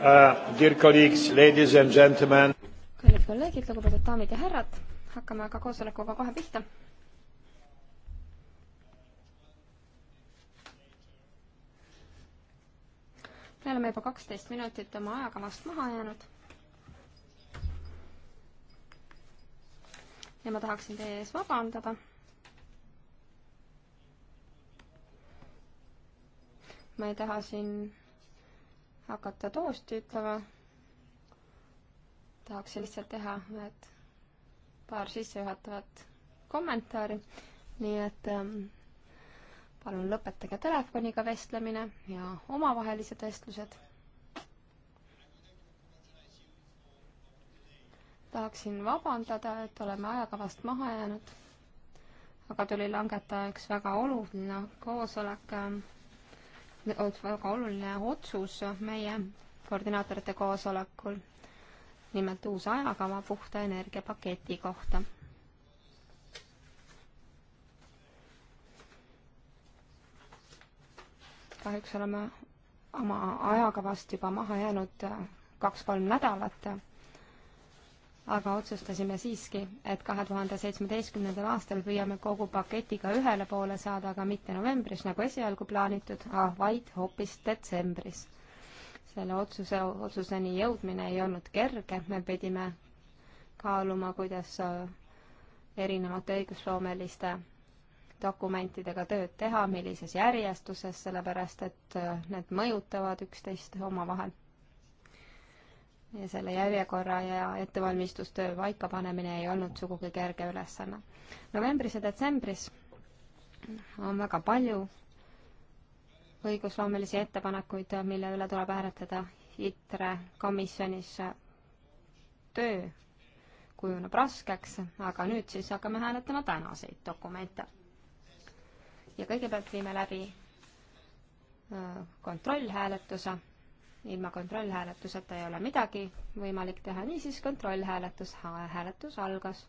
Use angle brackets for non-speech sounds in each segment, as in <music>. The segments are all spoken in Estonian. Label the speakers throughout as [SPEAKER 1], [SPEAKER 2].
[SPEAKER 1] Uh, dear colleagues, ladies and gentlemen.
[SPEAKER 2] kallid kolleegid, lugupeetud daamid ja härrad, hakkame aga koosolekuga kohe pihta. me oleme juba kaksteist minutit oma ajakavast maha jäänud. ja ma tahaksin teie ees vabandada ma ei taha siin hakata toosti ütlema. tahaksin lihtsalt teha need paar sissejuhatavat kommentaari. nii et ähm, palun lõpetage telefoniga vestlemine ja omavahelised vestlused. tahaksin vabandada, et oleme ajakavast maha jäänud. aga tuli langetada üks väga oluline koosolek ähm, väga oluline otsus meie koordinaatorite koosolekul, nimelt uus ajakava puhta energiapaketi kohta. kahjuks oleme oma ajakavast juba maha jäänud kaks-kolm nädalat aga otsustasime siiski, et kahe tuhande seitsmeteistkümnendal aastal püüame kogu paketiga ühele poole saada, aga mitte novembris, nagu esialgu plaanitud, ah, vaid hoopis detsembris. selle otsuse, otsuseni jõudmine ei olnud kerge, me pidime kaaluma, kuidas äh, erinevate õigusloomeliste dokumentidega tööd teha, millises järjestuses, sellepärast et äh, need mõjutavad üksteist omavahel ja selle järjekorra ja ettevalmistustöö paikapanemine ei olnud sugugi kerge ülesanne. novembris ja detsembris on väga palju õigusloomelisi ettepanekuid, mille üle tuleb hääletada ITRE komisjonis. töö kujuneb raskeks, aga nüüd siis hakkame hääletama tänaseid dokumente. ja kõigepealt viime läbi äh, kontrollhääletuse ilma kontrollhääletuseta ei ole midagi võimalik teha, niisiis kontrollhääletus, hääletus algas.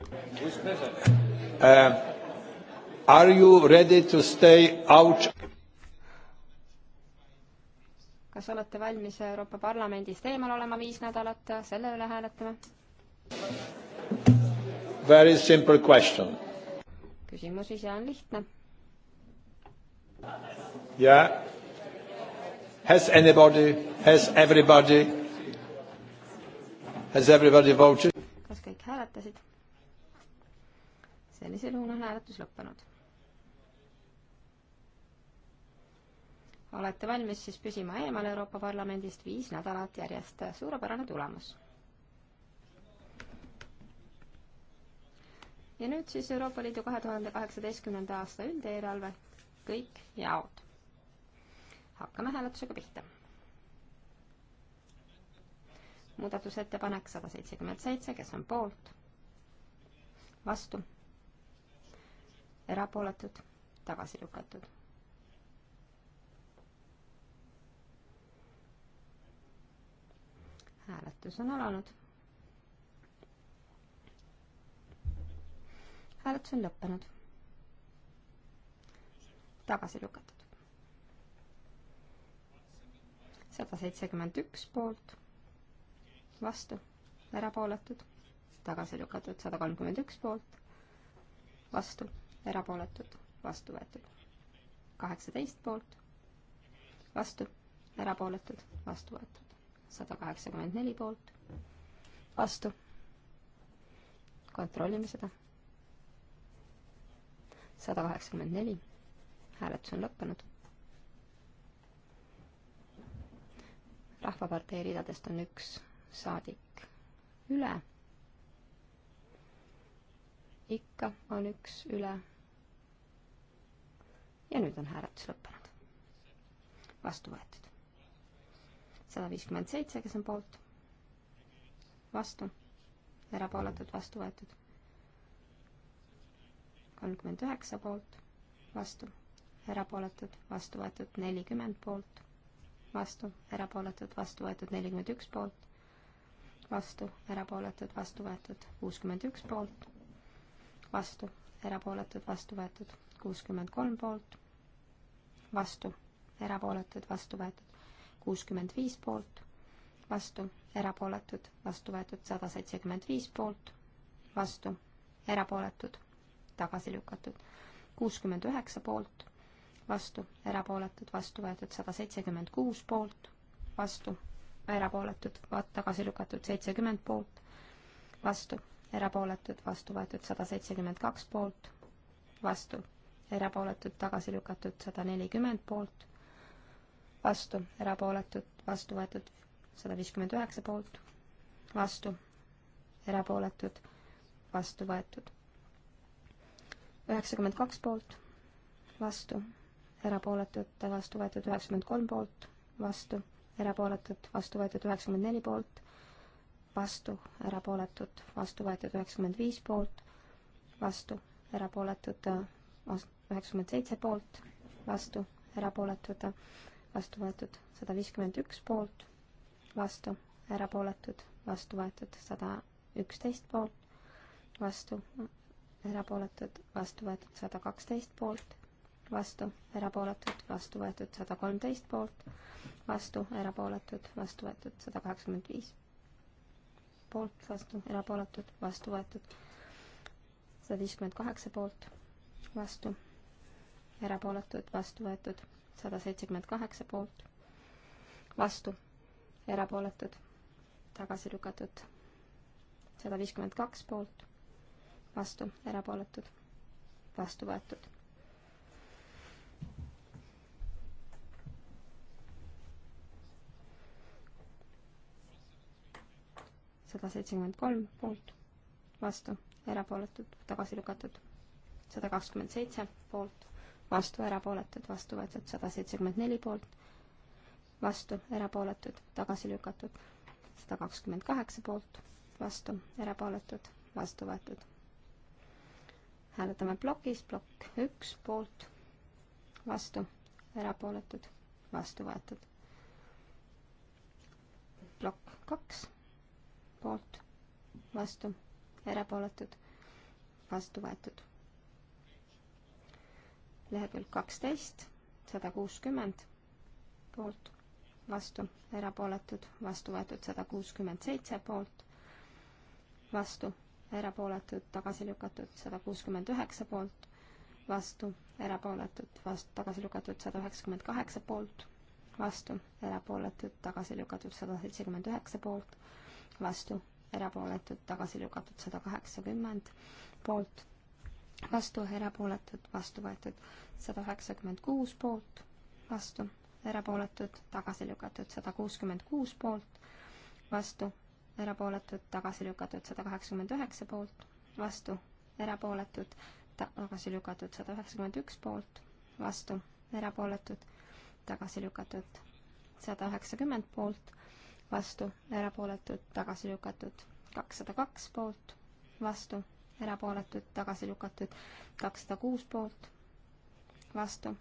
[SPEAKER 1] Uh, are you ready to stay out?
[SPEAKER 2] kas olete valmis Euroopa Parlamendist eemal olema viis nädalat, selle üle hääletame?
[SPEAKER 1] Very simple question.
[SPEAKER 2] küsimus ise on lihtne.
[SPEAKER 1] jah yeah Has anybody, has everybody, has everybody voted? kas
[SPEAKER 2] kõik hääletasid? sellisel juhul on hääletus lõppenud. olete valmis siis püsima eemal Euroopa Parlamendist viis nädalat järjest, suurepärane tulemus. ja nüüd siis Euroopa Liidu kahe tuhande kaheksateistkümnenda aasta üldeelarve, kõik jaod hakkame hääletusega pihta. muudatusettepanek sada seitsekümmend seitse, kes on poolt? vastu? erapooletud? tagasi lükatud? hääletus on alanud. hääletus on lõppenud. tagasi lükatud. sada seitsekümmend üks poolt, vastu, erapooletud, tagasi lükatud, sada kolmkümmend üks poolt, vastu, erapooletud, vastu võetud. kaheksateist poolt, vastu, erapooletud, vastu võetud. sada kaheksakümmend neli poolt, vastu. kontrollime seda. sada kaheksakümmend neli, hääletus on lõppenud Rahvapartei ridadest on üks saadik üle. ikka on üks üle. ja nüüd on hääletus lõppenud. vastu võetud. sada viiskümmend seitse, kes on poolt, vastu, erapooletud, vastu võetud. kolmkümmend üheksa poolt, vastu, erapooletud, vastu võetud, nelikümmend poolt vastu, erapooletud, vastu võetud nelikümmend üks poolt, vastu, erapooletud, vastu võetud kuuskümmend üks poolt, vastu, erapooletud, vastu võetud kuuskümmend kolm poolt, vastu, erapooletud, vastu võetud kuuskümmend viis poolt, vastu, erapooletud, vastu võetud sada seitsekümmend viis poolt, vastu, erapooletud, tagasi lükatud kuuskümmend üheksa poolt, vastu, erapooletud, vastu võetud sada seitsekümmend kuus poolt, vastu, erapooletud, tagasi lükatud seitsekümmend poolt, vastu, erapooletud, vastu võetud sada seitsekümmend kaks poolt, vastu, erapooletud, tagasi lükatud sada nelikümmend poolt, vastu, erapooletud, vastu võetud sada viiskümmend üheksa poolt, vastu, erapooletud, vastu võetud üheksakümmend kaks poolt, vastu erapooletud, vastu võetud üheksakümmend kolm poolt, vastu, erapooletud, vastu võetud üheksakümmend neli poolt, vastu, erapooletud, vastu võetud üheksakümmend viis poolt, vastu, erapooletud üheksakümmend seitse poolt, vastu, erapooletud, vastu võetud sada viiskümmend üks poolt, vastu, erapooletud, vastu võetud sada üksteist poolt, vastu, erapooletud, vastu võetud sada kaksteist poolt, vastu, erapooletud, vastu võetud sada kolmteist poolt, vastu, erapooletud, vastu võetud sada kaheksakümmend viis poolt, vastu, erapooletud, vastu võetud sada viiskümmend kaheksa poolt, vastu, erapooletud, vastu võetud sada seitsekümmend kaheksa poolt, vastu, erapooletud, tagasi lükatud sada viiskümmend kaks poolt, vastu, erapooletud, vastu võetud sada seitsekümmend kolm poolt, vastu, erapooletud, tagasi lükatud. sada kakskümmend seitse poolt, vastu, erapooletud, vastu võetud, sada seitsekümmend neli poolt, vastu, erapooletud, tagasi lükatud. sada kakskümmend kaheksa poolt, vastu, erapooletud, vastu võetud. hääletame plokis, plokk üks poolt, vastu, erapooletud, vastu võetud. plokk kaks poolt, vastu, erapooletud, vastu võetud. lehekülg kaksteist, sada kuuskümmend, poolt, vastu, erapooletud, vastu võetud sada kuuskümmend seitse poolt, vastu, erapooletud, tagasi lükatud sada kuuskümmend üheksa poolt, vastu, erapooletud, vastu, tagasi lükatud sada üheksakümmend kaheksa poolt, vastu, erapooletud, tagasi lükatud sada seitsekümmend üheksa poolt, vastu, erapooletud, tagasi lükatud sada kaheksakümmend, poolt, vastu, erapooletud, vastu võetud sada üheksakümmend kuus, poolt, vastu, erapooletud, tagasi lükatud sada kuuskümmend kuus, poolt, vastu, erapooletud, tagasi lükatud sada kaheksakümmend üheksa, poolt, vastu, erapooletud, tagasi lükatud sada üheksakümmend üks, poolt, vastu, erapooletud, tagasi lükatud sada üheksakümmend poolt, vastu, erapooletud, tagasi lükatud. kakssada kaks poolt, vastu, erapooletud, tagasi lükatud. kakssada kuus poolt, vastu,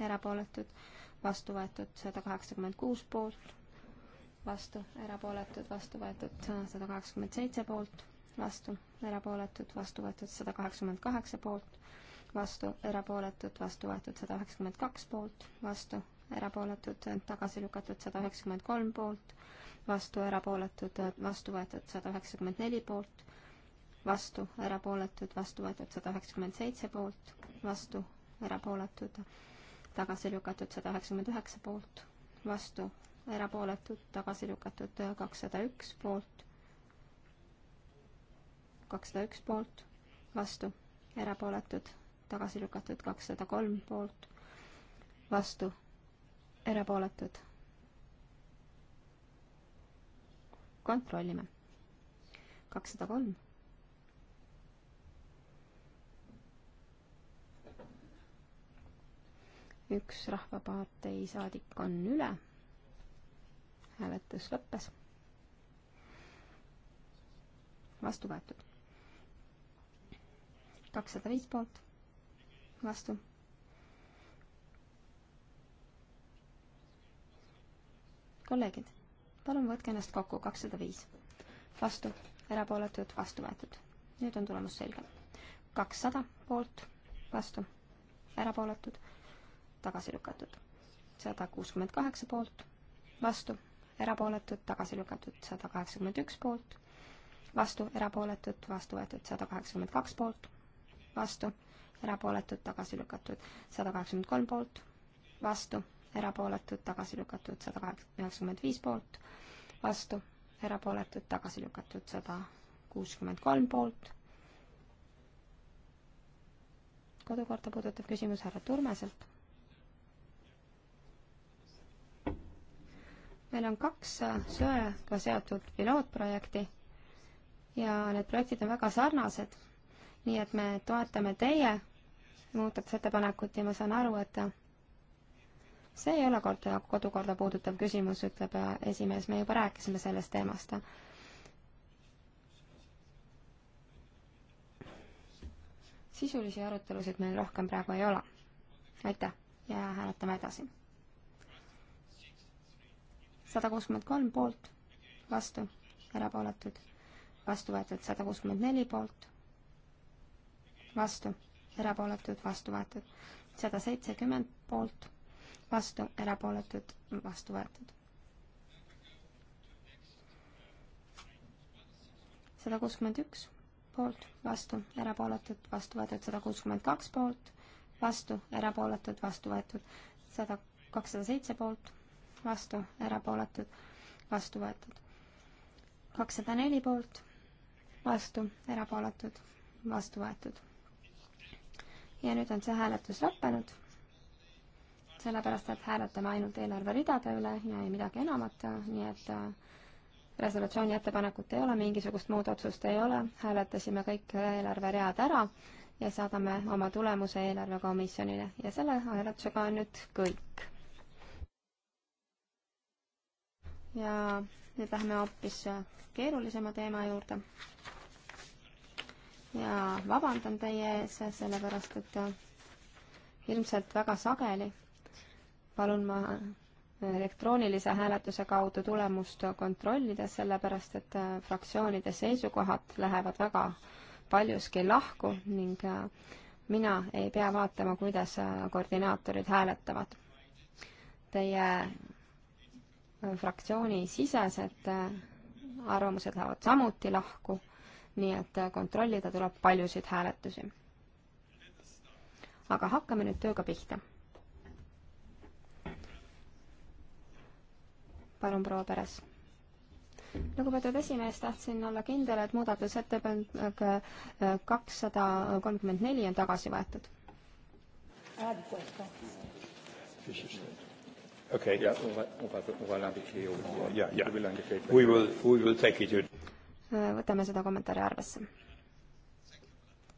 [SPEAKER 2] erapooletud, vastu võetud. sada kaheksakümmend kuus poolt, vastu, erapooletud, vastu võetud. sada kaheksakümmend seitse poolt, vastu, erapooletud, vastu võetud. sada kaheksakümmend kaheksa poolt, vastu, erapooletud, vastu võetud. sada üheksakümmend kaks poolt, vastu, erapooletud, tagasi lükatud sada üheksakümmend kolm poolt, vastu erapooletud, vastu võetud sada üheksakümmend neli poolt, vastu erapooletud, vastu võetud sada üheksakümmend seitse poolt, vastu erapooletud, tagasi lükatud sada üheksakümmend üheksa poolt, vastu erapooletud, tagasi lükatud kakssada üks poolt, kakssada üks poolt, vastu erapooletud, tagasi lükatud kakssada kolm poolt, vastu erapooletud. kontrollime. kakssada kolm. üks Rahvapartei saadik on üle. hääletus lõppes. vastu võetud. kakssada viis poolt, vastu kolleegid, palun võtke ennast kokku, kakssada viis. vastu, erapooletud, vastu võetud. nüüd on tulemus selge. kakssada poolt, vastu, erapooletud, tagasi lükatud. sada kuuskümmend kaheksa poolt, vastu, erapooletud, tagasi lükatud. sada kaheksakümmend üks poolt, vastu, erapooletud, vastu võetud. sada kaheksakümmend kaks poolt, vastu, erapooletud, tagasi lükatud. sada kaheksakümmend kolm poolt, vastu erapooletud, tagasi lükatud sada kaheksa, üheksakümmend viis poolt, vastu, erapooletud, tagasi lükatud sada kuuskümmend kolm poolt. kodukorda puudutav küsimus härra Turmeselt. meil on kaks äh, söega seotud pilootprojekti ja need projektid on väga sarnased, nii et me toetame teie muudatusettepanekut ja ma saan aru, et see ei ole korda, kodukorda puudutav küsimus, ütleb äh, esimees, me juba rääkisime sellest teemast. sisulisi arutelusid meil rohkem praegu ei ole. aitäh ja hääletame edasi. sada kuuskümmend kolm poolt, vastu, erapooletud, vastu võetud sada kuuskümmend neli poolt, vastu, erapooletud, vastu võetud sada seitsekümmend poolt vastu, erapooletud, vastu võetud. sada kuuskümmend üks poolt, vastu, erapooletud, vastu võetud, sada kuuskümmend kaks poolt, vastu, erapooletud, vastu võetud, sada kakssada seitse poolt, vastu, erapooletud, vastu võetud. kakssada neli poolt, vastu, erapooletud, vastu võetud. ja nüüd on see hääletus lõppenud sellepärast et hääletame ainult eelarveridade üle ja ei midagi enamat, nii et äh, resolutsiooni ettepanekut ei ole, mingisugust muud otsust ei ole, hääletasime kõik eelarveread ära ja saadame oma tulemuse eelarvekomisjonile ja selle hääletusega on nüüd kõik. ja nüüd lähme hoopis keerulisema teema juurde. ja vabandan teie ees, sellepärast et äh, ilmselt väga sageli palun ma äh, elektroonilise hääletuse kaudu tulemust kontrollida, sellepärast et äh, fraktsioonide seisukohad lähevad väga paljuski lahku ning äh, mina ei pea vaatama, kuidas koordinaatorid hääletavad. Teie fraktsiooni sisesed arvamused lähevad samuti lahku, nii et kontrollida tuleb paljusid hääletusi. aga hakkame nüüd tööga pihta palun, proua Peres. lugupeetud esimees, tahtsin olla kindel, et muudatusettepanek äh, kakssada kolmkümmend neli on tagasi võetud.
[SPEAKER 1] Okay. Yeah, yeah, yeah. We will, we will take it.
[SPEAKER 2] Äh, võtame seda kommentaari arvesse.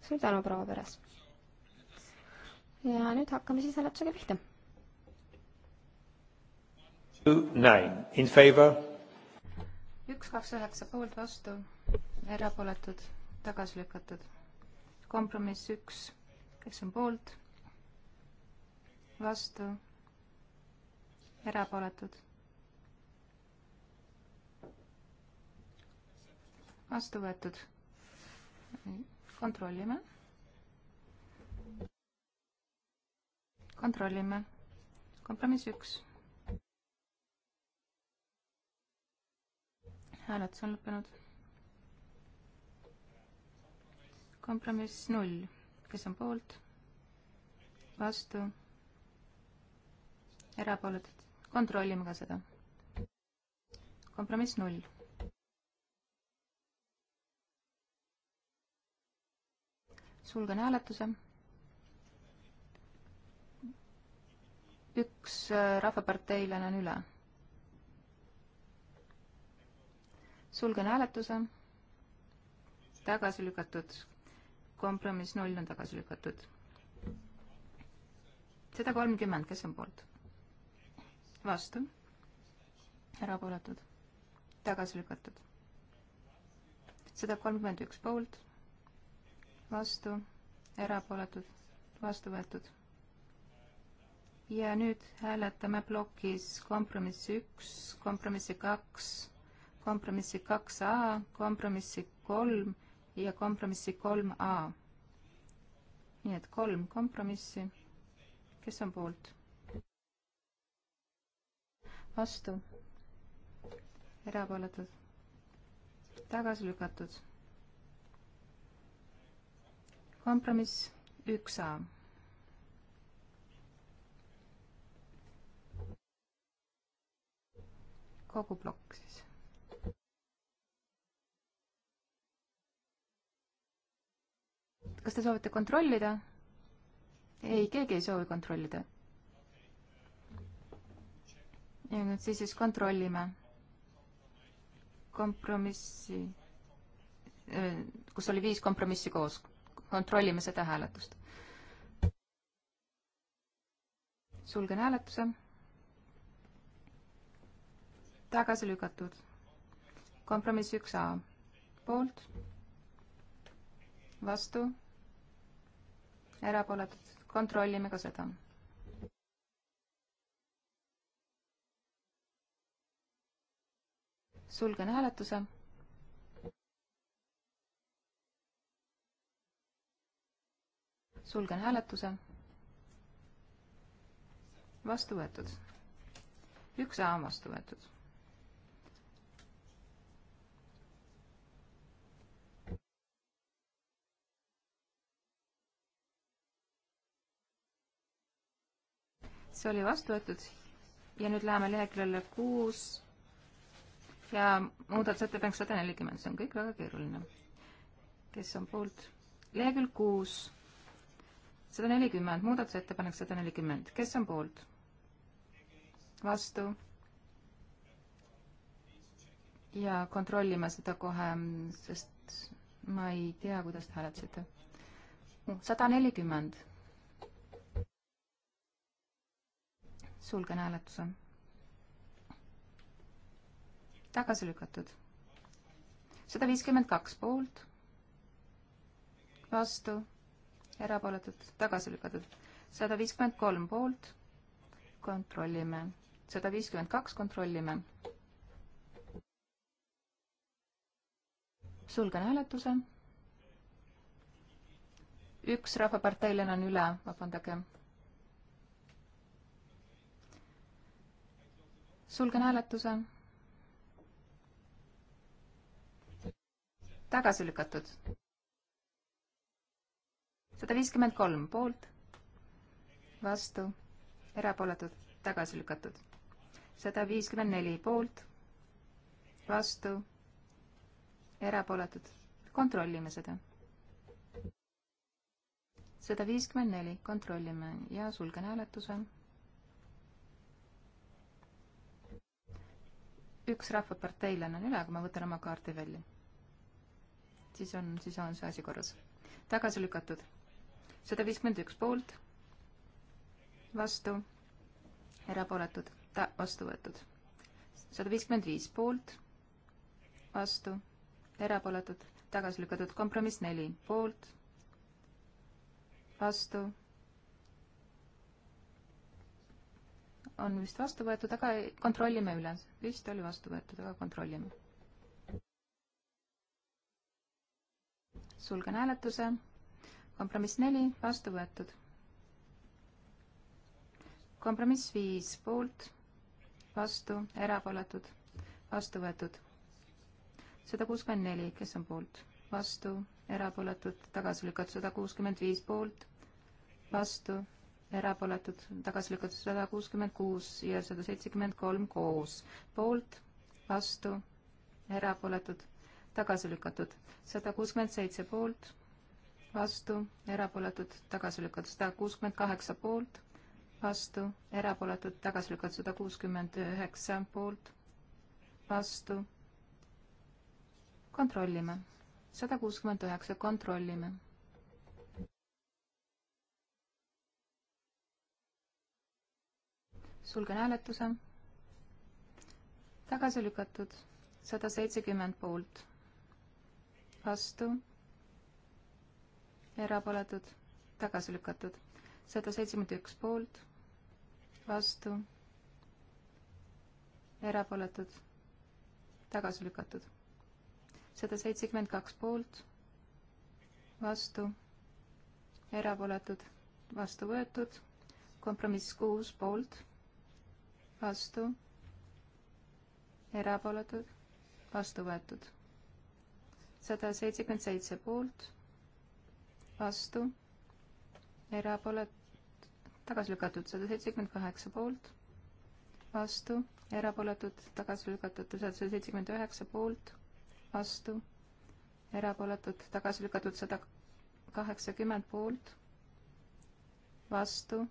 [SPEAKER 2] Suur tänu, proua Peres. Ja nüüd hakkame siis hääletusega pihta
[SPEAKER 1] üks,
[SPEAKER 3] kaks, üheksa poolt, vastu, erapooletud, tagasi lükatud. kompromiss üks, kes on poolt, vastu, erapooletud vastu võetud. kontrollime. kontrollime. kompromiss üks hääletus on lõppenud. kompromiss null, kes on poolt, vastu, erapooletud, kontrollime ka seda. kompromiss null. sulgen hääletuse üks äh, rahvaparteilane on üle. sulgen hääletuse. tagasi lükatud. kompromiss null on tagasi lükatud. sada kolmkümmend, kes on poolt? vastu. erapooletud. tagasi lükatud. sada kolmkümmend üks poolt. vastu. erapooletud. vastu võetud ja nüüd hääletame plokis kompromissi üks, kompromissi kaks, kompromissi kaks A, kompromissi kolm ja kompromissi kolm A. nii et kolm kompromissi. kes on poolt? vastu? erapooletud? tagasi lükatud? kompromiss üks A kogu plokk siis. kas te soovite kontrollida? ei, keegi ei soovi kontrollida. ja nüüd siis, siis kontrollime kompromissi, äh, kus oli viis kompromissi koos. kontrollime seda hääletust. sulgen hääletuse. tagasi lükatud. kompromiss üks A, poolt, vastu erapooletud, kontrollime ka seda. sulgen hääletuse. sulgen hääletuse. vastu võetud. üks A on vastu võetud see oli vastu võetud ja nüüd läheme leheküljele kuus ja muudatusettepanek sada nelikümmend, see on kõik väga keeruline. kes on poolt? lehekülg kuus, sada nelikümmend, muudatusettepanek sada nelikümmend, kes on poolt? vastu? ja kontrollime seda kohe, sest ma ei tea, kuidas te hääletasite. sada nelikümmend sulgen hääletuse. tagasi lükatud. sada viiskümmend kaks poolt, vastu, erapooletud, tagasi lükatud. sada viiskümmend kolm poolt, kontrollime. sada viiskümmend kaks, kontrollime. sulgen hääletuse. üks rahvaparteilane on üle, vabandage sulgen hääletuse. tagasi lükatud. sada viiskümmend kolm poolt, vastu, erapooletud, tagasi lükatud. sada viiskümmend neli poolt, vastu, erapooletud. kontrollime seda. sada viiskümmend neli, kontrollime ja sulgen hääletuse üks rahvaparteilane on üle, aga ma võtan oma kaardi välja. siis on, siis on see asi korras. tagasi lükatud. sada viiskümmend üks poolt, vastu, erapooletud, ta-, vastu võetud. sada viiskümmend viis poolt, vastu, erapooletud, tagasi lükatud, kompromiss neli, poolt, vastu on vist vastu võetud, aga kontrollime üle. vist oli vastu võetud, aga kontrollime. sulgen hääletuse. kompromiss neli, vastu võetud. kompromiss viis, poolt, vastu, erapooletud, vastu võetud. sada kuuskümmend neli, kes on poolt, vastu, erapooletud, tagasi lükatud, sada kuuskümmend viis poolt, vastu erapooletud, tagasi lükatud sada kuuskümmend kuus ja sada seitsekümmend kolm koos. poolt, vastu, erapooletud, tagasi lükatud sada kuuskümmend seitse poolt, vastu, erapooletud, tagasi lükatud sada kuuskümmend kaheksa poolt, vastu, erapooletud, tagasi lükatud sada kuuskümmend üheksa poolt, vastu. kontrollime, sada kuuskümmend üheksa, kontrollime sulgen hääletuse. tagasi lükatud sada seitsekümmend poolt, vastu, erapooletud, tagasi lükatud sada seitsekümmend üks poolt, vastu, erapooletud, tagasi lükatud sada seitsekümmend kaks poolt, vastu, erapooletud, vastu võetud, kompromiss kuus poolt vastu, erapooletud, vastu võetud. sada seitsekümmend seitse poolt, vastu, erapoolet-, tagasi lükatud, sada seitsekümmend kaheksa poolt, vastu, erapooletud, tagasi lükatud, sada seitsekümmend üheksa poolt, vastu, erapooletud, tagasi lükatud, sada kaheksakümmend poolt, vastu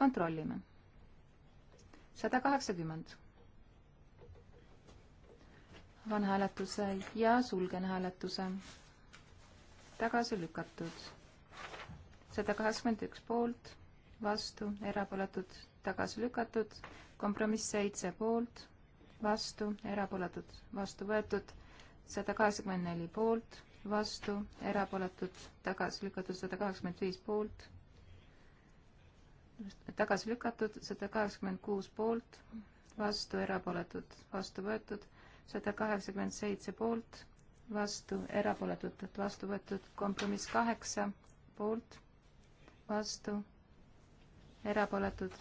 [SPEAKER 3] kontrollime. sada kaheksakümmend. avan hääletuse ja sulgen hääletuse. tagasi lükatud. sada kaheksakümmend üks poolt, vastu, erapooletud, tagasi lükatud. kompromiss seitse poolt, vastu, erapooletud, vastu võetud. sada kaheksakümmend neli poolt, vastu, erapooletud, tagasi lükatud, sada kaheksakümmend viis poolt tagasi lükatud, sada kaheksakümmend kuus poolt, vastu erapooletud, vastu võetud, sada kaheksakümmend seitse poolt, vastu erapooletud, vastu võetud, kompromiss kaheksa poolt, vastu erapooletud,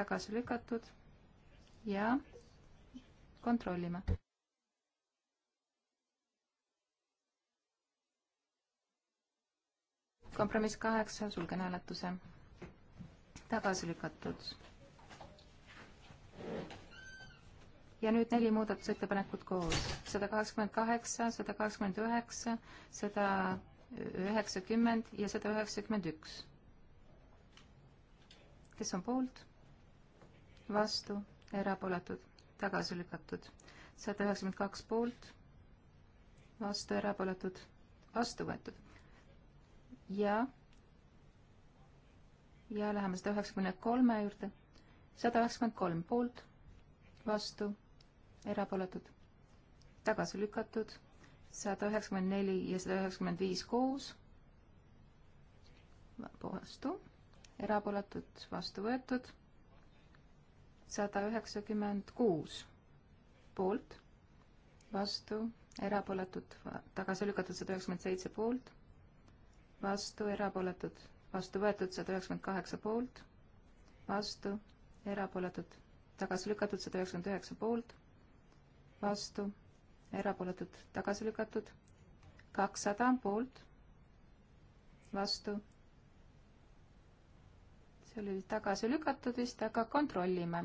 [SPEAKER 3] tagasi lükatud ja kontrollime. kompromiss kaheksa, sulgen hääletuse tagasi lükatud. ja nüüd neli muudatusettepanekut koos, sada kaheksakümmend kaheksa, sada kaheksakümmend üheksa, sada üheksakümmend ja sada üheksakümmend üks. kes on poolt? vastu, erapooletud, tagasi lükatud, sada üheksakümmend kaks poolt, vastu, erapooletud, vastu võetud ja ja läheme sada üheksakümne kolme juurde. sada üheksakümmend kolm poolt, vastu, erapooletud, tagasi lükatud, sada üheksakümmend neli ja sada üheksakümmend viis koos, vastu, erapooletud, vastu võetud, sada üheksakümmend kuus poolt, vastu, erapooletud, tagasi lükatud sada üheksakümmend seitse poolt, vastu, erapooletud vastu võetud sada üheksakümmend kaheksa poolt, vastu, erapooletud, tagasi lükatud sada üheksakümmend üheksa poolt, vastu, erapooletud, tagasi lükatud, kakssada poolt, vastu. see oli tagasi lükatud vist, aga kontrollime.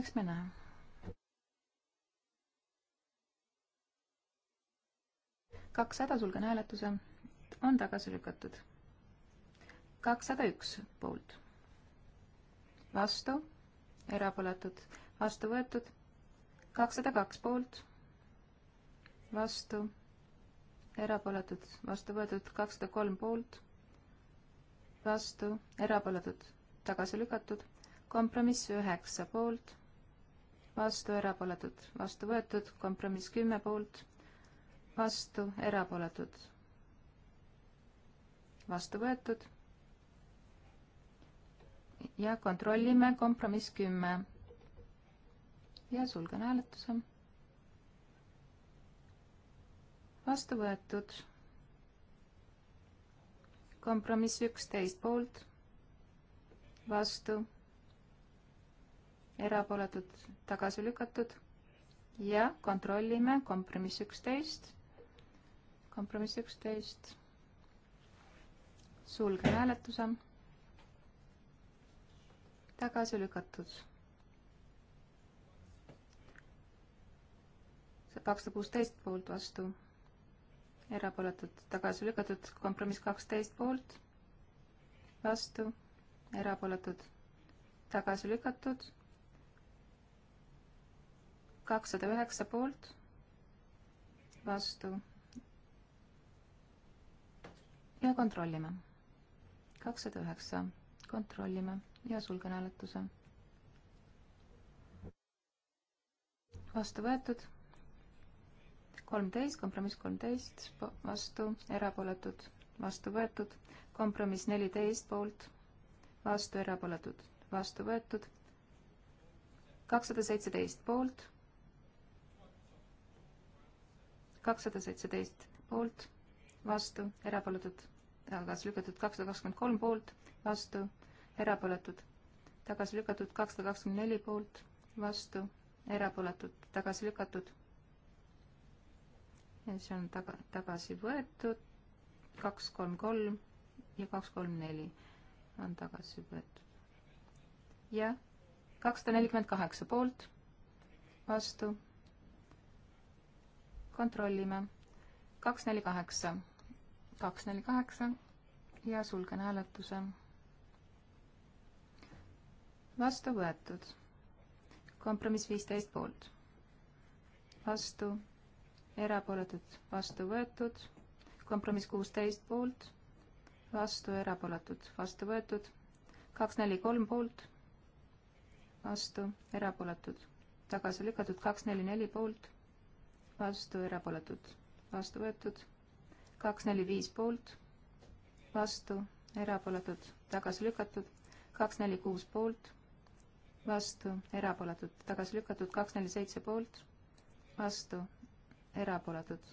[SPEAKER 3] eks me näe. kakssada, sulgen hääletuse on tagasi lükatud. kakssada üks poolt, vastu, erapooletud, vastu võetud, kakssada kaks poolt, vastu, erapooletud, vastu võetud, kakssada kolm poolt, vastu, erapooletud, tagasi lükatud, kompromiss üheksa poolt vastu, erapooletud, vastu võetud, kompromiss kümme poolt, vastu, erapooletud, vastu võetud. ja kontrollime kompromiss kümme. ja sulgen hääletuse. vastu võetud. kompromiss üksteist poolt, vastu, erapooletud, tagasi lükatud ja kontrollime kompromiss üksteist, kompromiss üksteist sulgen hääletuse. tagasi lükatud. kakssada kuusteist poolt vastu, erapooletud tagasi lükatud, kompromiss kaksteist poolt, vastu, erapooletud tagasi lükatud, kakssada üheksa poolt, vastu ja kontrollime kakssada üheksa, kontrollime ja sulgen hääletuse. vastu võetud, kolmteist, kompromiss kolmteist, vastu, erapooletud, vastu võetud, kompromiss neliteist poolt, vastu, erapooletud, vastu võetud, kakssada seitseteist poolt, kakssada seitseteist poolt, vastu, erapooletud tagasi lükatud kakssada kakskümmend kolm poolt, vastu, erapooletud, tagasi lükatud kakssada kakskümmend neli poolt, vastu, erapooletud, tagasi lükatud. ja see on taga, tagasi võetud, kaks, kolm, kolm ja kaks, kolm, neli on tagasi võetud. jah, kakssada nelikümmend kaheksa poolt, vastu, kontrollime, kaks, neli, kaheksa kaks, neli, kaheksa ja sulgen hääletuse. vastu võetud. kompromiss viisteist poolt. vastu, erapooletud, vastu võetud. kompromiss kuusteist poolt, vastu, erapooletud, vastu võetud. kaks, neli, kolm poolt, vastu, erapooletud, tagasi lükatud, kaks, neli, neli poolt, vastu, erapooletud, vastu võetud kaks, neli, viis poolt, vastu, erapooletud, tagasi lükatud, kaks, neli, kuus poolt, vastu, erapooletud, tagasi lükatud, kaks, neli, seitse poolt, vastu, erapooletud,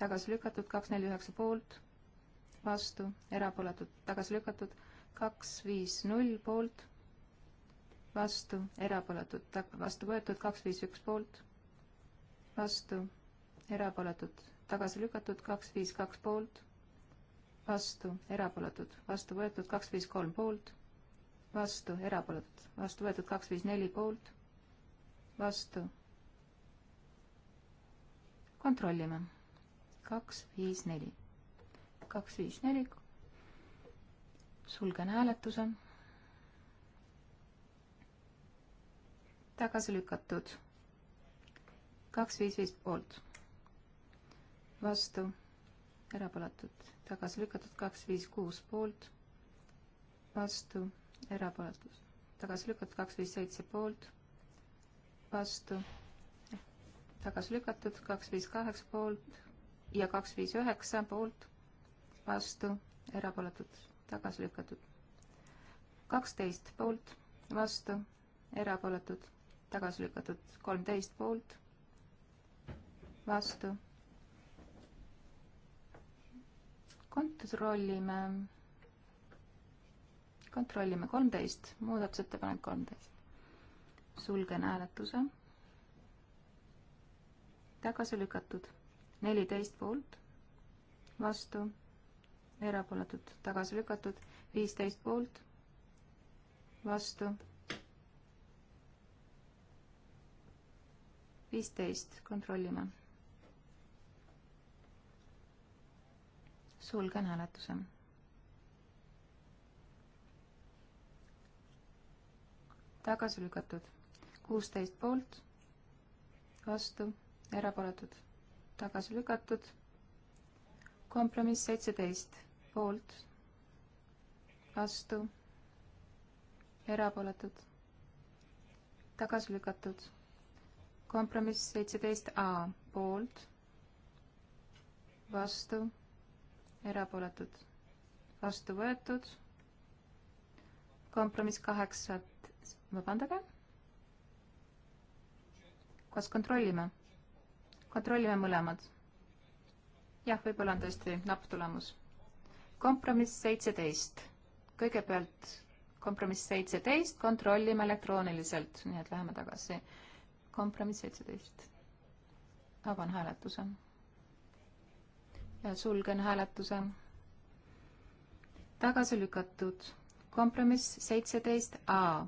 [SPEAKER 3] tagasi lükatud, kaks, neli, üheksa poolt, vastu, erapooletud, tagasi lükatud, kaks, viis, null poolt, vastu, erapooletud, vastu võetud, kaks, viis, üks poolt, vastu, erapooletud, tagasi lükatud, kaks viis kaks poolt, vastu, erapooletud, vastu võetud, kaks viis kolm poolt, vastu, erapooletud, vastu võetud, kaks viis neli poolt, vastu. kontrollime, kaks viis neli, kaks viis neli, sulgen hääletuse. tagasi lükatud, kaks viis viis poolt vastu, erapooletud, tagasi lükatud, kaks, viis, kuus poolt, vastu, erapooletud, tagasi lükatud, kaks, viis, seitse poolt, vastu, tagasi lükatud, kaks, viis, kaheksa poolt ja kaks, viis, üheksa poolt, vastu, erapooletud, tagasi lükatud, kaksteist poolt, vastu, erapooletud, tagasi lükatud, kolmteist poolt, vastu kontrollime, kontrollime kolmteist, muudatusettepanek kolmteist. sulgen hääletuse. tagasi lükatud neliteist poolt, vastu, erapooletud, tagasi lükatud, viisteist poolt, vastu, viisteist, kontrollime sulgen hääletuse. tagasi lükatud, kuusteist poolt, vastu, erapooletud, tagasi lükatud, kompromiss seitseteist poolt, vastu, erapooletud, tagasi lükatud, kompromiss seitseteist A poolt, vastu erapooletud, vastu võetud. kompromiss kaheksa, vabandage. kas kontrollime? kontrollime mõlemad. jah, võib-olla on tõesti napp tulemus. kompromiss seitseteist. kõigepealt kompromiss seitseteist, kontrollime elektrooniliselt, nii et läheme tagasi. kompromiss seitseteist. avan hääletuse sulgen hääletuse. tagasi lükatud. kompromiss seitseteist A.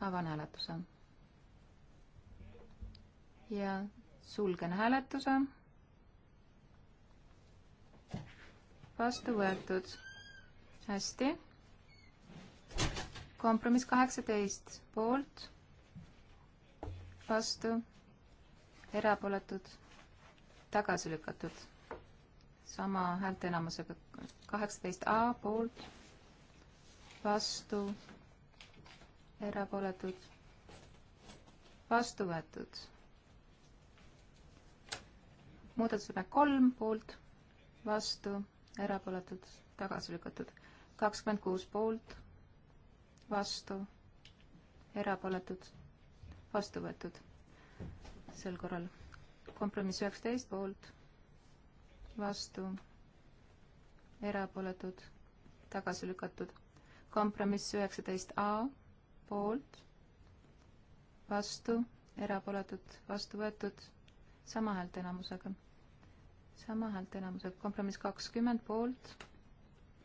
[SPEAKER 3] avan hääletuse. ja sulgen hääletuse. vastu võetud. hästi. kompromiss kaheksateist poolt, vastu, erapooletud tagasi lükatud. sama häälteenamusega kaheksateist A poolt, vastu, erapooletud, vastu võetud. muudatusettepanek kolm poolt, vastu, erapooletud, tagasi lükatud. kakskümmend kuus poolt, vastu, erapooletud, vastu võetud sel korral kompromiss üheksateist poolt, vastu, erapooletud, tagasi lükatud. kompromiss üheksateist A poolt, vastu, erapooletud, vastu võetud, sama häälteenamusega. sama häälteenamusega, kompromiss kakskümmend poolt,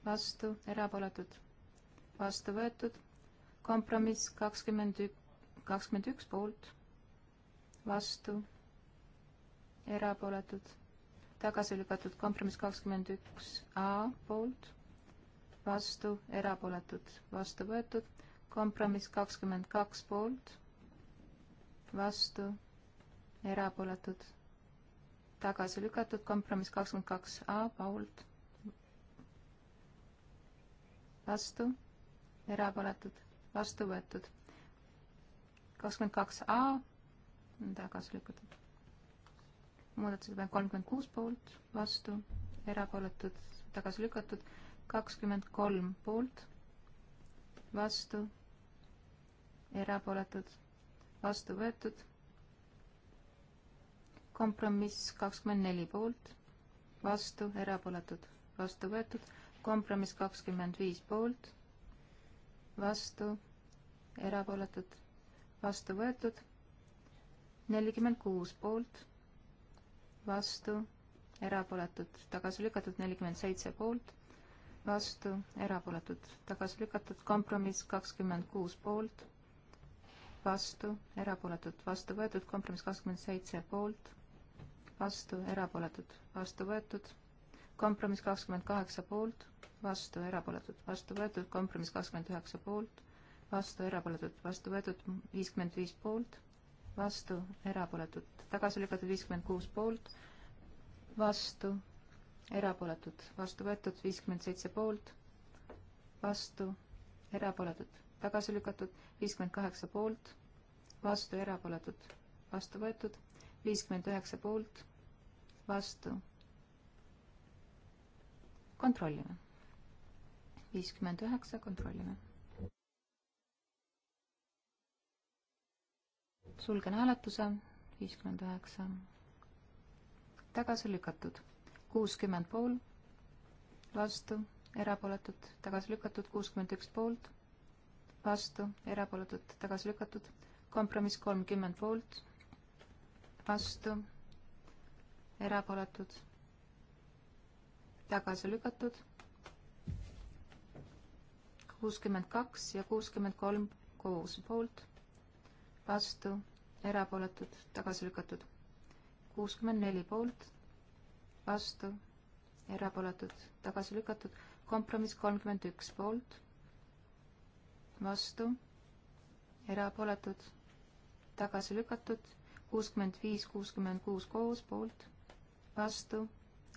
[SPEAKER 3] vastu, erapooletud, vastu võetud, kompromiss kakskümmend ük-, kakskümmend üks poolt, vastu erapooletud, tagasi lükatud kompromiss kakskümmend üks A poolt, vastu, erapooletud, vastu võetud, kompromiss kakskümmend kaks poolt, vastu, erapooletud, tagasi lükatud, kompromiss kakskümmend kaks A poolt, vastu, erapooletud, vastu võetud, kakskümmend kaks A tagasi lükatud muudatusettepanek kolmkümmend kuus poolt, vastu, erapooletud, tagasi lükatud, kakskümmend kolm poolt, vastu, erapooletud, vastu võetud, kompromiss kakskümmend neli poolt, vastu, erapooletud, vastu võetud, kompromiss kakskümmend viis poolt, vastu, erapooletud, vastu võetud, nelikümmend kuus poolt vastu, erapooletud, tagasi lükatud, nelikümmend seitse poolt, vastu, erapooletud, tagasi lükatud, kompromiss kakskümmend kuus poolt, vastu, erapooletud, vastu võetud, kompromiss kakskümmend seitse poolt, vastu, erapooletud, vastu võetud, kompromiss kakskümmend kaheksa poolt, vastu, erapooletud, vastu võetud, kompromiss kakskümmend üheksa poolt, vastu, erapooletud, vastu võetud, viiskümmend viis poolt vastu, erapooletud, tagasi lükatud viiskümmend kuus poolt, vastu, erapooletud, vastu võetud viiskümmend seitse poolt, vastu, erapooletud, tagasi lükatud viiskümmend kaheksa poolt, vastu, erapooletud, vastu võetud viiskümmend üheksa poolt, vastu. kontrollime. viiskümmend üheksa, kontrollime sulgen hääletuse, viiskümmend üheksa. tagasi lükatud, kuuskümmend pool, vastu, erapooletud, tagasi lükatud, kuuskümmend üks poolt, vastu, erapooletud, tagasi lükatud, kompromiss kolmkümmend poolt, vastu, erapooletud, tagasi lükatud, kuuskümmend kaks ja kuuskümmend kolm koos poolt vastu, erapooletud, tagasi lükatud. kuuskümmend neli poolt, vastu, erapooletud, tagasi lükatud. kompromiss kolmkümmend üks poolt, vastu, erapooletud, tagasi lükatud. kuuskümmend viis, kuuskümmend kuus koos poolt, vastu,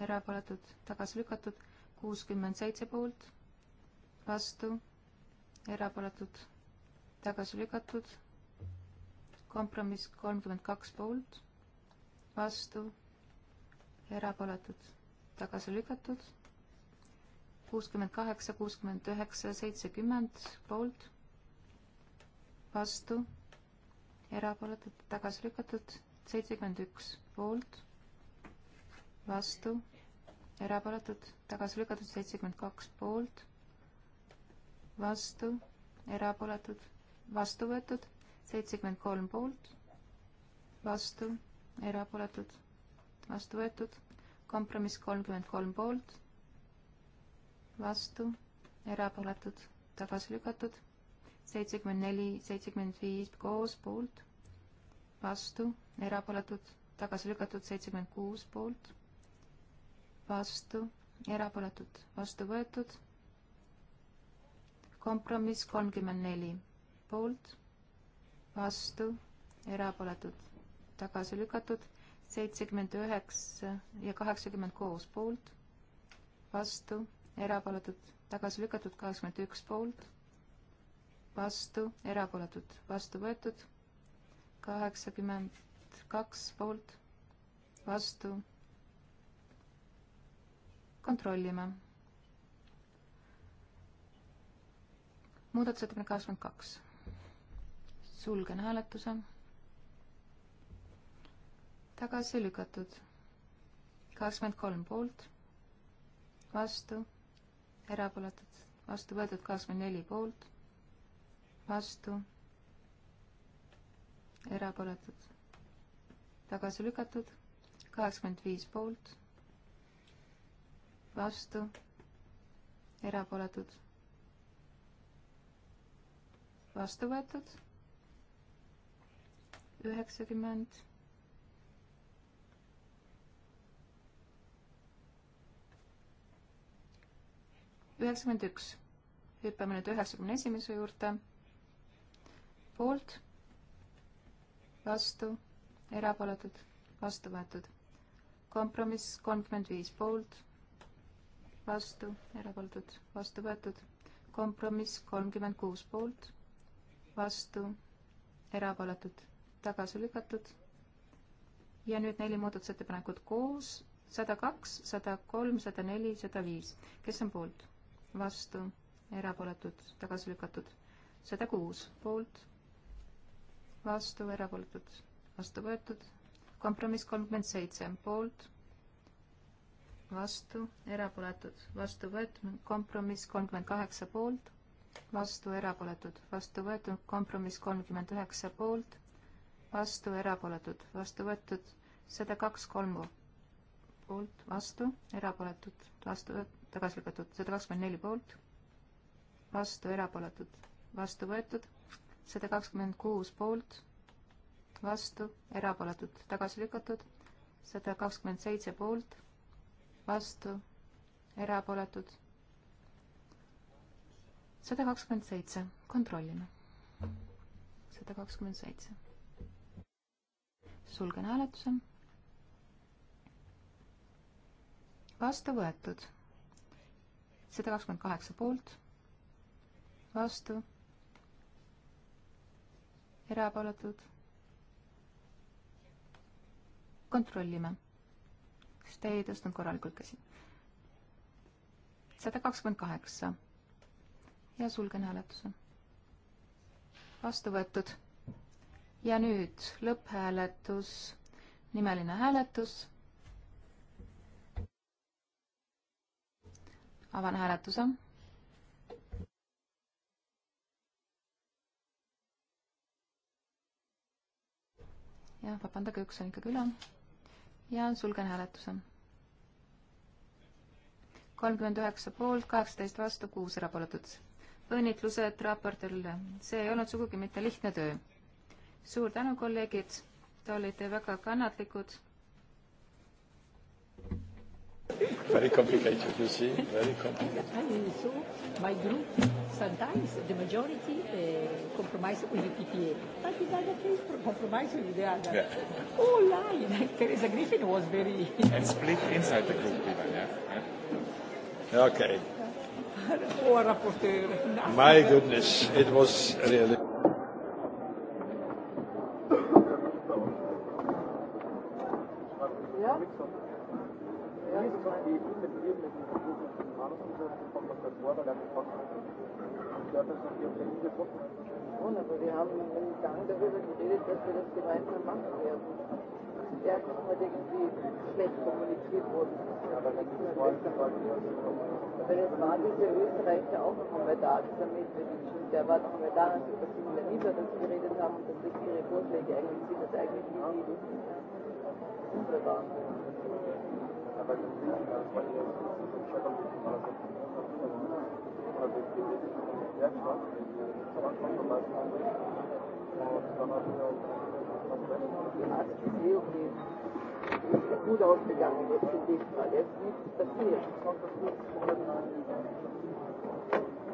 [SPEAKER 3] erapooletud, tagasi lükatud. kuuskümmend seitse poolt, vastu, erapooletud, tagasi lükatud kompromiss kolmkümmend kaks poolt, vastu, erapooletud, tagasi lükatud, kuuskümmend kaheksa, kuuskümmend üheksa, seitsekümmend poolt, vastu, erapooletud, tagasi lükatud, seitsekümmend üks poolt, vastu, erapooletud, tagasi lükatud, seitsekümmend kaks poolt, vastu, erapooletud, vastu võetud, seitsekümmend kolm poolt, vastu, erapooletud, vastu võetud, kompromiss kolmkümmend kolm poolt, vastu, erapooletud, tagasi lükatud, seitsekümmend neli, seitsekümmend viis koos poolt, vastu, erapooletud, tagasi lükatud, seitsekümmend kuus poolt, vastu, erapooletud, vastu võetud, kompromiss kolmkümmend neli poolt vastu, erapooletud tagasi lükatud, seitsekümmend üheksa ja kaheksakümmend kuus poolt, vastu, erapooletud tagasi lükatud, kaheksakümmend üks poolt, vastu, erapooletud vastu võetud, kaheksakümmend kaks poolt, vastu, kontrollime. muudatusettepanek kaheksakümmend kaks sulgen hääletuse. tagasi lükatud. kakskümmend kolm poolt, vastu, erapooletud, vastu võetud kakskümmend neli poolt, vastu, erapooletud, tagasi lükatud, kaheksakümmend viis poolt, vastu, erapooletud vastu võetud üheksakümmend. üheksakümmend üks. hüppame nüüd üheksakümne esimese juurde. poolt, vastu, erapooletud, vastu võetud. kompromiss kolmkümmend viis poolt, vastu, erapooletud, vastu võetud. kompromiss kolmkümmend kuus poolt, vastu, erapooletud tagasi lükatud. ja nüüd neli muudatusettepanekut koos, sada kaks, sada kolm, sada neli, sada viis. kes on poolt? vastu, erapooletud, tagasi lükatud. sada kuus poolt, vastu, erapooletud, vastu võetud. kompromiss kolmkümmend seitse poolt, vastu, erapooletud, vastu võetud. kompromiss kolmkümmend kaheksa poolt vastu erapooletud, vastu võetud kompromiss kolmkümmend üheksa poolt, vastu, erapooletud, vastu võetud, sada kaks kolm poolt, vastu, erapooletud, vastu, tagasi lükatud, sada kakskümmend neli poolt, vastu, erapooletud, vastu võetud, sada kakskümmend kuus poolt, vastu, erapooletud, tagasi lükatud, sada kakskümmend seitse poolt, vastu, erapooletud, sada kakskümmend seitse, kontrollime. sada kakskümmend seitse sulgen hääletuse. vastu võetud. sada kakskümmend kaheksa poolt, vastu, erapooletud. kontrollime, sest ei tõstnud korralikult käsi. sada kakskümmend kaheksa ja sulgen hääletuse. vastu võetud ja nüüd lõpphääletus, nimeline hääletus. avan hääletuse. jah, vabandage, üks on ikkagi üle. ja sulgen hääletuse. kolmkümmend üheksa poolt, kaheksateist vastu, kuus erapooletut. õnnitlused raportöörile, see ei olnud sugugi mitte lihtne töö suur tänu, kolleegid, te olite väga kannatlikud.
[SPEAKER 1] Very complicated, you see, very complicated.
[SPEAKER 4] I mean, so my group, sometimes the majority uh, compromise with the PPA, but in other case, compromise with the other. Yeah. Oh, lie! <laughs> Teresa Griffin was very...
[SPEAKER 1] <laughs> and split inside the group even, yeah? yeah. Okay. <laughs> Or rapporteur. My goodness, it was really... die viele Firmen die versuchen, Nahrungsmittel von der Vorderland zu machen. Ich glaube, das haben die auf Berlin getroffen. Schon, aber wir haben einen Gang darüber geredet, dass wir das gemeinsam machen werden. Ja, das ist halt irgendwie schlecht kommuniziert worden. Ja, aber wenn das war, dann war die Weil es war dieser Österreicher auch noch einmal da, dieser Medvedev, und der war noch einmal da, als wir über Simula Liba das geredet haben und dass ihre Vorschläge eigentlich sind, das eigentlich nie wunderbar gut ausgegangen ist in dem Fall. Jetzt nichts passiert.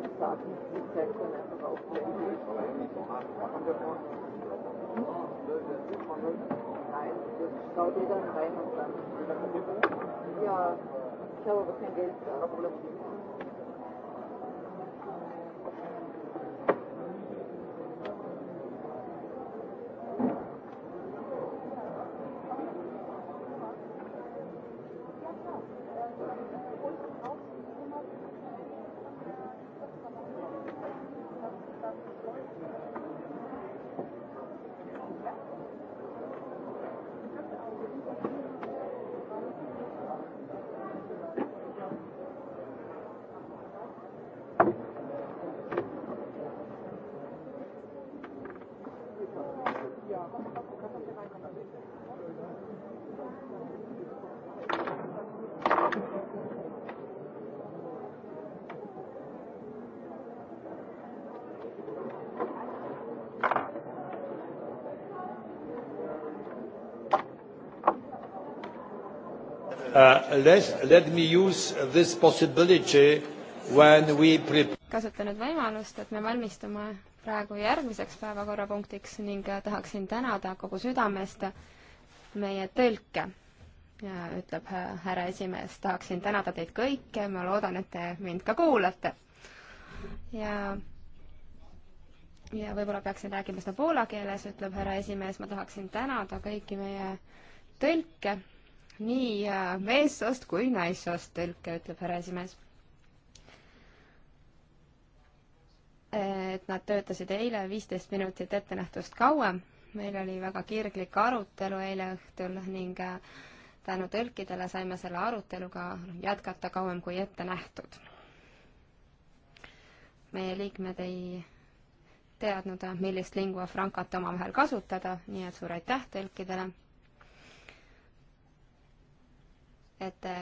[SPEAKER 1] Ich sage nicht, die Zeit kann einfach aufhören. Nein, das schaut jeder rein und dann ja, ich glaube, was denn Geld. Uh, let, let me use this possibility when we
[SPEAKER 2] kasutan nüüd võimalust, et me valmistume praegu järgmiseks päevakorrapunktiks ning äh, tahaksin tänada kogu südamest meie tõlke, ütleb äh, härra esimees. tahaksin tänada teid kõiki, ma loodan, et te mind ka kuulate. ja, ja võib-olla peaksin rääkima seda poola keeles, ütleb härra esimees. ma tahaksin tänada kõiki meie tõlke nii äh, meessoost kui naissoost tõlke, ütleb härra esimees. et nad töötasid eile viisteist minutit ettenähtust kauem. meil oli väga kirglik arutelu eile õhtul ning äh, tänu tõlkidele saime selle aruteluga jätkata kauem kui ette nähtud. meie liikmed ei teadnud, äh, millist lingua francat omavahel kasutada, nii et suur aitäh tõlkidele et te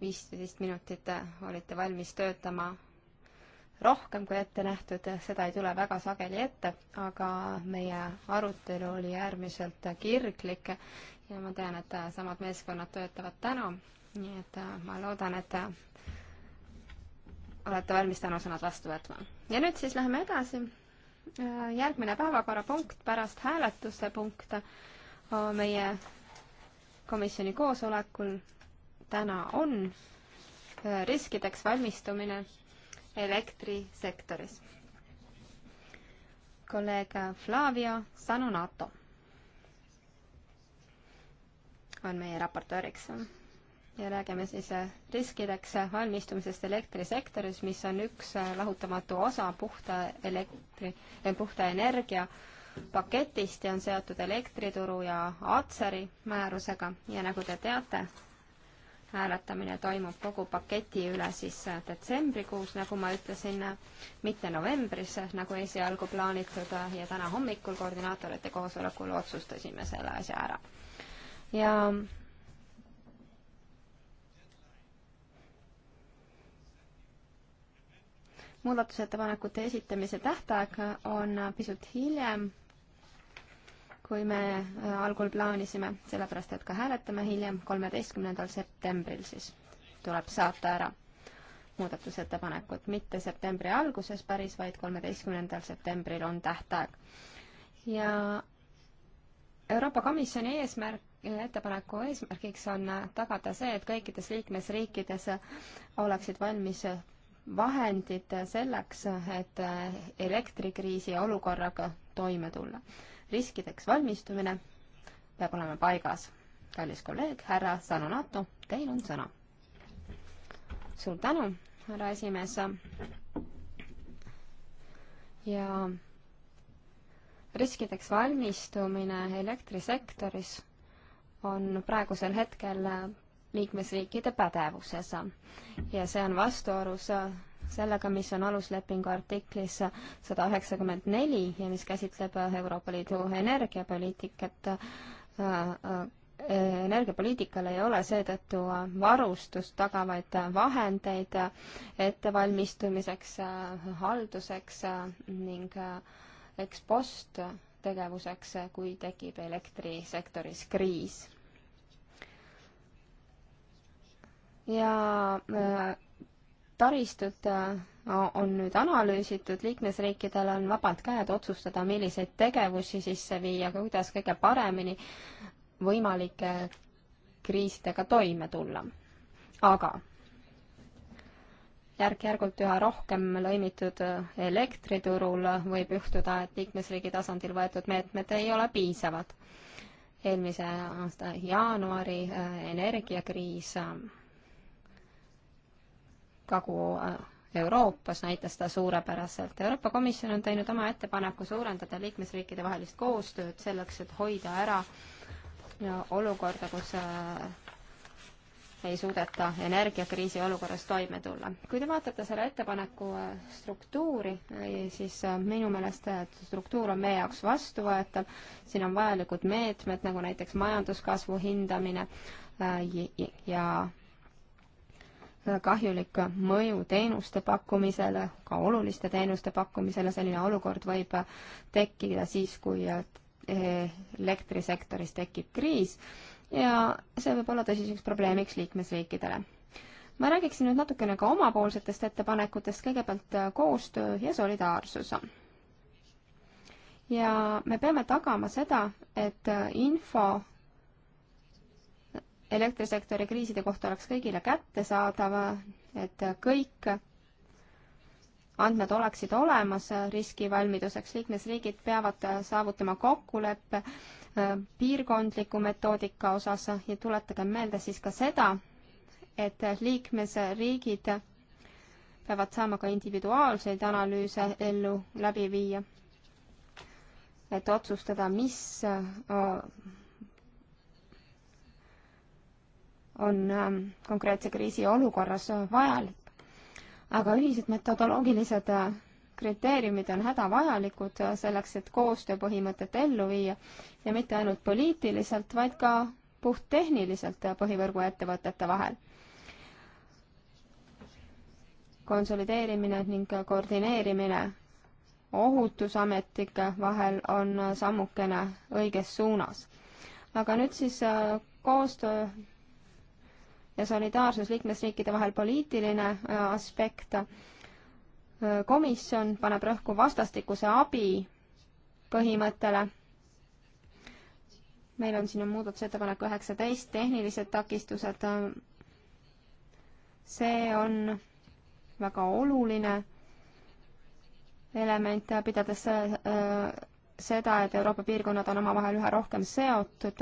[SPEAKER 2] viisteist minutit olite valmis töötama rohkem kui ette nähtud, seda ei tule väga sageli ette, aga meie arutelu oli äärmiselt kirglik ja ma tean, et samad meeskonnad töötavad täna, nii et äh, ma loodan, et äh, olete valmis tänusõnad vastu võtma. ja nüüd siis läheme edasi. Äh, järgmine päevakorrapunkt pärast hääletuste punkt meie komisjoni koosolekul täna on riskideks valmistumine elektrisektoris. kolleeg Flavio Sanonato on meie raportööriks ja räägime siis riskideks valmistumisest elektrisektoris, mis on üks lahutamatu osa puhta elektri, puhta energia paketist ja on seotud elektrituru ja Atseri määrusega ja nagu te teate, hääletamine toimub kogu paketi üle siis äh, detsembrikuus, nagu ma ütlesin, mitte novembris, nagu esialgu plaanitud äh, ja täna hommikul koordinaatorite koosolekul otsustasime selle asja ära. ja muudatusettepanekute esitamise tähtaeg on pisut hiljem kui me äh, algul plaanisime, sellepärast et ka hääletame hiljem, kolmeteistkümnendal septembril siis tuleb saata ära muudatusettepanekud, mitte septembri alguses päris, vaid kolmeteistkümnendal septembril on tähtaeg. ja Euroopa Komisjoni eesmärk, ettepaneku eesmärgiks on äh, tagada see, et kõikides liikmesriikides äh, oleksid valmis vahendid selleks, et elektrikriisi olukorraga toime tulla riskideks valmistumine peab olema paigas. kallis kolleeg, härra Sanonato, teil on sõna. suur tänu, härra esimees. ja riskideks valmistumine elektrisektoris on praegusel hetkel liikmesriikide pädevuses ja see on vastuolus sellega, mis on aluslepingu artiklis sada üheksakümmend neli ja mis käsitleb äh, Euroopa Liidu energiapoliitikat. Äh, äh, energiapoliitikal ei ole seetõttu varustust tagavaid vahendeid ettevalmistumiseks, halduseks ning ekspost tegevuseks, kui tekib elektrisektoris kriis. ja taristut äh, on nüüd analüüsitud, liikmesriikidel on vabad käed otsustada, milliseid tegevusi sisse viia, kuidas kõige paremini võimalike kriisidega toime tulla. aga järk-järgult üha rohkem lõimitud äh, elektriturul võib juhtuda, et liikmesriigi tasandil võetud meetmed ei ole piisavad. eelmise aasta jaanuari äh, energiakriis Kagu-Euroopas äh, näitas ta suurepäraselt. Euroopa Komisjon on teinud oma ettepaneku suurendada liikmesriikide vahelist koostööd selleks, et hoida ära äh, olukorda, kus äh, ei suudeta energiakriisi olukorras toime tulla. kui te vaatate selle ettepaneku struktuuri, siis minu meelest struktuur on meie jaoks vastuvõetav, siin on vajalikud meetmed, nagu näiteks majanduskasvu hindamine ja kahjulik mõju teenuste pakkumisele, ka oluliste teenuste pakkumisele, selline olukord võib tekkida siis, kui elektrisektoris tekib kriis ja see võib olla tõsiseks probleemiks liikmesriikidele. ma räägiksin nüüd natukene ka omapoolsetest ettepanekutest, kõigepealt koostöö ja solidaarsus. ja me peame tagama seda, et info elektrisektori kriiside kohta oleks kõigile kättesaadav, et kõik andmed oleksid olemas riskivalmiduseks, liikmesriigid peavad saavutama kokkuleppe äh, piirkondliku metoodika osas ja tuletagem meelde siis ka seda, et liikmesriigid peavad saama ka individuaalseid analüüse ellu läbi viia, et otsustada, mis äh, on ähm, konkreetse kriisi olukorras äh, vajalik. aga ühised metodoloogilised äh, kriteeriumid on hädavajalikud äh, selleks, et koostööpõhimõtet ellu viia ja mitte ainult poliitiliselt, vaid ka puhttehniliselt põhivõrguettevõtete vahel. konsolideerimine ning koordineerimine ohutusametike vahel on sammukene õiges suunas. aga nüüd siis koostöö ja solidaarsus liikmesriikide vahel poliitiline äh, aspekt. Äh, komisjon paneb rõhku vastastikuse abi põhimõttele. meil on siin muudatusettepanek üheksateist, tehnilised takistused. see on väga oluline element, pidades äh, seda, et Euroopa piirkonnad on omavahel üha rohkem seotud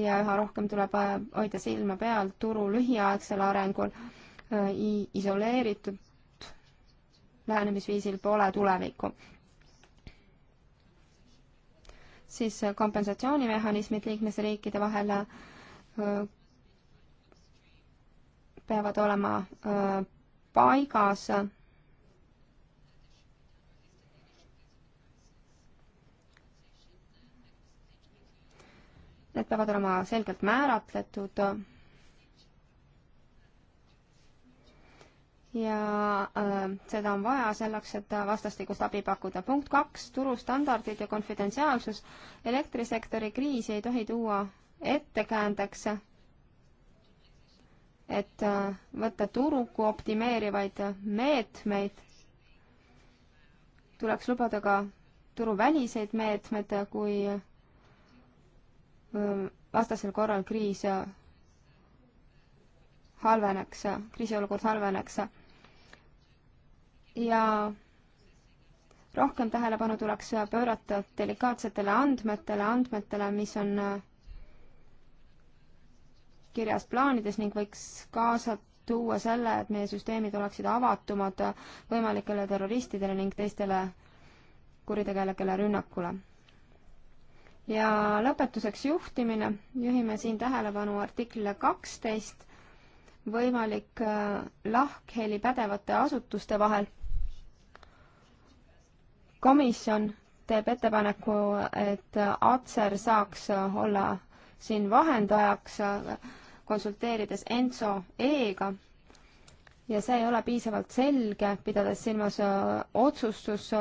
[SPEAKER 2] ja üha rohkem tuleb äh, hoida silma peal turu lühiaegsel arengul, äh, isoleeritud lähenemisviisil pole tulevikku. siis äh, kompensatsioonimehhanismid liikmesriikide vahel peavad olema paigas need peavad olema selgelt määratletud ja äh, seda on vaja selleks, et vastastikust abi pakkuda. punkt kaks, turustandardid ja konfidentsiaalsus. elektrisektori kriisi ei tohi tuua ettekäändeks, et äh, võtta turgu optimeerivaid meetmeid. tuleks lubada ka turuväliseid meetmeid, kui vastasel korral kriis halveneks, kriisiolukord halveneks. ja rohkem tähelepanu tuleks pöörata delikaatsetele andmetele, andmetele, mis on kirjas plaanides ning võiks kaasa tuua selle, et meie süsteemid oleksid avatumad võimalikele terroristidele ning teistele kuritegelikele rünnakule ja lõpetuseks juhtimine. juhime siin tähelepanu artiklile kaksteist, võimalik äh, lahkheli pädevate asutuste vahel. komisjon teeb ettepaneku, et Atser saaks olla siin vahendajaks, äh, konsulteerides Enso E-ga ja see ei ole piisavalt selge, pidades silmas äh, otsustus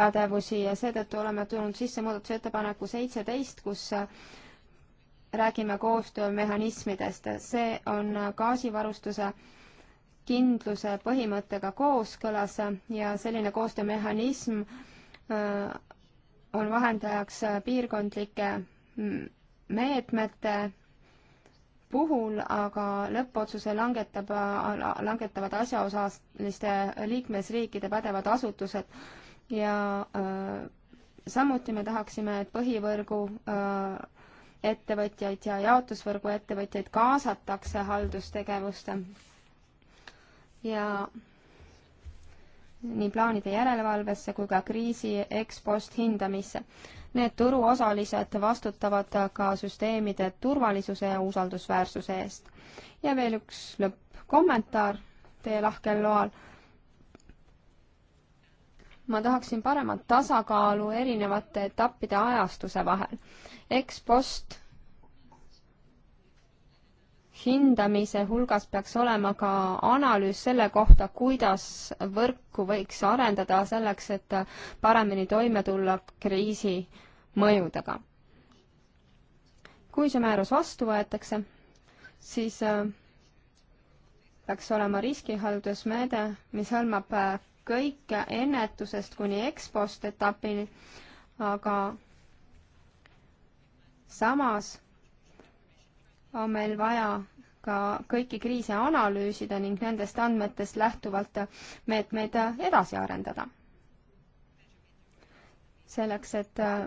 [SPEAKER 2] pädevusi ja seetõttu oleme tulnud sisse muudatusettepaneku seitseteist, kus räägime koostöömehhanismidest. see on gaasivarustuse kindluse põhimõttega kooskõlas ja selline koostöömehhanism äh, on vahendajaks piirkondlike meetmete puhul, aga lõppotsuse langetab, langetavad asjaosaliste liikmesriikide pädevad asutused ja äh, samuti me tahaksime, et põhivõrgu äh, ettevõtjaid ja jaotusvõrgu ettevõtjaid kaasatakse haldustegevuste ja nii plaanide järelevalvesse kui ka kriisi ekspost hindamisse. Need turuosalised vastutavad ka süsteemide turvalisuse ja usaldusväärsuse eest. ja veel üks lõppkommentaar teie lahkel loal ma tahaksin paremat tasakaalu erinevate etappide ajastuse vahel. Ex-post hindamise hulgas peaks olema ka analüüs selle kohta, kuidas võrku võiks arendada selleks, et paremini toime tulla kriisi mõjudega. kui see määrus vastu võetakse, siis äh, peaks olema riskihaldusmeede, mis hõlmab äh, kõik ennetusest kuni ekspost etapini, aga samas on meil vaja ka kõiki kriise analüüsida ning nendest andmetest lähtuvalt meetmeid edasi arendada. selleks, et äh,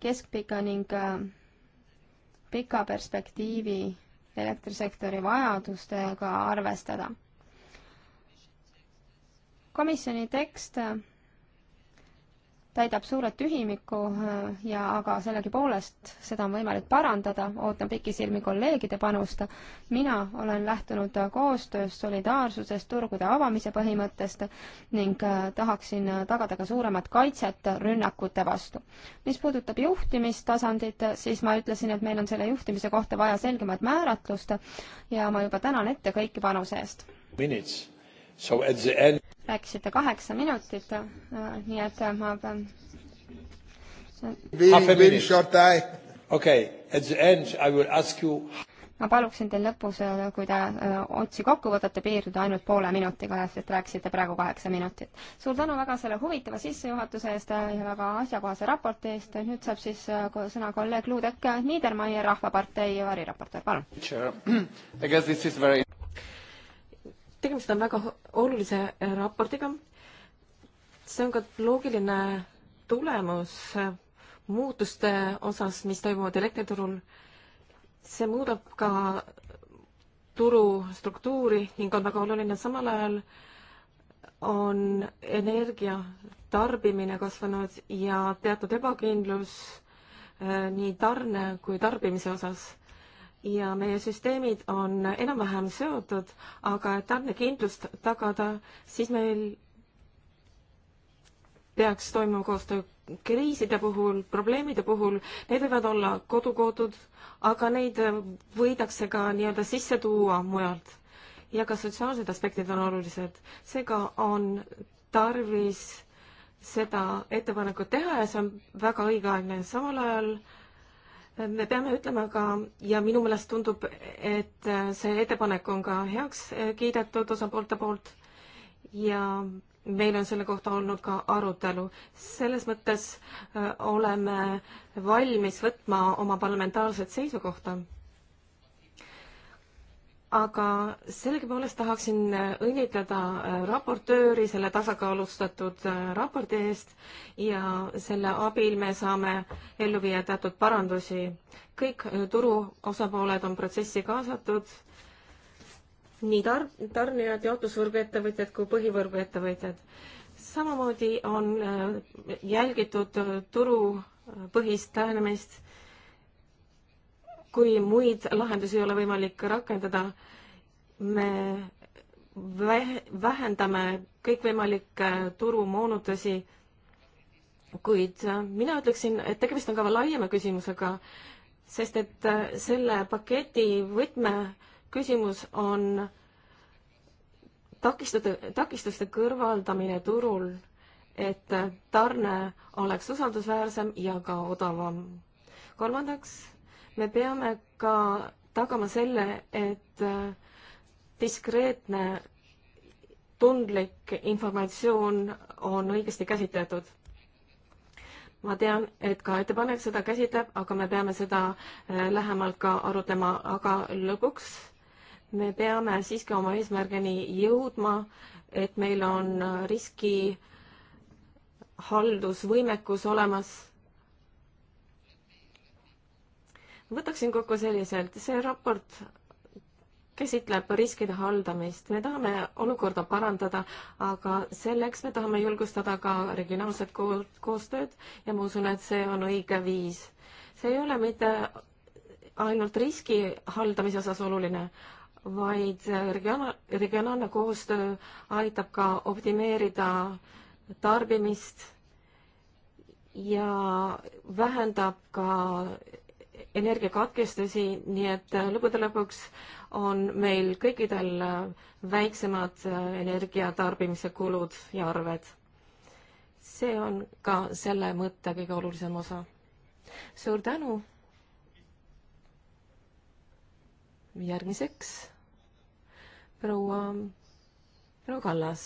[SPEAKER 2] keskpika ning äh, pika perspektiivi elektrisektori vajadustega arvestada komisjoni tekst äh, täidab suure tühimiku äh, ja aga sellegipoolest seda on võimalik parandada, ootan pikisilmi kolleegide panust. mina olen lähtunud äh, koostööst, solidaarsusest, turgude avamise põhimõttest ning tahaksin tagada ka suuremat kaitset rünnakute vastu. mis puudutab juhtimistasandit, siis ma ütlesin, et meil on selle juhtimise kohta vaja selgemat määratlust ja ma juba tänan ette kõiki panuse eest.
[SPEAKER 4] Minutes. So at the end
[SPEAKER 2] rääkisite kaheksa minutit, äh, nii et äh, ma
[SPEAKER 1] pean. okei, at the
[SPEAKER 4] end I will ask you.
[SPEAKER 2] ma paluksin teil lõpus, äh, kui te otsi kokku võtate, piirduda ainult poole minutiga, sest rääkisite praegu kaheksa minutit. suur tänu väga selle huvitava sissejuhatuse eest ja väga asjakohase raporti eest. nüüd saab siis sõna kolleeg Luudek Niedermayer,
[SPEAKER 4] Rahvapartei variraportöör, palun. <clears throat> tegemist on väga olulise äh, raportiga. see on ka loogiline tulemus äh, muutuste osas, mis toimuvad elektriturul. see muudab ka turu struktuuri ning on väga oluline samal ajal on energia tarbimine kasvanud ja teatud ebakindlus äh, nii tarne kui tarbimise osas ja meie süsteemid on enam-vähem seotud, aga et tarnekindlust tagada, siis meil peaks toimuma koostöö kriiside puhul, probleemide puhul, need võivad olla kodukoodud, aga neid võidakse ka nii-öelda sisse tuua mujalt. ja ka sotsiaalsed aspektid on olulised, seega on tarvis seda ettepanekut teha ja see on väga õigeaegne, samal ajal äh, me peame ütlema ka ja minu meelest tundub, et äh, see ettepanek on ka heaks äh, kiidetud osapoolte poolt ja meil on selle kohta olnud ka arutelu. selles mõttes äh, oleme valmis võtma oma parlamentaarset seisukohta aga sellegipoolest tahaksin äh, õnnitleda äh, raportööri selle tasakaalustatud äh, raporti eest ja selle abil me saame ellu viia teatud parandusi. kõik turu osapooled on protsessi kaasatud, nii tar-, tarnijad, jaotusvõrguettevõtjad kui põhivõrguettevõtjad. samamoodi on jälgitud turupõhist lähenemist kui muid lahendusi ei ole võimalik rakendada, me vähendame kõikvõimalikke turumoonutusi, kuid mina ütleksin, et tegemist on ka laiema küsimusega, sest et äh, selle paketi võtmeküsimus on takistuste, takistuste kõrvaldamine turul, et äh, tarne oleks usaldusväärsem ja ka odavam. kolmandaks me peame ka tagama selle, et äh, diskreetne tundlik informatsioon on õigesti käsitletud. ma tean, et ka ettepanek seda käsitleb, aga me peame seda äh, lähemalt ka arutlema, aga lõpuks me peame siiski oma eesmärgini jõudma, et meil on äh, riskihaldusvõimekus olemas võtaksin kokku selliselt, see raport käsitleb riskide haldamist. me tahame olukorda parandada, aga selleks me tahame julgustada ka regionaalset ko koostööd ja ma usun, et see on õige viis. see ei ole mitte ainult riski haldamise osas oluline, vaid regionaal, regionaalne koostöö aitab ka optimeerida tarbimist ja vähendab ka energiakatkestusi, nii et äh, lõppude lõpuks on meil kõikidel äh, väiksemad äh, energiatarbimise kulud ja arved. see on ka selle mõtte kõige olulisem osa. suur tänu. järgmiseks proua, proua Kallas,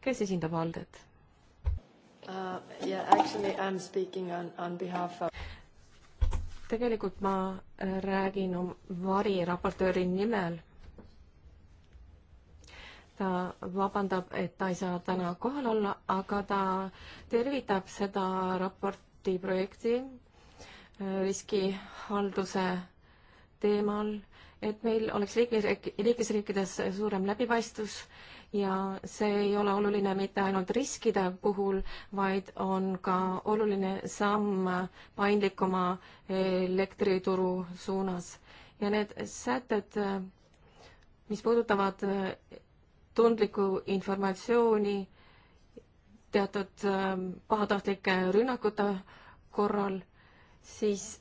[SPEAKER 4] kes esindab Aldet uh,? Yeah, actually I am speaking on, on behalf of tegelikult ma äh, räägin variraportööri nimel. ta vabandab, et ta ei saa täna kohal olla, aga ta tervitab seda raporti projekti äh, riskihalduse teemal et meil oleks liikmesriik, liikmesriikides suurem läbipaistvus ja see ei ole oluline mitte ainult riskide puhul, vaid on ka oluline samm paindlikuma elektrituru suunas. ja need sätted, mis puudutavad tundlikku informatsiooni teatud pahatahtlike rünnakute korral, siis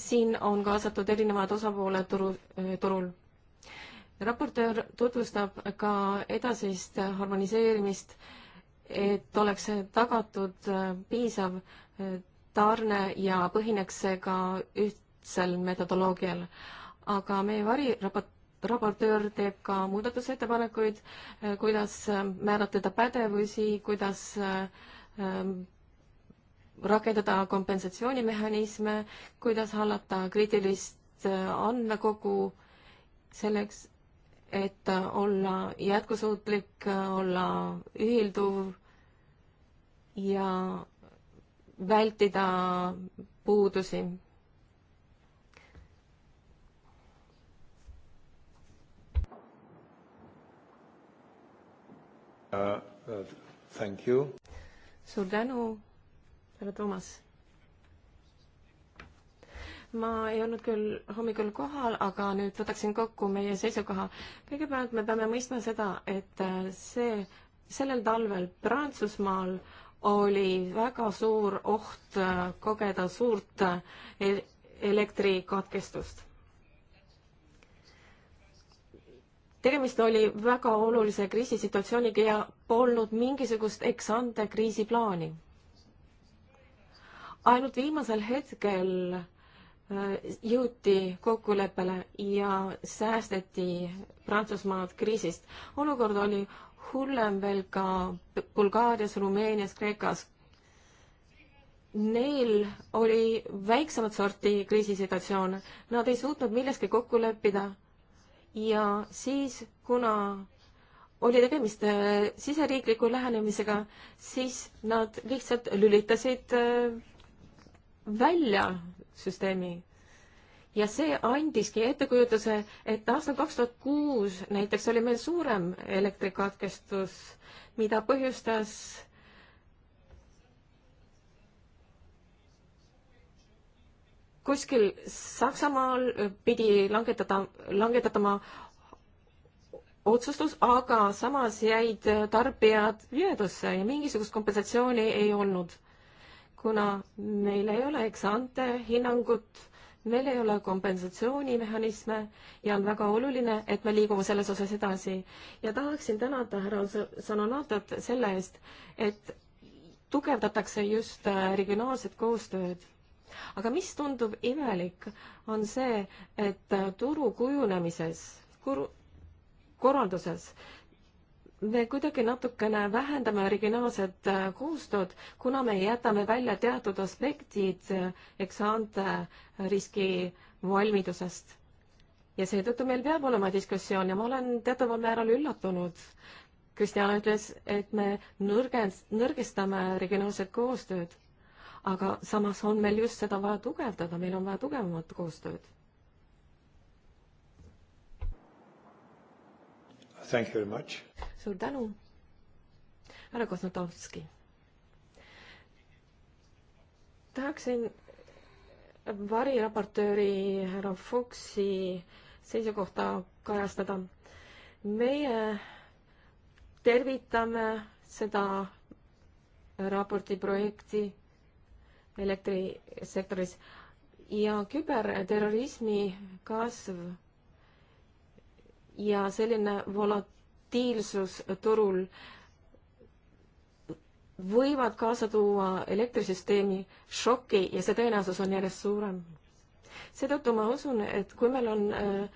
[SPEAKER 4] siin on kaasatud erinevad osapooled turu, eh, turul. raportöör tutvustab ka edasist harmoniseerimist, et oleks tagatud eh, piisav eh, tarne ja põhineks see ka ühtsel metodoloogial. aga meie variraport raportöör teeb ka muudatusettepanekuid, kuidas määratleda pädevusi, kuidas rakendada kompensatsioonimehhanisme, kuidas hallata kriitilist äh, andmekogu selleks, et äh, olla jätkusuutlik, äh, olla ühilduv ja vältida puudusi.
[SPEAKER 1] Uh, uh, thank you.
[SPEAKER 4] suur tänu härra Toomas ma ei olnud küll hommikul kohal, aga nüüd võtaksin kokku meie seisukoha. kõigepealt me peame mõistma seda, et äh, see, sellel talvel Prantsusmaal oli väga suur oht äh, kogeda suurt äh, e-, elektrikatkestust. tegemist oli väga olulise kriisisituatsiooniga ja polnud mingisugust eksante kriisiplaani ainult viimasel hetkel äh, jõuti kokkuleppele ja säästeti Prantsusmaad kriisist. olukord oli hullem veel ka Bulgaarias, Rumeenias, Kreekas. Neil oli väiksemat sorti kriisisituatsioon, nad ei suutnud milleski kokku leppida ja siis, kuna oli tegemist äh, siseriikliku lähenemisega, siis nad lihtsalt lülitasid äh, välja süsteemi ja see andiski ettekujutuse, et aastal kaks tuhat kuus näiteks oli meil suurem elektrikatkestus, mida põhjustas kuskil Saksamaal pidi langetada, langetatama otsustus, aga samas jäid tarbijad jõedusse ja mingisugust kompensatsiooni ei olnud kuna meil ei ole eksante hinnangut, meil ei ole kompensatsioonimehhanisme ja on väga oluline, et me liigume selles osas edasi. ja tahaksin tänada härra Sanonatot selle eest, et tugevdatakse just äh, regionaalset koostööd. aga mis tundub imelik, on see, et äh, turu kujunemises, korralduses me kuidagi natukene vähendame regionaalset äh, koostööd, kuna me jätame välja teatud aspektid äh, eksante äh, riskivalmidusest. ja seetõttu meil peab olema diskussioon ja ma olen teataval määral üllatunud. Kristjan ütles, et me nõrgens-, nõrgestame regionaalset koostööd. aga samas on meil just seda vaja tugevdada, meil on vaja tugevamat koostööd
[SPEAKER 1] Thank you very much.
[SPEAKER 4] suur tänu. härra Kosnotovski. tahaksin variraportööri härra Fuchsi seisukohta kajastada. meie tervitame seda raporti projekti elektrisektoris ja küberterrorismi kasv ja selline volatiilsus turul võivad kaasa tuua elektrisüsteemi šoki ja see tõenäosus on järjest suurem. seetõttu ma usun, et kui meil on äh,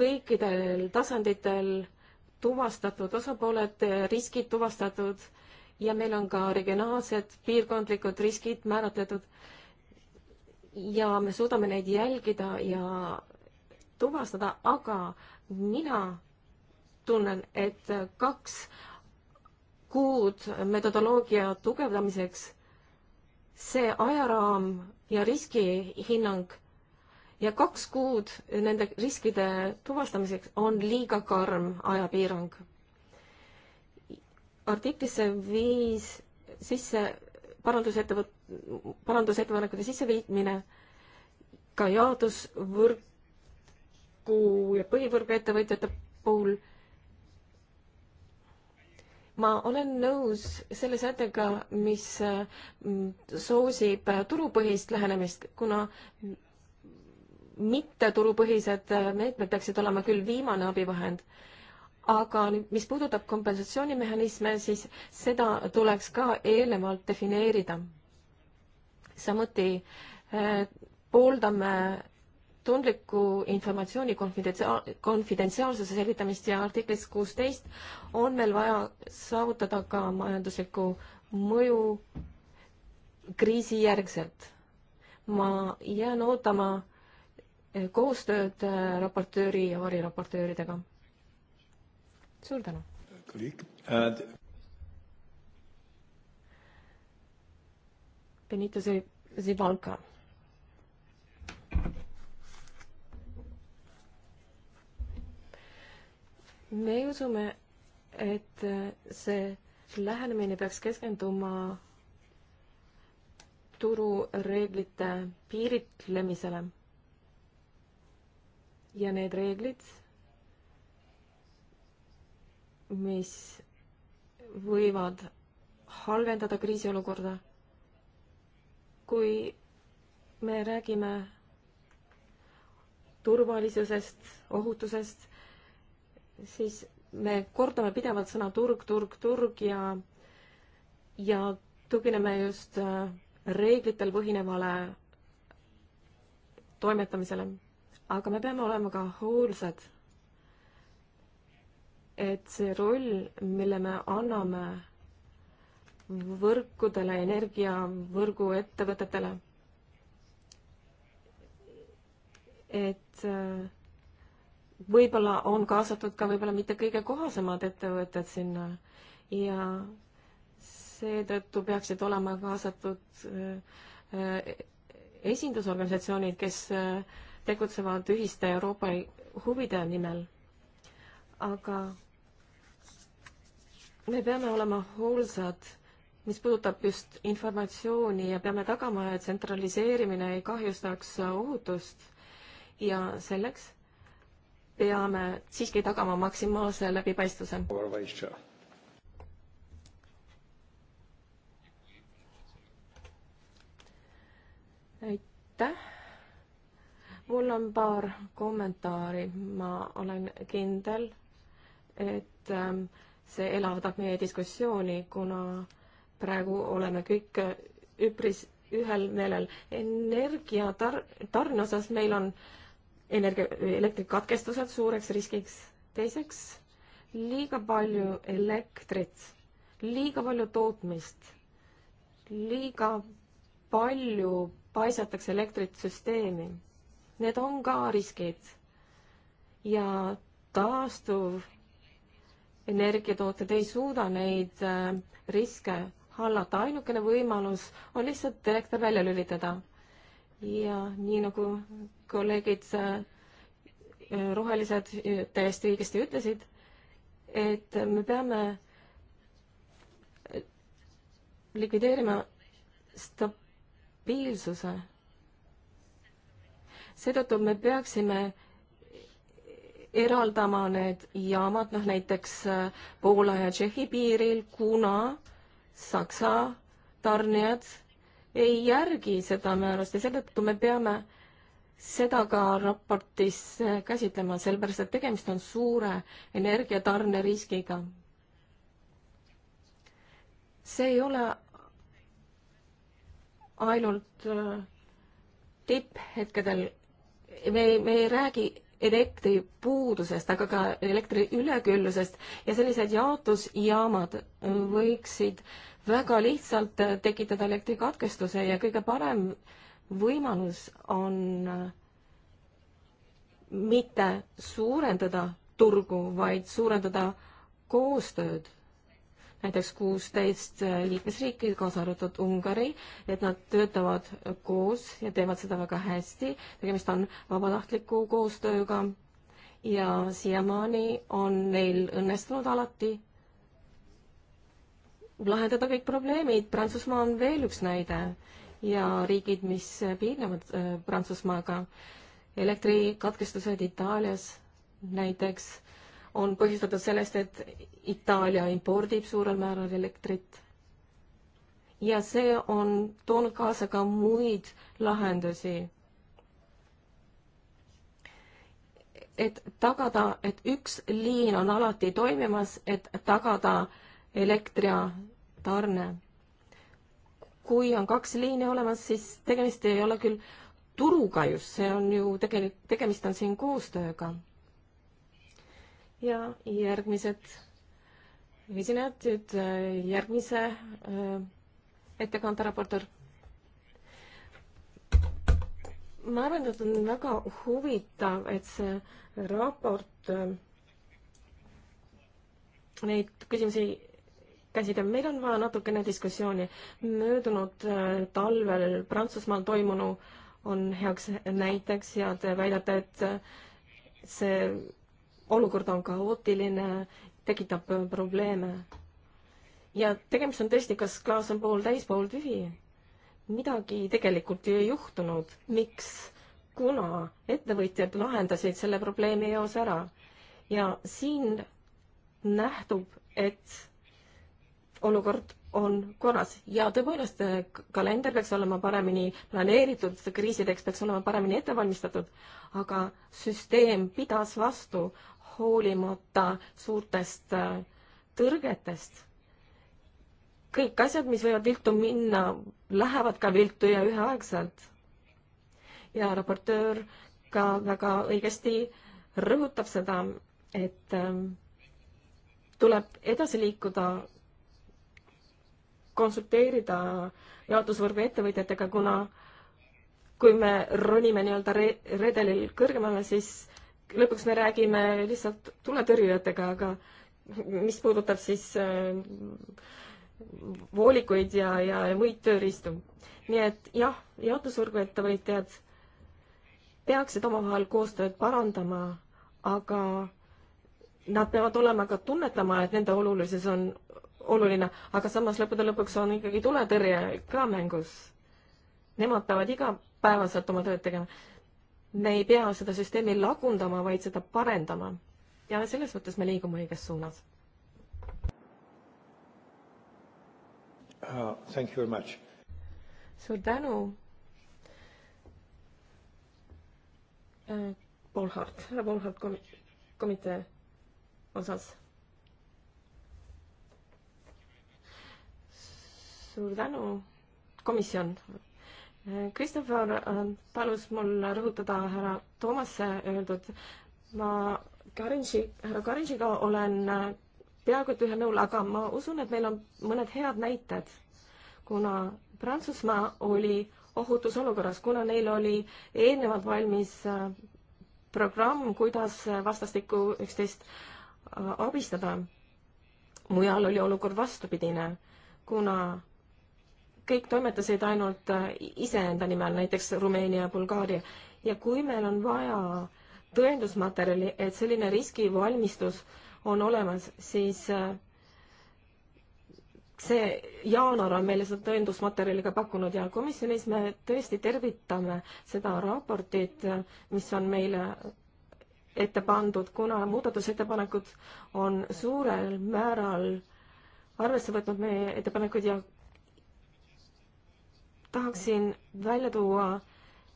[SPEAKER 4] kõikidel tasanditel tuvastatud osapooled, riskid tuvastatud ja meil on ka regionaalsed piirkondlikud riskid määratletud ja me suudame neid jälgida ja tuvastada, aga mina tunnen, et kaks kuud metodoloogia tugevdamiseks, see ajaraam ja riskihinnang ja kaks kuud nende riskide tuvastamiseks on liiga karm ajapiirang. artiklisse viis sisse parandusettevõt-, parandusettepanekute sisseviitmine, ka jaotusvõrk võrgu- ja põhivõrguettevõtjate puhul. ma olen nõus selle sättega, mis mm, soosib turupõhist lähenemist, kuna mitteturupõhised meetmed peaksid olema küll viimane abivahend, aga nüüd, mis puudutab kompensatsioonimehhanisme, siis seda tuleks ka eelnevalt defineerida. samuti eh, pooldame tundliku informatsiooni konfidentsiaal, konfidentsiaalsuse selgitamist ja artiklis kuusteist on meil vaja saavutada ka majanduslikku mõju kriisijärgselt. ma jään ootama eh, koostööd eh, raportööri ja variraportööridega. suur tänu! Benito Zivalka. me usume, et see lähenemine peaks keskenduma turureeglite piiritlemisele. ja need reeglid, mis võivad halvendada kriisiolukorda, kui me räägime turvalisusest, ohutusest siis me kordame pidevalt sõna turg, turg, turg ja, ja tugineme just äh, reeglitel põhinevale toimetamisele. aga me peame olema ka hoolsad, et see roll, mille me anname võrkudele, energiavõrguettevõtetele, et äh, võib-olla on kaasatud ka võib-olla mitte kõige kohasemad ettevõtted sinna ja seetõttu peaksid olema kaasatud äh, äh, esindusorganisatsioonid, kes äh, tegutsevad ühiste Euroopa huvide nimel. aga me peame olema hoolsad, mis puudutab just informatsiooni ja peame tagama, et tsentraliseerimine ei kahjustaks ohutust ja selleks peame siiski tagama maksimaalse läbipaistvuse. aitäh. mul on paar kommentaari, ma olen kindel, et ähm, see elavdab meie diskussiooni, kuna praegu oleme kõik üpris ühel meelel. energia tar-, tarne osas meil on äh, energia, elektrikatkestused suureks riskiks. teiseks, liiga palju elektrit, liiga palju tootmist, liiga palju paisatakse elektrit süsteemi. Need on ka riskid. ja taastuv energiatootjad ei suuda neid äh, riske hallata, ainukene võimalus on lihtsalt elekter välja lülitada ja nii nagu kolleegid äh, rohelised äh, täiesti õigesti ütlesid, et me peame äh, likvideerima stabiilsuse. seetõttu me peaksime eraldama need jaamad, noh näiteks Poola ja Tšehhi piiril, kuna Saksa tarnijad ei järgi seda määrust ja seetõttu me peame seda ka raportis äh, käsitlema, sellepärast et tegemist on suure energiatarneriskiga. see ei ole ainult äh, tipphetkedel, me ei, me ei räägi elektripuudusest, aga ka elektri üleküllusest ja sellised jaotusjaamad võiksid äh, väga lihtsalt äh, tekitada elektrikatkestuse ja kõige parem võimalus on äh, mitte suurendada turgu, vaid suurendada koostööd näiteks kuusteist äh, liikmesriiki, kaasa arvatud Ungari, et nad töötavad koos ja teevad seda väga hästi. tegemist on vabatahtliku koostööga ja siiamaani on neil õnnestunud alati lahendada kõik probleemid. Prantsusmaa on veel üks näide ja riigid, mis piirnevad äh, Prantsusmaaga. elektrikatkestused Itaalias näiteks on põhjustatud sellest, et Itaalia impordib suurel määral elektrit. ja see on toonud kaasa ka muid lahendusi. et tagada, et üks liin on alati toimimas, et tagada äh, elektritarne. kui on kaks liini olemas, siis tegemist ei ole küll turuga just, see on ju tegelik, tegemist on siin koostööga. ja järgmised esinejad, nüüd äh, järgmise äh, ettekande raportöör ma arvan, et on väga huvitav, et see raport äh, neid küsimusi käsitleb, meil on vaja natukene diskussiooni. möödunud äh, talvel Prantsusmaal toimunu on heaks näiteks ja te väidate, et äh, see olukord on kaootiline, tekitab äh, probleeme. ja tegemist on tõesti, kas klaas on pooltäis, pooltühi. midagi tegelikult ju ei juhtunud. miks? kuna ettevõtjad lahendasid selle probleemi eos ära ja siin nähtub, et olukord on korras ja tõepoolest, kalender peaks olema paremini planeeritud, kriisideks peaks olema paremini ette valmistatud, aga süsteem pidas vastu hoolimata suurtest äh, tõrgetest. kõik asjad, mis võivad viltu minna, lähevad ka viltu ja üheaegselt. ja raportöör ka väga õigesti rõhutab seda, et ähm, tuleb edasi liikuda konsulteerida jaotusvõrgu ettevõtjatega, kuna kui me ronime nii-öelda re-, redelil kõrgemale, siis lõpuks me räägime lihtsalt tuletõrjujatega, aga mis puudutab siis äh, voolikuid ja, ja muid tööriistu. nii et jah, jaotusvõrgu ettevõtjad peaksid omavahel koostööd parandama, aga nad peavad olema ka tunnetama, et nende olulisus on oluline, aga samas lõppude lõpuks on ikkagi tuletõrje ka mängus. Nemad peavad igapäevaselt oma tööd tegema. me ei pea seda süsteemi lagundama, vaid seda parendama. ja selles mõttes me liigume õiges suunas
[SPEAKER 1] uh,. Thank you very much.
[SPEAKER 4] suur tänu uh,. Paul Hart, härra Paul Hart kom-, komitee osas suur tänu, komisjon. Christopher äh, palus mul rõhutada härra Toomasse öeldud. ma Karinši, härra Karinšiga olen äh, peaaegu et ühel nõul, aga ma usun, et meil on mõned head näited, kuna Prantsusmaa oli ohutusolukorras, kuna neil oli eelnevalt valmis äh, programm, kuidas vastastikku üksteist abistada. mujal oli olukord vastupidine, kuna kõik toimetasid ainult äh, iseenda nimel, näiteks Rumeenia ja Bulgaaria. ja kui meil on vaja tõendusmaterjali, et selline riskivalmistus on olemas, siis äh, see jaanuar on meile seda tõendusmaterjali ka pakkunud ja komisjonis me tõesti tervitame seda raportit, äh, mis on meile ette pandud, kuna muudatusettepanekud on suurel määral arvesse võtnud meie ettepanekuid ja tahaksin välja tuua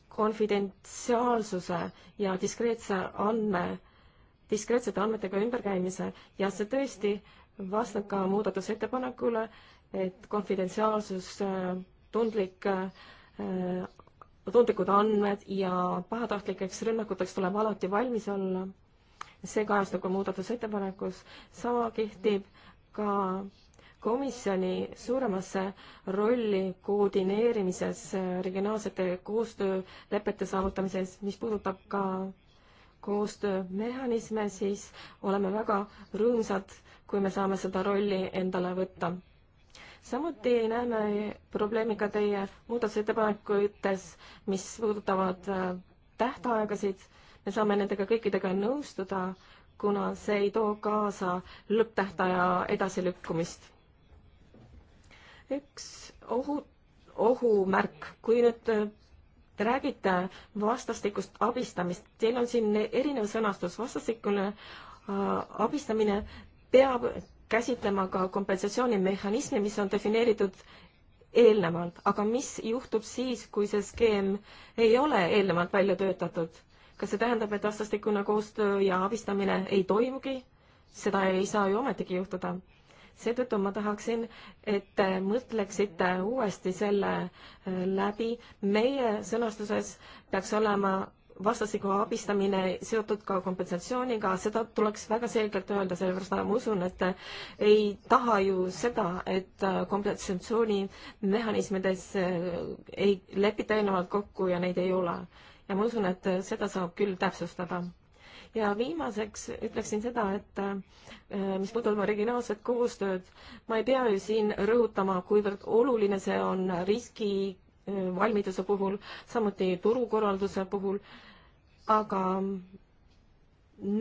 [SPEAKER 4] konfidentsiaalsuse ja diskreetse andme, diskreetsete andmetega ümberkäimise ja see tõesti vastab ka muudatusettepanekule, et konfidentsiaalsus, äh, tundlik, äh, tundlikud andmed ja pahatahtlikeks rünnakuteks tuleb alati valmis olla. see kajastub ka muudatusettepanekus, sama kehtib ka komisjoni suuremasse rolli koordineerimises, äh, regionaalsete koostöölepete saavutamises, mis puudutab ka koostöömehhanisme, siis oleme väga rõõmsad, kui me saame seda rolli endale võtta. samuti näeme probleemi ka teie muudatusettepanekutes, mis puudutavad äh, tähtaegasid, me saame nendega kõikidega nõustuda, kuna see ei too kaasa lõpptähtaja edasilükkumist üks ohu, ohumärk, kui nüüd äh, te räägite vastastikust abistamist, teil on siin erinev sõnastus, vastastikune äh, abistamine peab käsitlema ka kompensatsioonimehhanismi, mis on defineeritud eelnevalt, aga mis juhtub siis, kui see skeem ei ole eelnevalt välja töötatud? kas see tähendab, et vastastikune koostöö ja abistamine ei toimugi? seda ei saa ju ometigi juhtuda seetõttu ma tahaksin, et te mõtleksite uuesti selle äh, läbi. meie sõnastuses peaks olema vastasliku abistamine seotud ka kompensatsiooniga, seda tuleks väga selgelt öelda, sellepärast ma usun, et ei taha ju seda, et äh, kompensatsioonimehhanismides äh, ei lepita eelnevalt kokku ja neid ei ole. ja ma usun, et seda saab küll täpsustada ja viimaseks ütleksin seda, et äh, mis puudutab regionaalset koostööd, ma ei pea ju siin rõhutama, kuivõrd oluline see on riskivalmiduse äh, puhul, samuti turukorralduse puhul, aga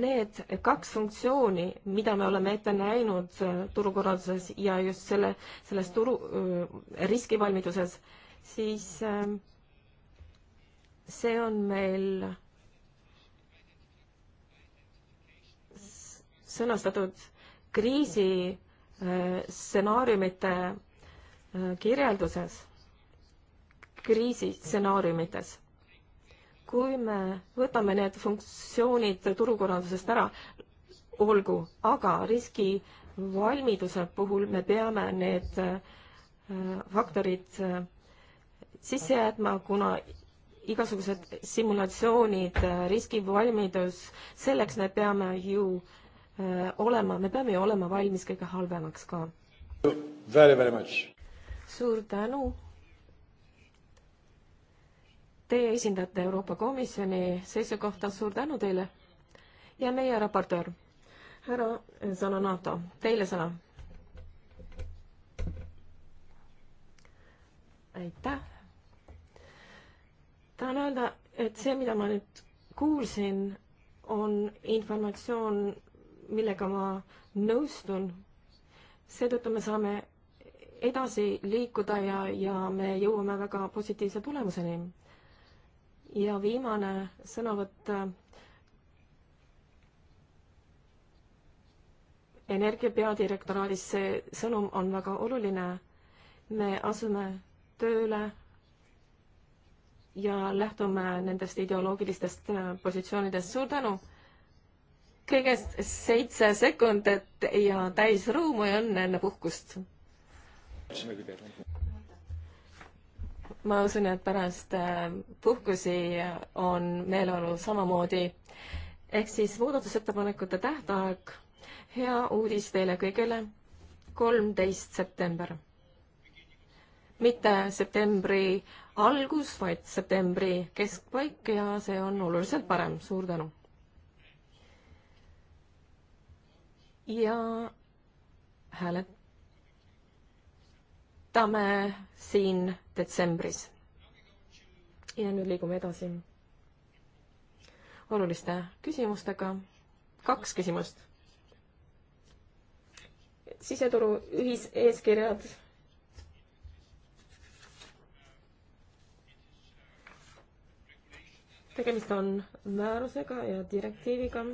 [SPEAKER 4] need kaks funktsiooni, mida me oleme ette näinud äh, turukorralduses ja just selle, selles turu riskivalmiduses, siis see on meil sõnastatud kriisi äh, stsenaariumite äh, kirjelduses, kriisistsenaariumites. kui me võtame need funktsioonid turukorraldusest ära, olgu, aga riskivalmiduse puhul me peame need äh, faktorid sisse jätma, kuna igasugused simulatsioonid, riskivalmidus, selleks me peame ju äh, Äh, olema, me peame ju olema valmis kõige halvemaks ka.
[SPEAKER 1] Very, very much.
[SPEAKER 4] suur tänu. Teie esindate Euroopa Komisjoni seisukohta, suur tänu teile. ja meie raportöör, härra Zanonato, teile sõna. aitäh. tahan öelda, et see, mida ma nüüd kuulsin, on informatsioon millega ma nõustun. seetõttu me saame edasi liikuda ja, ja me jõuame väga positiivse tulemuseni. ja viimane sõnavõtt. Äh, energia peadirektoraadis see sõnum on väga oluline. me asume tööle ja lähtume nendest ideoloogilistest äh, positsioonidest. suur tänu kõigest seitse sekundit ja täis rõõmu ja õnne enne puhkust. ma usun, et pärast äh, puhkusi on meeleolu samamoodi. ehk siis muudatusettepanekute tähtaeg, hea uudis teile kõigile, kolmteist september. mitte septembri algus, vaid septembri keskpaik ja see on oluliselt parem, suur tänu ja hääletame siin detsembris. ja nüüd liigume edasi oluliste küsimustega. kaks küsimust. siseturu ühiseeskirjad tegemist on määrusega ja direktiiviga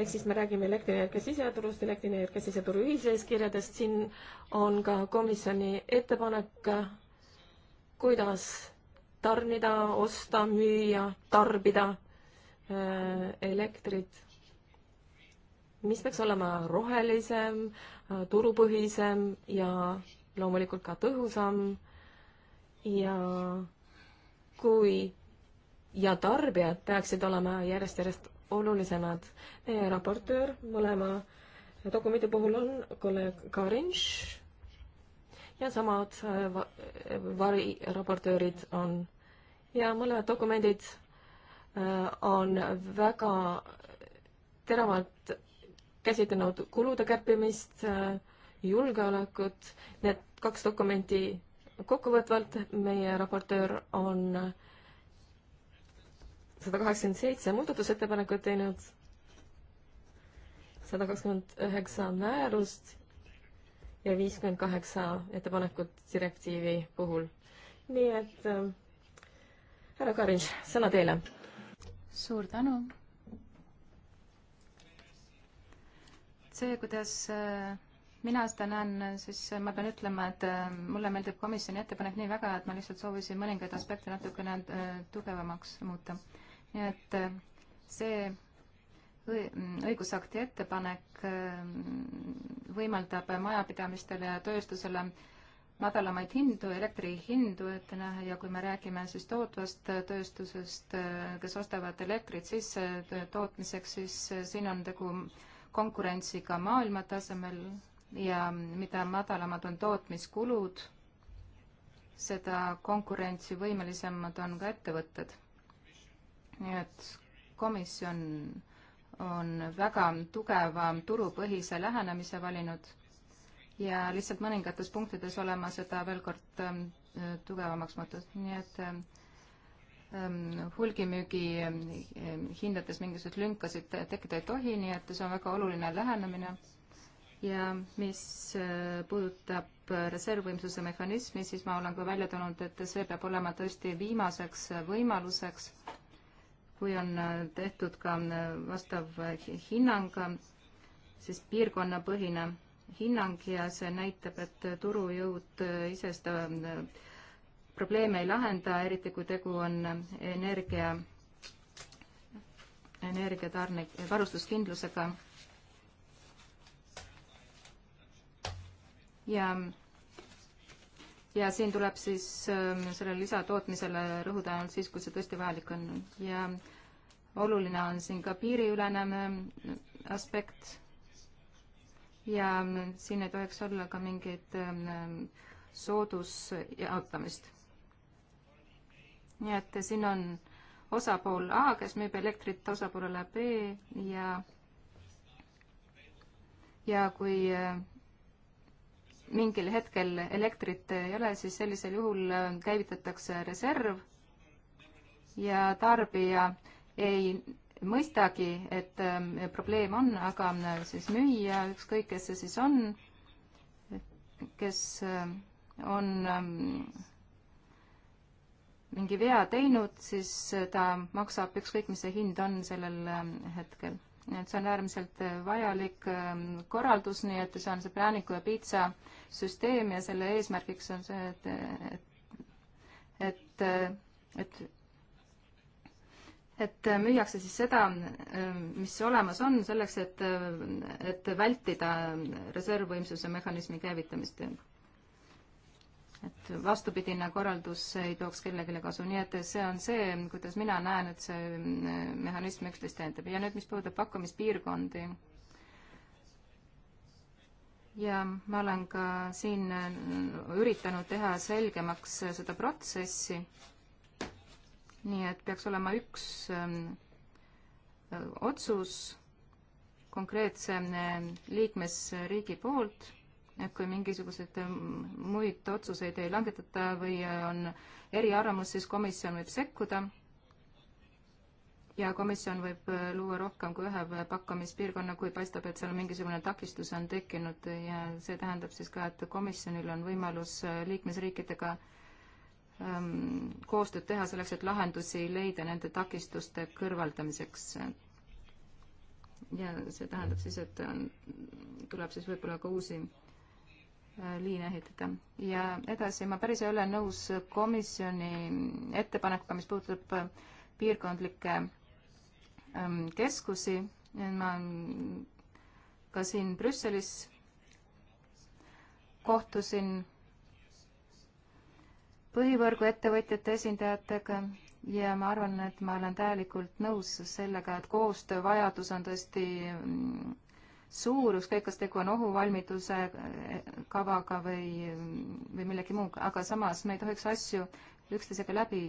[SPEAKER 4] ehk siis me räägime elektrienergia siseturust, elektrienergia siseturu ühiseeskirjadest, siin on ka komisjoni ettepanek, kuidas tarnida, osta, müüa, tarbida äh, elektrit, mis peaks olema rohelisem, äh, turupõhisem ja loomulikult ka tõhusam ja kui ja tarbijad peaksid olema järjest-järjest olulisemad. meie raportöör mõlema dokumendi puhul on kolleeg Karinš ja samad äh, äh, variraportöörid on ja mõlemad dokumendid äh, on väga teravalt käsitlenud kulude kärpimist, julgeolekut, need kaks dokumenti kokkuvõtvalt meie raportöör on äh, sada kaheksakümmend seitse muudatusettepanekut teinud, sada kakskümmend üheksa määrust ja viiskümmend kaheksa ettepanekut direktiivi puhul. nii et äh, härra Karinš, sõna teile. suur tänu.
[SPEAKER 3] see, kuidas äh, mina seda näen, siis äh, ma pean ütlema, et mulle meeldib komisjoni ettepanek nii väga, et ma lihtsalt soovisin mõningaid aspekte natukene tugevamaks muuta nii et äh, see õigusakti ettepanek äh, võimaldab majapidamistele ja tööstusele madalamaid hindu, elektrihindu ette näha ja kui me räägime siis tootvast tööstusest, äh, kes ostavad elektrit sisse tootmiseks, siis siin on tegu konkurentsiga maailma tasemel ja mida madalamad on tootmiskulud, seda konkurentsivõimelisemad on ka ettevõtted nii et komisjon on väga tugeva turupõhise lähenemise valinud ja lihtsalt mõningates punktides olen ma seda veel kord ähm, tugevamaks mõtlenud, nii et ähm, ähm, hulgimüügi hindades mingisuguseid lünkasid tekkida ei tohi, nii et see on väga oluline lähenemine ja mis äh, puudutab reservvõimsuse mehhanismi, siis ma olen ka välja toonud, et see peab olema tõesti viimaseks võimaluseks kui on äh, tehtud ka äh, vastav äh, hinnang, siis piirkonnapõhine hinnang ja see näitab, et turujõud ise seda probleeme ei lahenda, eriti kui tegu on energia, energiatarne, varustuskindlusega. ja ja siin tuleb siis ähm, selle lisatootmisele rõhuda ainult siis, kui see tõesti vajalik on ja oluline on siin ka piiriülene ähm, aspekt ja ähm, siin ei tohiks olla ka mingeid soodusjaotamist. nii et siin on osapool A, kes müüb elektrit osapoolele B ja ja kui äh, mingil hetkel elektrit ei ole, siis sellisel juhul äh, käivitatakse reserv ja tarbija ei mõistagi, et ähm, probleem on, aga äh, siis müüja, ükskõik kes see siis on, kes äh, on ähm, mingi vea teinud, siis ta maksab ükskõik, mis see hind on sellel hetkel et see on äärmiselt äh, vajalik ähm, korraldus, nii et see on see prääniku ja piitsa süsteem ja selle eesmärgiks on see, et, äh, et, et, äh, et et müüakse siis seda, mis olemas on, selleks et, et vältida reservvõimsuse mehhanismi käivitamist et vastupidine korraldus ei tooks kellelegi kasu, nii et see on see, kuidas mina näen, et see mm, mehhanism üksteist täiendab ja nüüd, mis puudutab pakkumispiirkondi, ja ma olen ka siin mm, üritanud teha selgemaks seda protsessi, nii et peaks olema üks mm, otsus konkreetse liikmesriigi poolt kui mingisuguseid ähm, muid otsuseid ei langetata või äh, on eriarvamus, siis komisjon võib sekkuda ja komisjon võib äh, luua rohkem kui ühe pakkamispiirkonna, kui paistab, et seal mingisugune takistus on tekkinud ja see tähendab siis ka, et komisjonil on võimalus äh, liikmesriikidega ähm, koostööd teha selleks, et lahendusi leida nende takistuste kõrvaldamiseks. ja see tähendab siis, et on, tuleb siis võib-olla ka uusi Äh, liine ehitada. ja edasi, ma päris ei ole nõus komisjoni ettepanekuga, mis puudutab äh, piirkondlikke ähm, keskusi. ma ka siin Brüsselis kohtusin põhivõrgu ettevõtjate esindajatega ja ma arvan, et ma olen täielikult nõus sellega, et koostöövajadus on tõesti mm, suur, ükskõik kas tegu on ohuvalmiduse eh, kavaga või, või millegi muuga, aga samas me ei tohiks asju üksteisega läbi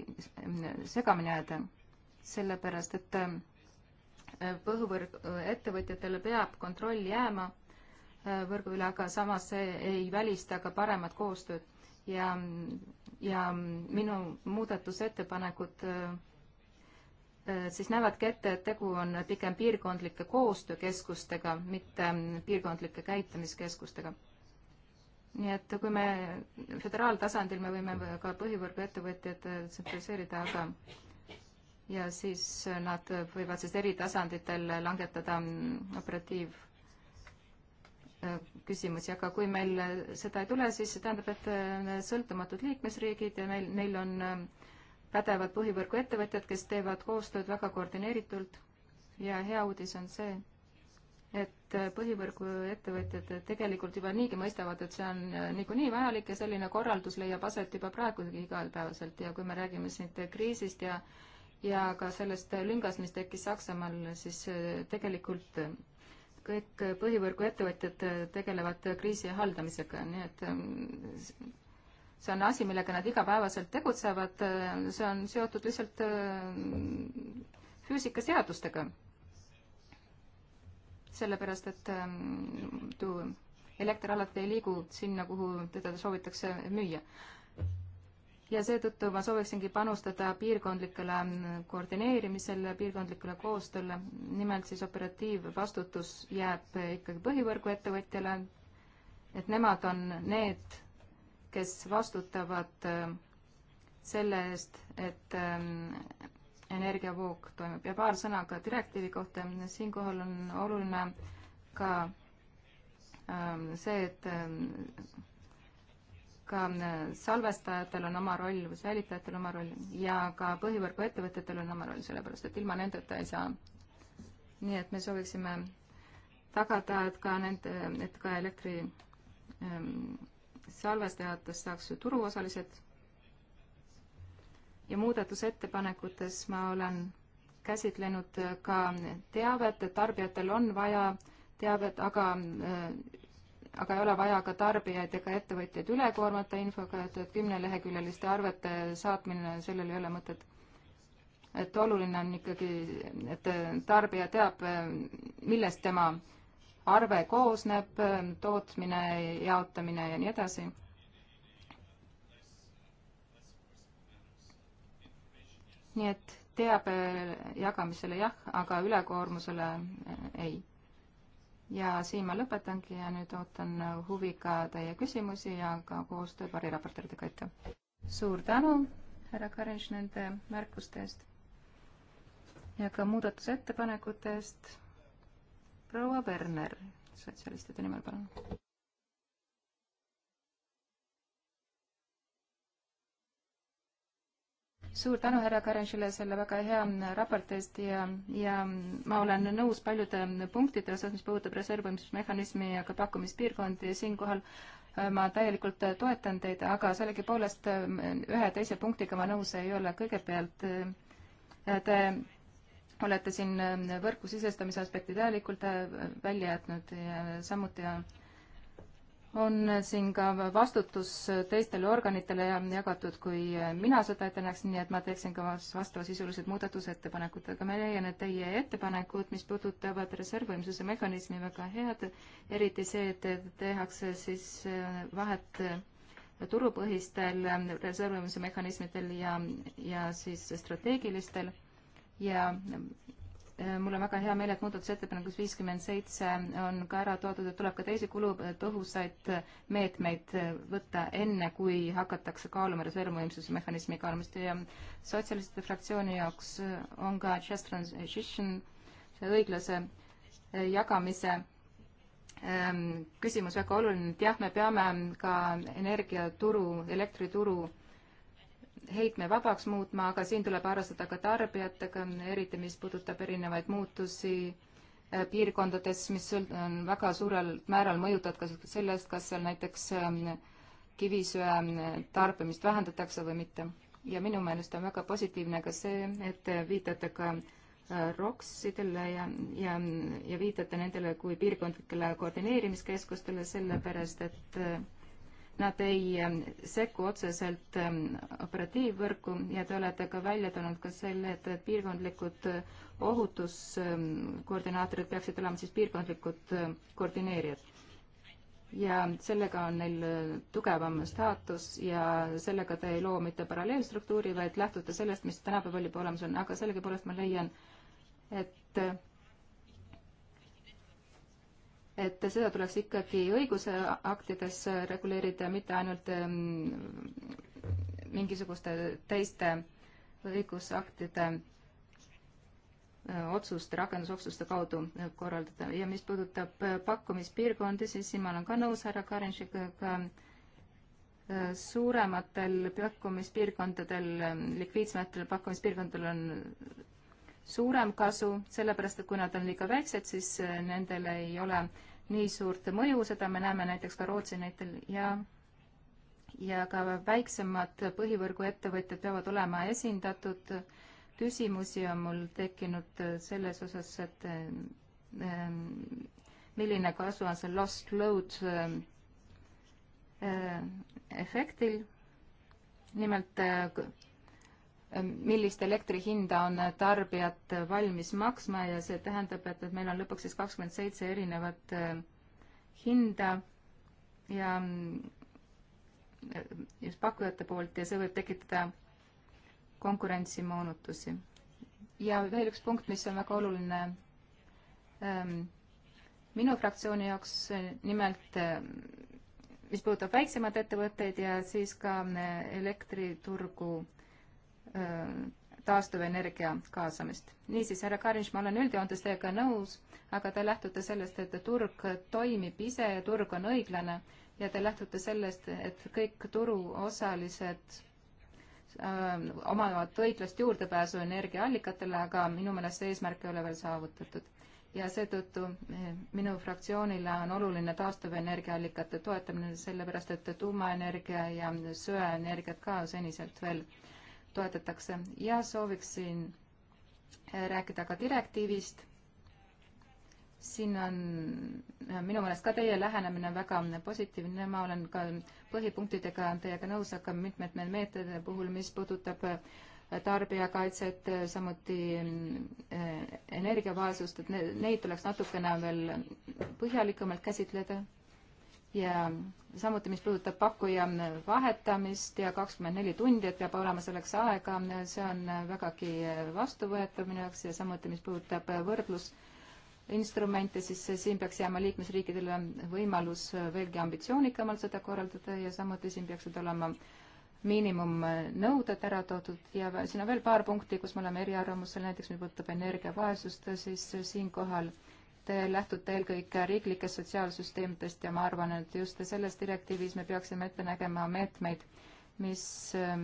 [SPEAKER 3] mm, segamini ajada, sellepärast et põhivõrg, eh, eh, ettevõtjatele peab kontroll jääma võrgu üle, aga samas see ei välista ka paremat koostööd ja, ja minu muudatusettepanekud äh, Äh, siis näevadki ette, et tegu on pigem piirkondlike koostöökeskustega, mitte ähm, piirkondlike käitamiskeskustega. nii et kui me föderaaltasandil, me võime ka põhivõrgu ettevõtjad äh, tsentraliseerida, aga ja siis äh, nad võivad siis eri tasanditel langetada mm, operatiiv küsimusi, aga kui meil seda ei tule, siis see tähendab, et sõltumatud liikmesriigid ja neil, neil on äh, pädevad põhivõrguettevõtjad, kes teevad koostööd väga koordineeritult ja hea uudis on see, et põhivõrguettevõtjad tegelikult juba niigi mõistavad, et see on äh, niikuinii vajalik ja selline korraldus leiab aset juba praegugi igapäevaselt ja kui me räägime siin kriisist ja ja ka sellest lüngast, mis tekkis Saksamaal, siis äh, tegelikult kõik põhivõrguettevõtjad tegelevad kriisi haldamisega, nii et ähm, see on asi, millega nad igapäevaselt tegutsevad, see on seotud lihtsalt äh, füüsikaseadustega. sellepärast, et äh, tuu elekter alati ei liigu sinna, kuhu teda soovitakse müüa. ja seetõttu ma sooviksingi panustada piirkondlikele äh, koordineerimisele, piirkondlikule koostööle, nimelt siis operatiivvastutus jääb ikkagi põhivõrguettevõtjale, et nemad on need kes vastutavad ähm, selle eest, et ähm, energiavoog toimub ja paar sõna ka direktiivi kohta, siinkohal on oluline ka ähm, see, et ka äh, salvestajatel on oma roll või säilitajatel oma roll ja ka põhivõrguettevõtetel on oma roll, sellepärast et ilma nendeta ei saa. nii et me sooviksime tagada, et ka nende, et ka elektri ähm, salvestajatest saaks ju turuosalised. ja muudatusettepanekutes ma olen käsitlenud ka teavet, et tarbijatel on vaja teavet, aga äh, aga ei ole vaja ka tarbijaid ega ettevõtjaid üle koormata infoga, et, et kümneleheküljeliste arvete saatmine, sellel ei ole mõtet. et oluline on ikkagi, et tarbija teab, millest tema äh, arve koosneb, tootmine, jaotamine ja nii edasi. nii et teabe jagamisele jah, aga ülekoormusele eh, ei. ja siin ma lõpetangi ja nüüd ootan huviga teie küsimusi ja ka koostööd variraportööridega, aitäh! suur tänu, härra Karinš, nende märkuste eest ja ka muudatusettepanekute eest proua Werner sotsialistide nimel, palun. suur tänu, härra Karenšile, selle väga hea raporti eest ja, ja ma olen nõus paljude punktide osas, mis puudutab reservimismehhanismi ja ka pakkumispiirkondi siinkohal äh, ma täielikult toetan teid, aga sellegipoolest äh, ühe teise punktiga ma nõus ei ole. kõigepealt äh, te olete siin ähm, võrku sisestamise aspekti täielikult äh, välja jätnud ja samuti on siin ka vastutus äh, teistele organitele jagatud, kui äh, mina seda ette näeks, nii et ma teeksin ka vastavasisulised muudatusettepanekud, aga ma leian, et teie ettepanekud, mis puudutavad reservvõimsuse mehhanismi, väga head, eriti see, et tehakse siis vahet turupõhistel reservvõimsuse mehhanismidel ja, ja siis strateegilistel ja e, mul on väga hea meel, et muudatusettepanekus viiskümmend seitse on ka ära toodud, et tuleb ka teisi kulutõhusaid meetmeid võtta, enne kui hakatakse kaaluma reservvõimsuse mehhanismi kaalumist ja sotsialistide fraktsiooni jaoks on ka just transition, see õiglase e, jagamise e, küsimus väga oluline, et jah, me peame ka energiaturu, elektrituru heitme vabaks muutma, aga siin tuleb arvestada ka tarbijatega, eriti mis puudutab erinevaid muutusi äh, piirkondades, mis on väga suurel määral mõjutatud ka sellest, kas seal näiteks ähm, kivisöe ähm, tarbimist vähendatakse või mitte. ja minu meelest on väga positiivne ka see, et viitate ka äh, ROKS-idele ja, ja, ja viitate nendele kui piirkondlikele koordineerimiskeskustele, sellepärast et äh, Nad ei ähm, sekku otseselt ähm, operatiivvõrku ja te olete ka välja toonud ka selle, et piirkondlikud äh, ohutuskoordinaatorid ähm, peaksid olema siis piirkondlikud äh, koordineerijad. ja sellega on neil äh, tugevam staatus ja sellega te ei loo mitte paralleelstruktuuri, vaid lähtute sellest, mis tänapäeval juba olemas on, aga sellegipoolest ma leian, et et seda tuleks ikkagi õigusaktides reguleerida, mitte ainult mm, mingisuguste teiste õigusaktide äh, otsuste, rakendusotsuste kaudu korraldada. ja mis puudutab äh, pakkumispiirkondi, siis siin ma olen ka nõus härra Karinšiga, äh, suurematel pakkumispiirkondadel, likviidsematel pakkumispiirkondadel on suurem kasu, sellepärast et kui nad on liiga väiksed, siis äh, nendel ei ole nii suurt mõju, seda me näeme näiteks ka Rootsi näitel ja ja ka väiksemad põhivõrguettevõtjad peavad olema esindatud. küsimusi on mul tekkinud äh, selles osas, et äh, ähm, milline kasu on see lost load ähm, äh, efektil. nimelt äh, Ehm, millist elektri hinda on tarbijad valmis maksma ja see tähendab, et, et meil on lõpuks siis kakskümmend seitse erinevat ehm, hinda ja ehm, just pakkujate poolt ja see võib tekitada konkurentsimoonutusi. ja veel üks punkt, mis on väga oluline minu fraktsiooni jaoks nimelt, mis puudutab väiksemaid ettevõtteid ja siis ka elektriturgu Äh, taastuvenergia kaasamist. niisiis, härra Karinš, ma olen üldjoontes teiega nõus, aga te lähtute sellest, et turg toimib ise ja turg on õiglane ja te lähtute sellest, et kõik turuosalised äh, omavad õiglast juurdepääsu energiaallikatele, aga minu meelest see eesmärk ei ole veel saavutatud. ja seetõttu eh, minu fraktsioonile on oluline taastuvenergiaallikate toetamine, sellepärast et tuumaenergia ja söeenergiat ka seniselt veel äh, toetatakse ja sooviksin eh, rääkida ka direktiivist. siin on eh, minu meelest ka teie lähenemine väga positiivne, ma olen ka põhipunktidega teiega nõus, aga mitmed meil meetodide puhul, mis puudutab eh, tarbijakaitset, samuti energiavaesust, et neid tuleks natukene veel põhjalikumalt käsitleda ja samuti, mis puudutab pakkuja vahetamist ja kakskümmend neli tundi, et peab olema selleks aega, see on vägagi vastuvõetav minu jaoks ja samuti, mis puudutab võrdlusinstrumente, siis siin peaks jääma liikmesriikidele võimalus veelgi ambitsioonikamalt seda korraldada ja samuti siin peaksid olema miinimumnõuded ära toodud ja siin on veel paar punkti, kus me oleme eriarvamusel, näiteks mis puudutab energiavaesust, siis siinkohal äh, te lähtute eelkõige riiklikest sotsiaalsüsteemidest ja ma arvan, et just selles direktiivis me peaksime ette nägema meetmeid, mis ähm,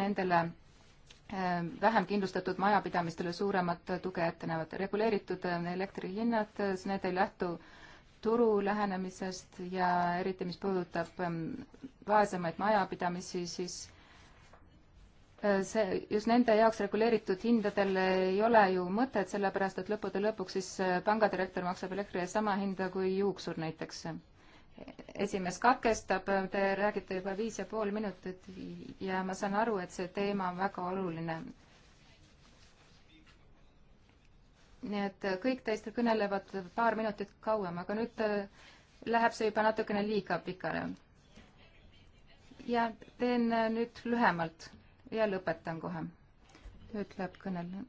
[SPEAKER 3] nendele ähm, vähem kindlustatud majapidamistele suuremat tuge ette näevad. reguleeritud äh, elektrihinnad, äh, need ei lähtu turu lähenemisest ja eriti, mis puudutab ähm, vaesemaid majapidamisi, siis Äh, see, just nende jaoks reguleeritud hindadel ei ole ju mõtet, sellepärast et lõppude lõpuks siis äh, pangadirektor maksab elektri eest sama hinda kui juuksur näiteks. esimees katkestab, te räägite juba viis ja pool minutit ja ma saan aru, et see teema on väga oluline. nii et äh, kõik teist kõnelevad paar minutit kauem, aga nüüd läheb see juba natukene liiga pikale. ja teen nüüd lühemalt ja lõpetan kohe, ütleb kõneleja.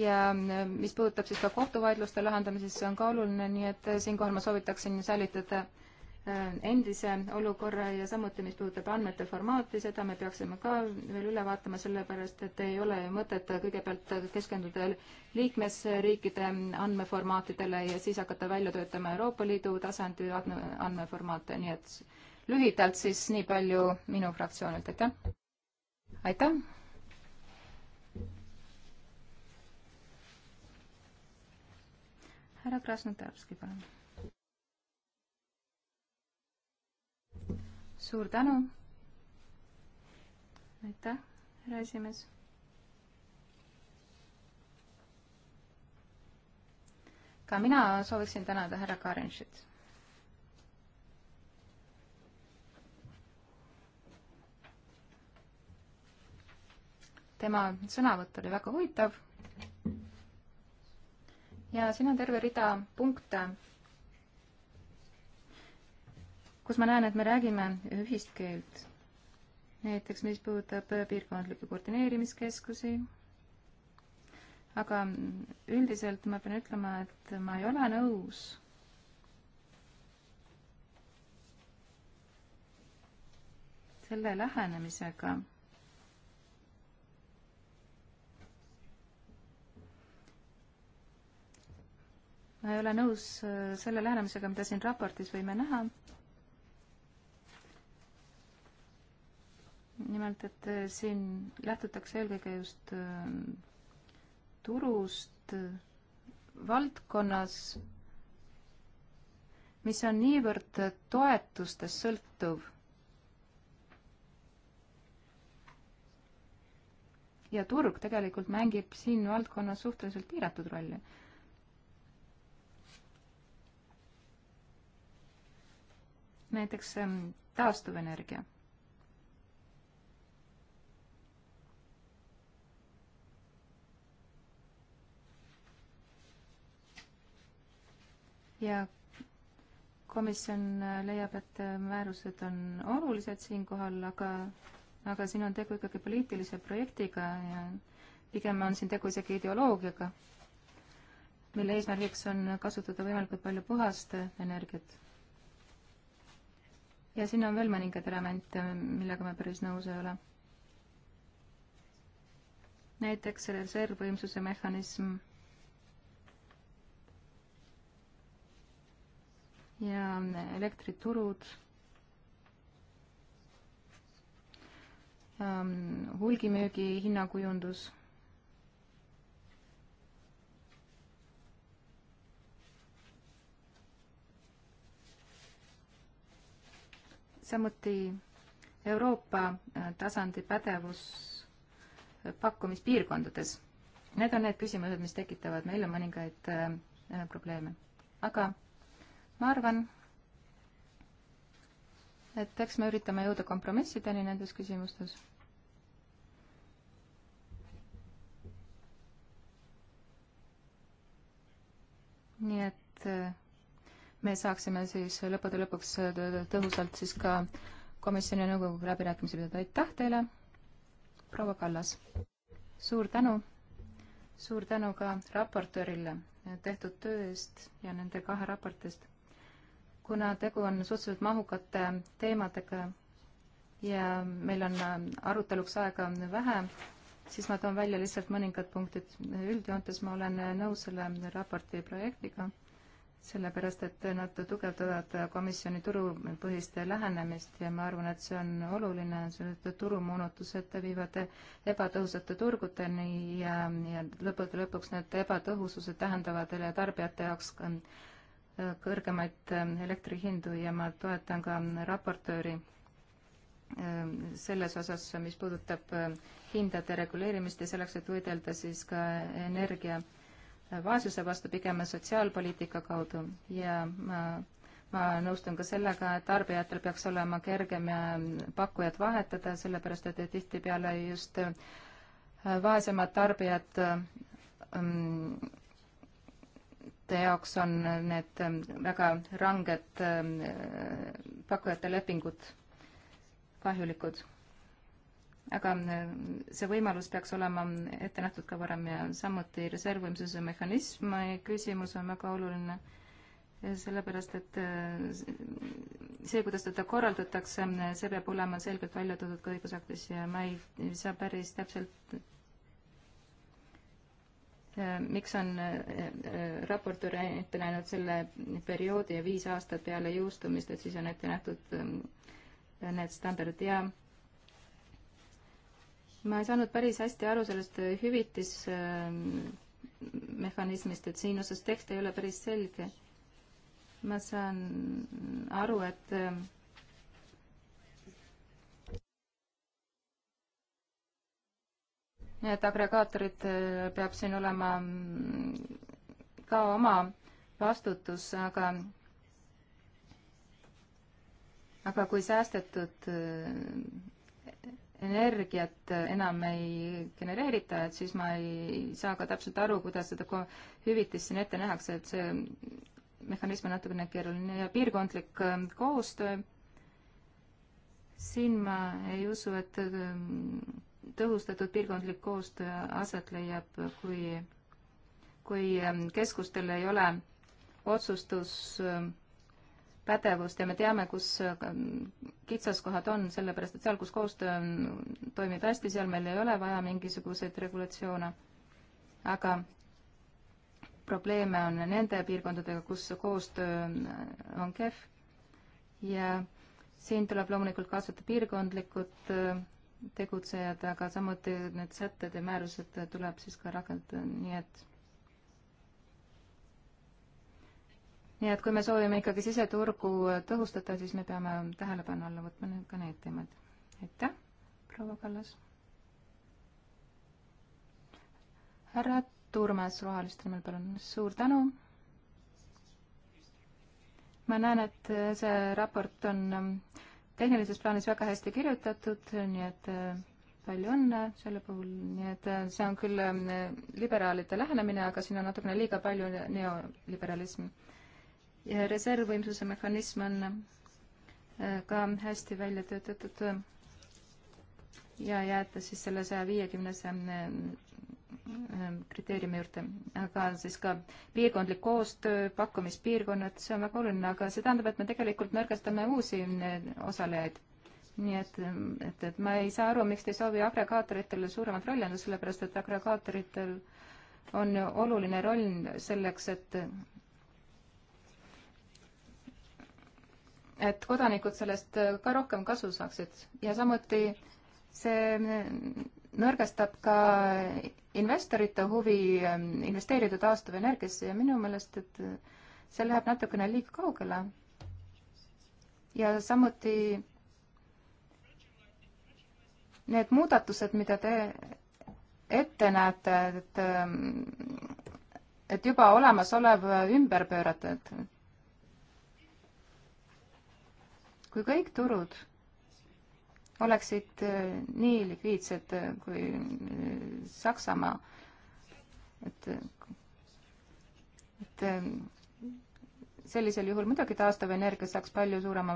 [SPEAKER 3] ja äh, mis puudutab siis ka kohtuvaidluste lahendamist, siis see on ka oluline, nii et äh, siinkohal ma soovitaksin säilitada äh, endise olukorra ja samuti, mis puudutab andmete formaati, seda me peaksime ka veel üle vaatama, sellepärast et ei ole ju mõtet kõigepealt keskenduda liikmesriikide andmeformaatidele ja siis hakata välja töötama Euroopa Liidu tasandi andmeformaate, nii et lühidalt siis nii palju minu fraktsioonilt, aitäh! aitäh. härra Krasnodebski, palun. suur tänu. aitäh, härra esimees. ka mina sooviksin tänada härra Karinšit tema sõnavõtt oli väga huvitav. ja siin on terve rida punkte, kus ma näen, et me räägime ühist keelt. näiteks, mis puudutab piirkondlikke koordineerimiskeskusi, aga üldiselt ma pean ütlema, et ma ei ole nõus selle lähenemisega ma ei ole nõus äh, selle lähenemisega, mida siin raportis võime näha. nimelt, et äh, siin lähtutakse eelkõige just äh, turust valdkonnas, mis on niivõrd toetustest sõltuv ja turg tegelikult mängib siin valdkonnas suhteliselt piiratud rolli. näiteks ähm, taastuvenergia. ja komisjon äh, leiab, et äh, määrused on olulised siinkohal, aga, aga siin on tegu ikkagi poliitilise projektiga ja pigem on siin tegu isegi ideoloogiaga, mille eesmärgiks on kasutada võimalikult palju puhast energiat ja siin on veel mõningaid elemente, äh, millega me päris nõus ei ole. näiteks reservvõimsuse mehhanism ja äh, elektriturud um,, hulgimüügi hinnakujundus samuti Euroopa äh, tasandi pädevus äh, pakkumispiirkondades. Need on need küsimused, mis tekitavad meile mõningaid äh, probleeme. aga ma arvan, et eks me üritame jõuda kompromissideni nendes küsimustes. nii et me saaksime siis lõppude lõpuks äh, tõhusalt siis ka komisjoni ja nõukoguga läbirääkimisi pidada. aitäh teile, proua Kallas! suur tänu! suur tänu ka raportöörile tehtud töö eest ja nende kahe raportist. kuna tegu on suhteliselt mahukate teemadega ja meil on äh, aruteluks aega vähe, siis ma toon välja lihtsalt mõningad punktid. üldjoontes ma olen äh, nõus selle raporti projektiga sellepärast, et nad tugevdavad komisjoni turupõhist lähenemist ja ma arvan, et see on oluline, sest turumoonutused viivad ebatõhusate turgudeni ja, ja lõppude lõpuks need ebatõhusused tähendavad tarbijate jaoks äh, kõrgemaid äh, elektrihindu ja ma toetan ka raportööri äh, selles osas, mis puudutab hindade reguleerimist ja selleks, et võidelda siis ka energia äh, vaesuse vastu pigem sotsiaalpoliitika kaudu ja ma, ma nõustun ka sellega, et tarbijatel peaks olema kergem pakkujat vahetada, sellepärast et tihtipeale just äh, vaesemad tarbijad ettevõtete ähm, jaoks on need ähm, väga ranged ähm, pakkujate lepingud kahjulikud aga äh, see võimalus peaks olema ette nähtud ka varem ja samuti reservvõimsuse mehhanism, äh, küsimus on väga oluline, sellepärast et äh, see, kuidas teda korraldatakse, see peab olema selgelt välja toodud ka õigusaktis ja ma ei saa päris täpselt miks on raportöör ette näinud selle perioodi ja viis aastat peale jõustumist, et siis on ette nähtud need standardid ja ma ei saanud päris hästi aru sellest äh, hüvitismehhanismist, et siin osas tekst ei ole päris selge. ma saan aru, et äh, et agregaatorid äh, peab siin olema mm, ka oma vastutus, aga aga kui säästetud energiat enam ei genereerita, et siis ma ei saa ka täpselt aru, kuidas seda hüvitist siin ette nähakse, et see mehhanism on natukene keeruline ja piirkondlik ähm, koostöö. siin ma ei usu, et ähm, tõhustatud piirkondlik koostöö aset leiab, kui, kui ähm, keskustel ei ole otsustus äh, pädevust ja me teame, kus kitsaskohad on, sellepärast et seal, kus koostöö on, toimib hästi, seal meil ei ole vaja mingisuguseid regulatsioone. aga probleeme on nende piirkondadega, kus koostöö on kehv ja siin tuleb loomulikult kaasata piirkondlikud äh, tegutsejad, aga samuti need sätted ja määrused tuleb siis ka rakendada, nii et nii et kui me soovime ikkagi siseturgu tõhustada, siis me peame tähelepanu alla võtma ka need teemad. aitäh, proua Kallas. härra Turmas Roheliste nimel, palun, suur tänu. ma näen, et see raport on ähm, tehnilises plaanis väga hästi kirjutatud, nii et äh, palju õnne selle puhul, nii et äh, see on küll ähm, liberaalide lähenemine, aga siin on natukene liiga palju neoliberalismi reservvõimsuse mehhanism on äh, ka hästi välja töötatud ja jääda siis selle saja viiekümnese äh, äh, kriteeriumi juurde, aga siis ka piirkondlik koostöö, pakkumispiirkonnad, see on väga oluline, aga see tähendab, et me tegelikult nõrgestame uusi osalejaid. nii et, et, et ma ei saa aru, miks te ei soovi agregaatoritele suuremat rolli anda, sellepärast et agregaatoritel on oluline roll selleks, et et kodanikud sellest ka rohkem kasu saaksid ja samuti see nõrgestab ka investorite huvi ähm, investeerida taastuvenergiasse ja minu meelest, et see läheb natukene liiga kaugele. ja samuti need muudatused, mida te ette näete, et, ähm, et juba olemasolev ümber pöörata, et kui kõik turud oleksid äh, nii likviidsed äh, kui äh, Saksamaa, et, et sellisel juhul muidugi taastuvenergia saaks palju suurema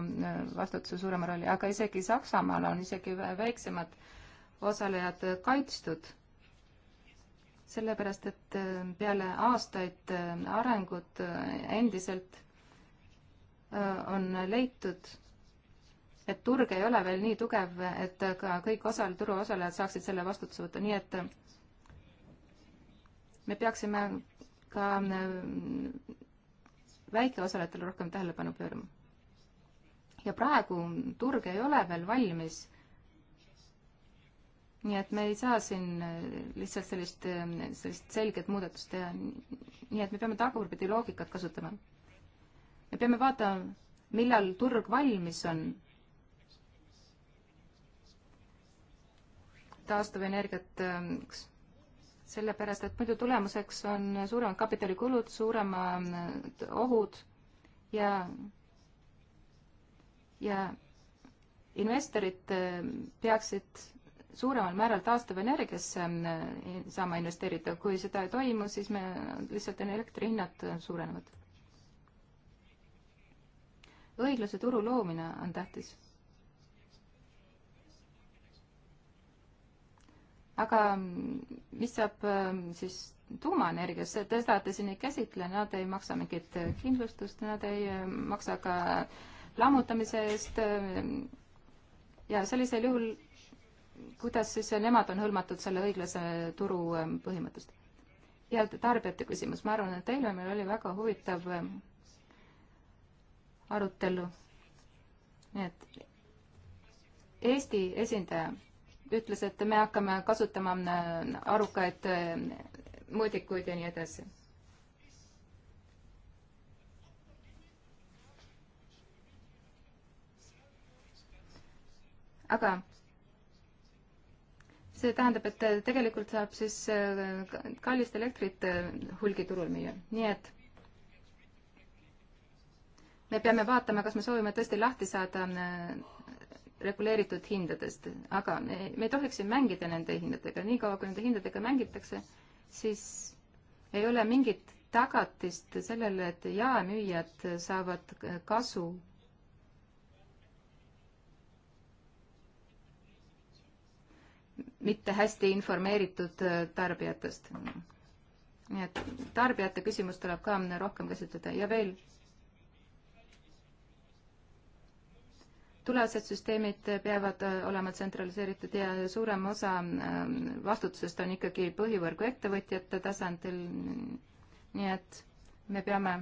[SPEAKER 3] vastutuse, suurema rolli, aga isegi Saksamaal on isegi väiksemad osalejad kaitstud. sellepärast, et peale aastaid arengut endiselt on leitud et turg ei ole veel nii tugev, et ka kõik osal-, turuosalejad saaksid selle vastutuse võtta, nii et me peaksime ka mm, väikeosalejatele rohkem tähelepanu pöörama. ja praegu turg ei ole veel valmis. nii et me ei saa siin lihtsalt sellist, sellist selget muudatust teha. nii et me peame tagurpidi loogikat kasutama. me peame vaatama, millal turg valmis on taastuvenergiat ähm, sellepärast, et muidu tulemuseks on suuremad kapitalikulud, suuremad äh, ohud ja, ja investorid äh, peaksid suuremal määral taastuvenergiasse ähm, saama investeerida, kui seda ei toimu, siis me, lihtsalt elektrihinnad suurenevad. õiglase turu loomine on tähtis aga mm, mis saab mm, siis tuumaenergiast, seda te siin ei käsitle, nad ei maksa mingit äh, kindlustust, nad ei äh, maksa ka lammutamise eest. Äh, ja sellisel juhul, kuidas siis nemad on hõlmatud selle õiglase turu põhimõttest? ja tarbijate küsimus, ma arvan, et eile meil oli väga huvitav arutelu. nii et Eesti esindaja ütles, et me hakkame kasutama äh, arukaid äh, mõõdikuid ja nii edasi. aga see tähendab, et äh, tegelikult saab siis kallist elektrit hulgiturul müüa, nii et me peame vaatama, kas me soovime tõesti lahti saada reguleeritud hindadest, aga me, me ei tohiks siin mängida nende hindadega, niikaua kui nende hindadega mängitakse, siis ei ole mingit tagatist sellele, et jaemüüjad saavad kasu mitte hästi informeeritud äh, tarbijatest. nii et tarbijate küsimus tuleb ka rohkem käsitleda ja veel tulevased süsteemid peavad äh, olema tsentraliseeritud ja suurem osa ähm, vastutusest on ikkagi põhivõrgu ettevõtjate tasandil. nii et me peame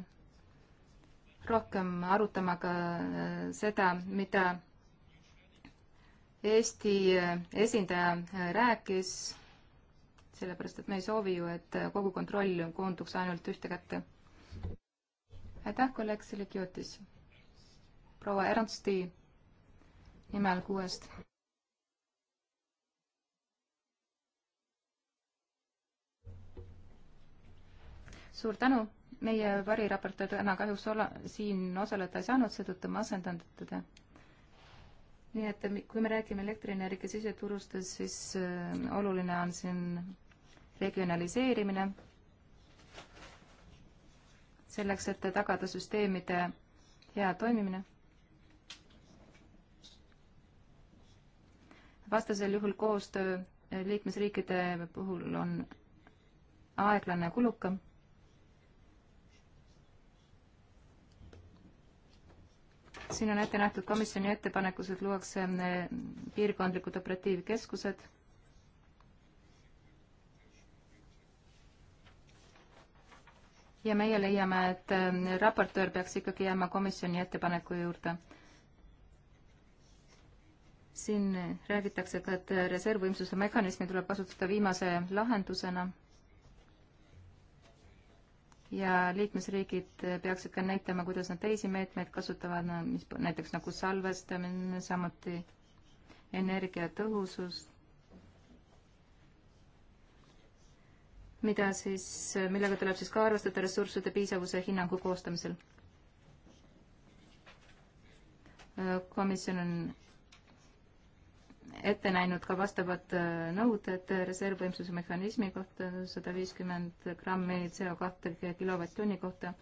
[SPEAKER 3] rohkem arutama ka äh, seda, mida Eesti äh, esindaja rääkis, sellepärast et me ei soovi ju, et kogu kontroll koonduks ainult ühte kätte. aitäh, kolleeg Silikiotis. proua Ernst Tii nimel kuuest. suur tänu, meie variraportöör täna kahjuks olla, siin osaleda ei saanud, seetõttu ma asendan teda. nii et kui me räägime elektrienergia siseturust, siis äh, oluline on siin regionaliseerimine selleks, et tagada süsteemide hea toimimine vastasel juhul koostöö liikmesriikide puhul on aeglane ja kulukam. siin on ette nähtud komisjoni ettepanekus, et luuakse eh, piirkondlikud operatiivkeskused. ja meie leiame, et eh, raportöör peaks ikkagi jääma komisjoni ettepaneku juurde siin räägitakse ka, et reservvõimsuse mehhanismi tuleb kasutada viimase lahendusena ja liikmesriigid peaksid ka näitama, kuidas nad teisi meetmeid kasutavad, mis näiteks nagu salvestamine, samuti energiatõhusus, mida siis, millega tuleb siis ka arvestada ressursside piisavuse hinnangu koostamisel. komisjon on ette näinud ka vastavad äh, nõuded reservvõimsuse mehhanismi kohta, sada viiskümmend grammi CO kahte kilovatt-tunni kohta.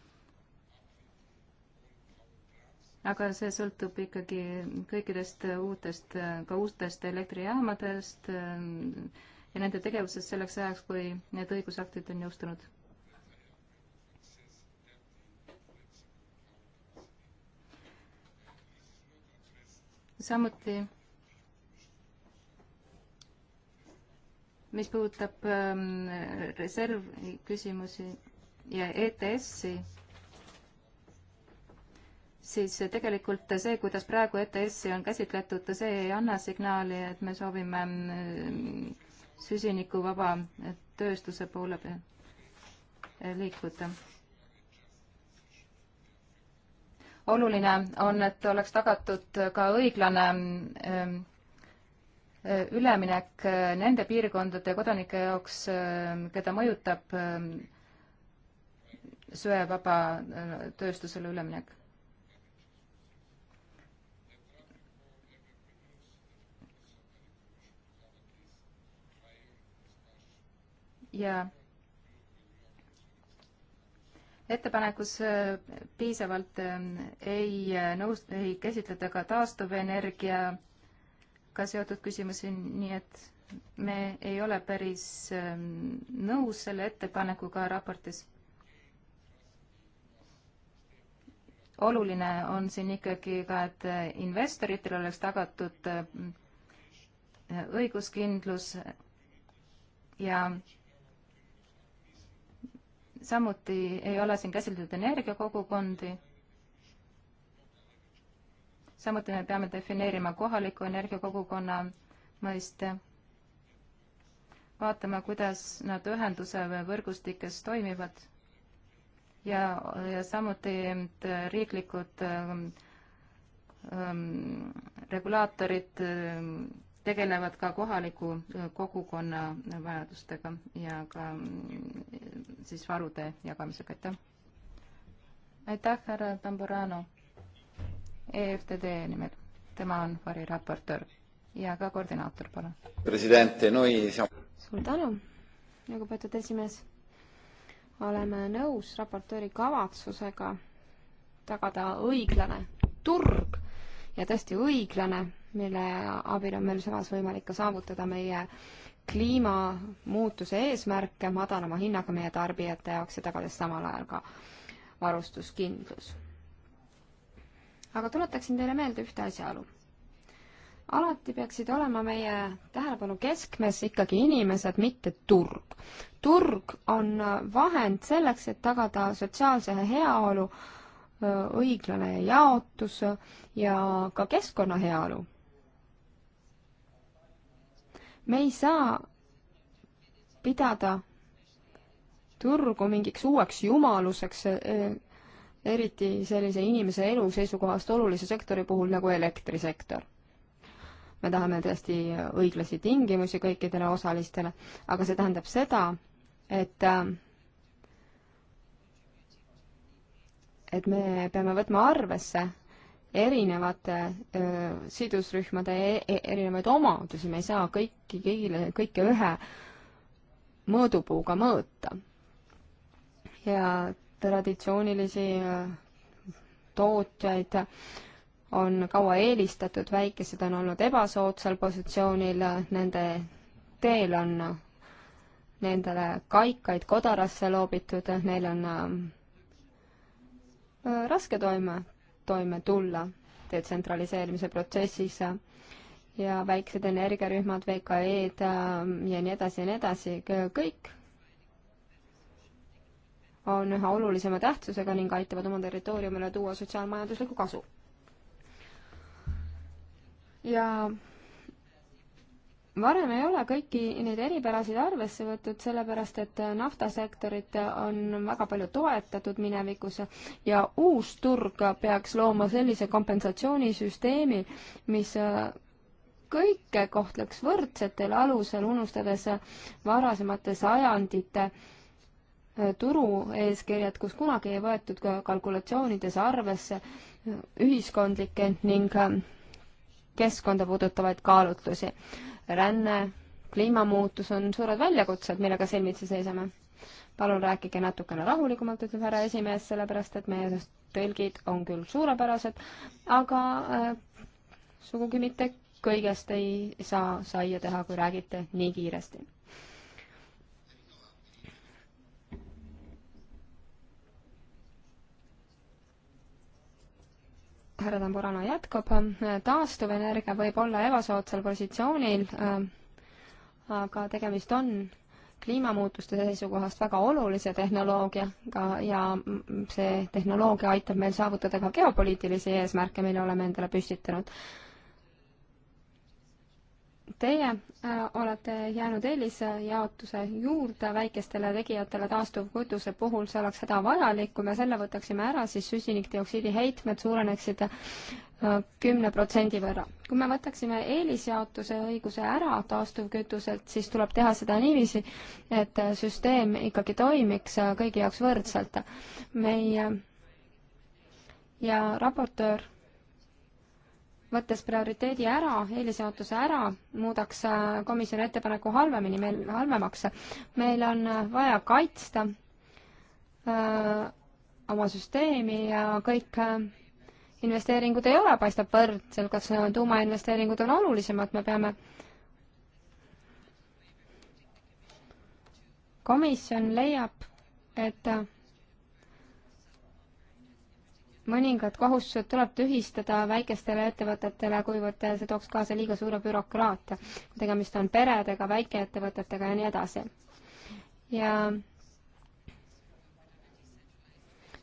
[SPEAKER 3] aga see sõltub ikkagi kõikidest uutest, ka uutest elektrijaamadest äh, ja nende tegevusest selleks ajaks, kui need õigusaktid on jõustunud samuti mis puudutab ähm, reservi küsimusi ja ETS-i, siis tegelikult see, kuidas praegu ETS-i on käsitletud, see ei anna signaali, et me soovime ähm, süsinikuvaba tööstuse poole peal liikuda. oluline on, et oleks tagatud ka õiglane ähm, üleminek äh, nende piirkondade kodanike jaoks, äh, keda mõjutab äh, söevaba tööstusele üleminek? ja ettepanekus piisavalt ei nõus, ei käsitleta ka taastuvenergia ka seotud küsimusi, nii et me ei ole päris ähm, nõus selle ettepanekuga raportis. oluline on siin ikkagi ka, et investoritel oleks tagatud äh, õiguskindlus ja samuti ei ole siin käsitletud energiakogukondi samuti me peame defineerima kohaliku energiakogukonna mõiste, vaatama, kuidas nad ühenduse võrgustikes toimivad ja, ja samuti riiklikud ähm, ähm, regulaatorid ähm, tegelevad ka kohaliku äh, kogukonna vajadustega ja ka äh, siis varude jagamisega, aitäh! aitäh, härra Tamburano! EFTD nimel, tema on variraportöör ja ka koordinaator, palun.
[SPEAKER 1] president, noi
[SPEAKER 2] suur tänu, lugupeetud esimees. oleme nõus raportööri kavatsusega tagada õiglane turg ja tõesti õiglane, mille abil on meil samas võimalik ka saavutada meie kliimamuutuse eesmärke madalama hinnaga meie tarbijate jaoks ja tagades samal ajal ka varustuskindlus aga tuletaksin teile meelde ühte asjaolu. alati peaksid olema meie tähelepanu keskmes ikkagi inimesed, mitte turg. turg on vahend selleks, et tagada sotsiaalse heaolu, õiglane jaotus ja ka keskkonna heaolu. me ei saa pidada turgu mingiks uueks jumaluseks, eriti sellise inimese elu seisukohast olulise sektori puhul nagu elektrisektor me tahame tõesti õiglasi tingimusi kõikidele osalistele, aga see tähendab seda, et et me peame võtma arvesse erinevate öö, sidusrühmade e e erinevaid omadusi, me ei saa kõiki, kõigile, kõike ühe mõõdupuuga mõõta. ja traditsioonilisi äh, tootjaid on kaua eelistatud, väikesed on olnud ebasoodsal positsioonil, nende teel on nendele kaikaid kodarasse loobitud, neil on äh, raske toime, toime tulla detsentraliseerimise protsessis ja väiksed energiarühmad, VKE-d äh, ja nii edasi ja nii edasi, kõik on üha olulisema tähtsusega ning aitavad oma territooriumile tuua sotsiaalmajanduslikku kasu. ja varem ei ole kõiki neid eripärasid arvesse võtnud, sellepärast et naftasektorit on väga palju toetatud minevikus ja uus turg peaks looma sellise kompensatsioonisüsteemi, mis kõike kohtleks võrdsetel alusel, unustades varasemate sajandite äh, turueeskirjad, kus kunagi ei võetud ka kalkulatsioonides arvesse ühiskondlikke ning keskkonda puudutavaid kaalutlusi. ränne, kliimamuutus on suured väljakutsed, millega silmitsi seisame. palun rääkige natukene rahulikumalt, ütleb härra esimees, sellepärast et meie tõlgid on küll suurepärased, aga äh, sugugi mitte kõigest ei saa saia teha, kui räägite nii kiiresti härra Tamburano jätkab, taastuvenergia võib olla ebasoodsal positsioonil, aga tegemist on kliimamuutuste seisukohast väga olulise tehnoloogiaga ja see tehnoloogia aitab meil saavutada ka geopoliitilisi eesmärke, mille oleme endale püstitanud Teie äh, olete jäänud eelisjaotuse juurde väikestele tegijatele taastuvkütuse puhul, see oleks hädavajalik, kui me selle võtaksime ära, siis süsinikdioksiidi heitmed suureneksid äh, kümne protsendi võrra. kui me võtaksime eelisjaotuse õiguse ära taastuvkütuselt, siis tuleb teha seda niiviisi, et äh, süsteem ikkagi toimiks kõigi jaoks võrdselt. meie ja raportöör võttes prioriteedi ära, eelisjaotuse ära, muudaks äh, komisjoni ettepaneku halvemini, meil, halvemaks. meil on vaja kaitsta öö, äh, oma süsteemi ja kõik öö, äh, investeeringud ei ole, paistab võrdsel, kas tuumainvesteeringud on olulisemad, me peame komisjon leiab, et öö, mõningad kohustused tuleb tühistada väikestele ettevõtetele, kuivõrd see tooks kaasa liiga suure bürokraatia, kui tegemist on peredega, väikeettevõtetega ja nii edasi. ja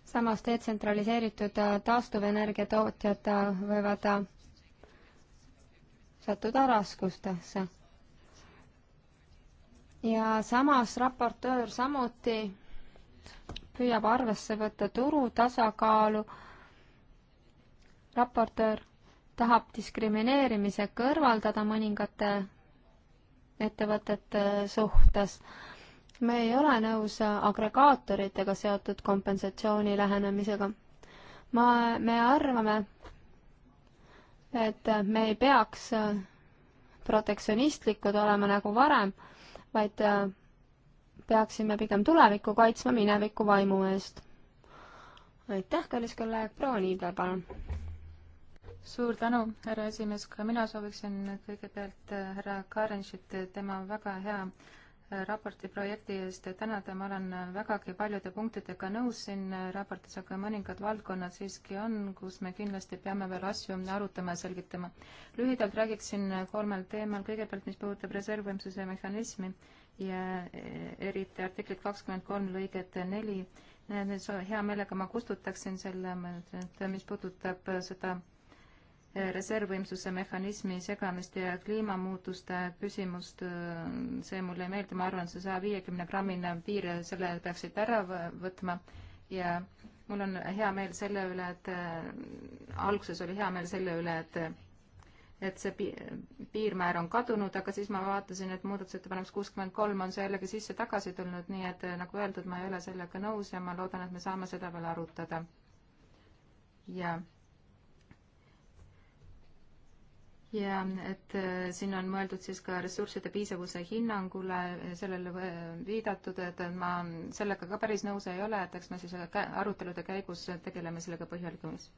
[SPEAKER 2] samas detsentraliseeritud taastuvenergia tootjad võivad sattuda raskustesse. ja samas raportöör samuti püüab arvesse võtta turu tasakaalu raportöör tahab diskrimineerimise kõrvaldada mõningate ettevõtete suhtes. me ei ole nõus agregaatoritega seotud kompensatsiooni lähenemisega. ma, me arvame, et me ei peaks protektsionistlikud olema nagu varem, vaid peaksime pigem tulevikku kaitsma mineviku vaimu eest. aitäh, kallis kolleeg, proua Niibla, palun!
[SPEAKER 3] suur tänu, härra esimees, ka mina sooviksin kõigepealt äh, härra Karenšit tema väga hea äh, raporti projekti eest tänada, ma olen äh, vägagi paljude punktidega nõus siin raportis, aga mõningad valdkonnad siiski on, kus me kindlasti peame veel asju arutama ja selgitama. lühidalt räägiksin kolmel teemal, kõigepealt mis puudutab reservvõimsuse mehhanismi ja eriti artiklit kakskümmend kolm lõiget neli, hea meelega ma kustutaksin selle, mis puudutab seda reservvõimsuse mehhanismi segamist ja kliimamuutuste küsimust, äh, see mulle ei meeldi, ma arvan, see saja viiekümne grammine piir, selle peaksid ära võtma ja mul on hea meel selle üle, et äh, alguses oli hea meel selle üle, et et see pi-, piirmäär on kadunud, aga siis ma vaatasin, et muudatusettepanek kuuskümmend kolm on see jällegi sisse tagasi tulnud, nii et äh, nagu öeldud, ma ei ole sellega nõus ja ma loodan, et me saame seda veel arutada. ja ja et äh, siin on mõeldud siis ka ressursside piisavuse hinnangule, äh, sellele äh, viidatud, et ma sellega ka päris nõus ei ole, et eks me siis arutelude käigus tegeleme sellega põhjalikumalt.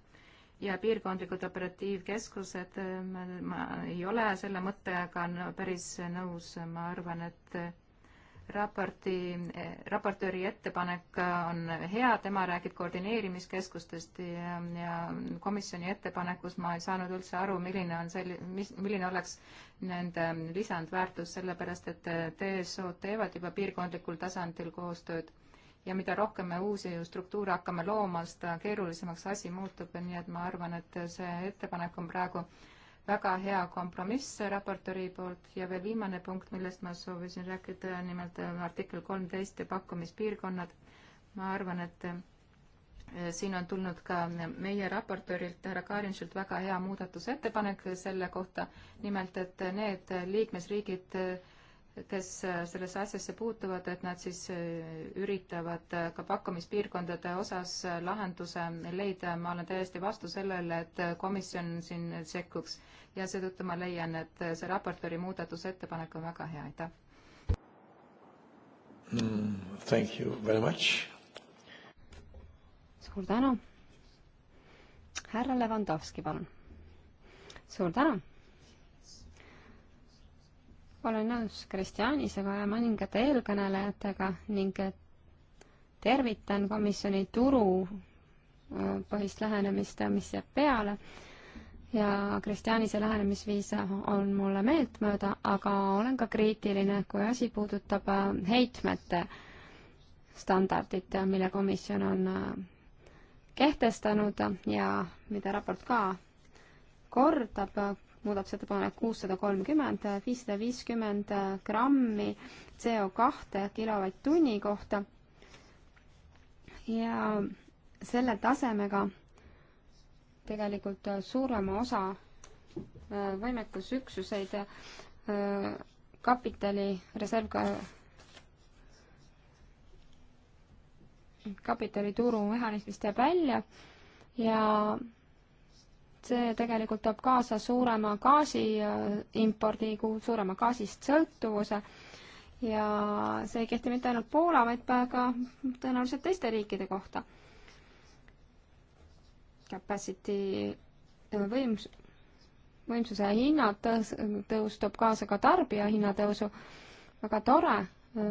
[SPEAKER 3] ja piirkondlikud operatiivkeskused, ma ei ole selle mõttega päris nõus, ma arvan, et raporti, raportööri ettepanek on hea, tema räägib koordineerimiskeskustest ja, ja komisjoni ettepanekus ma ei saanud üldse aru, milline on sel-, mis, milline oleks nende lisandväärtus, sellepärast et TSO-d teevad juba piirkondlikul tasandil koostööd ja mida rohkem me uusi struktuure hakkame looma, seda keerulisemaks asi muutub, nii et ma arvan, et see ettepanek on praegu äh, väga hea kompromiss raportööri poolt ja veel viimane punkt, millest ma soovisin rääkida, nimelt äh, artikkel kolmteist ja pakkumispiirkonnad. ma arvan, et äh, siin on tulnud ka meie raportöörilt härra Karinšilt väga hea muudatusettepanek selle kohta, nimelt et need liikmesriigid, äh, kes äh, sellesse asjasse puutuvad, et nad siis äh, üritavad äh, ka pakkumispiirkondade osas lahenduse leida. ma olen täiesti vastu sellele, et komisjon siin sekkuks ja seetõttu ma leian, et see raportööri muudatusettepanek on väga hea, aitäh
[SPEAKER 1] mm,. Thank you
[SPEAKER 4] very much.
[SPEAKER 2] suur tänu. härra Levanovski, palun. suur tänu olen nõus Kristjanisega ja mõningate eelkõnelejatega ning tervitan komisjoni turupõhist äh, lähenemist, mis jääb peale ja Kristjanise lähenemisviis on mulle meeltmööda, aga olen ka kriitiline, kui asi puudutab äh, heitmete standardit, mille komisjon on äh, kehtestanud ja mida raport ka kordab, muudatusettepanek kuussada kolmkümmend, viissada viiskümmend grammi CO kahte kilovatt-tunni kohta. ja selle tasemega tegelikult suurema osa äh, võimekusüksuseid äh, kapitali reserv kapitalituru mehhanismist jääb välja ja see tegelikult toob kaasa suurema gaasiimpordi, äh, suurema gaasist sõltuvuse ja see ei kehti mitte ainult Poola, vaid ka tõenäoliselt teiste riikide kohta. Capacity äh, võims-, võimsuse hinna tõus, tõus toob kaasa ka tarbijahinna tõusu, väga tore,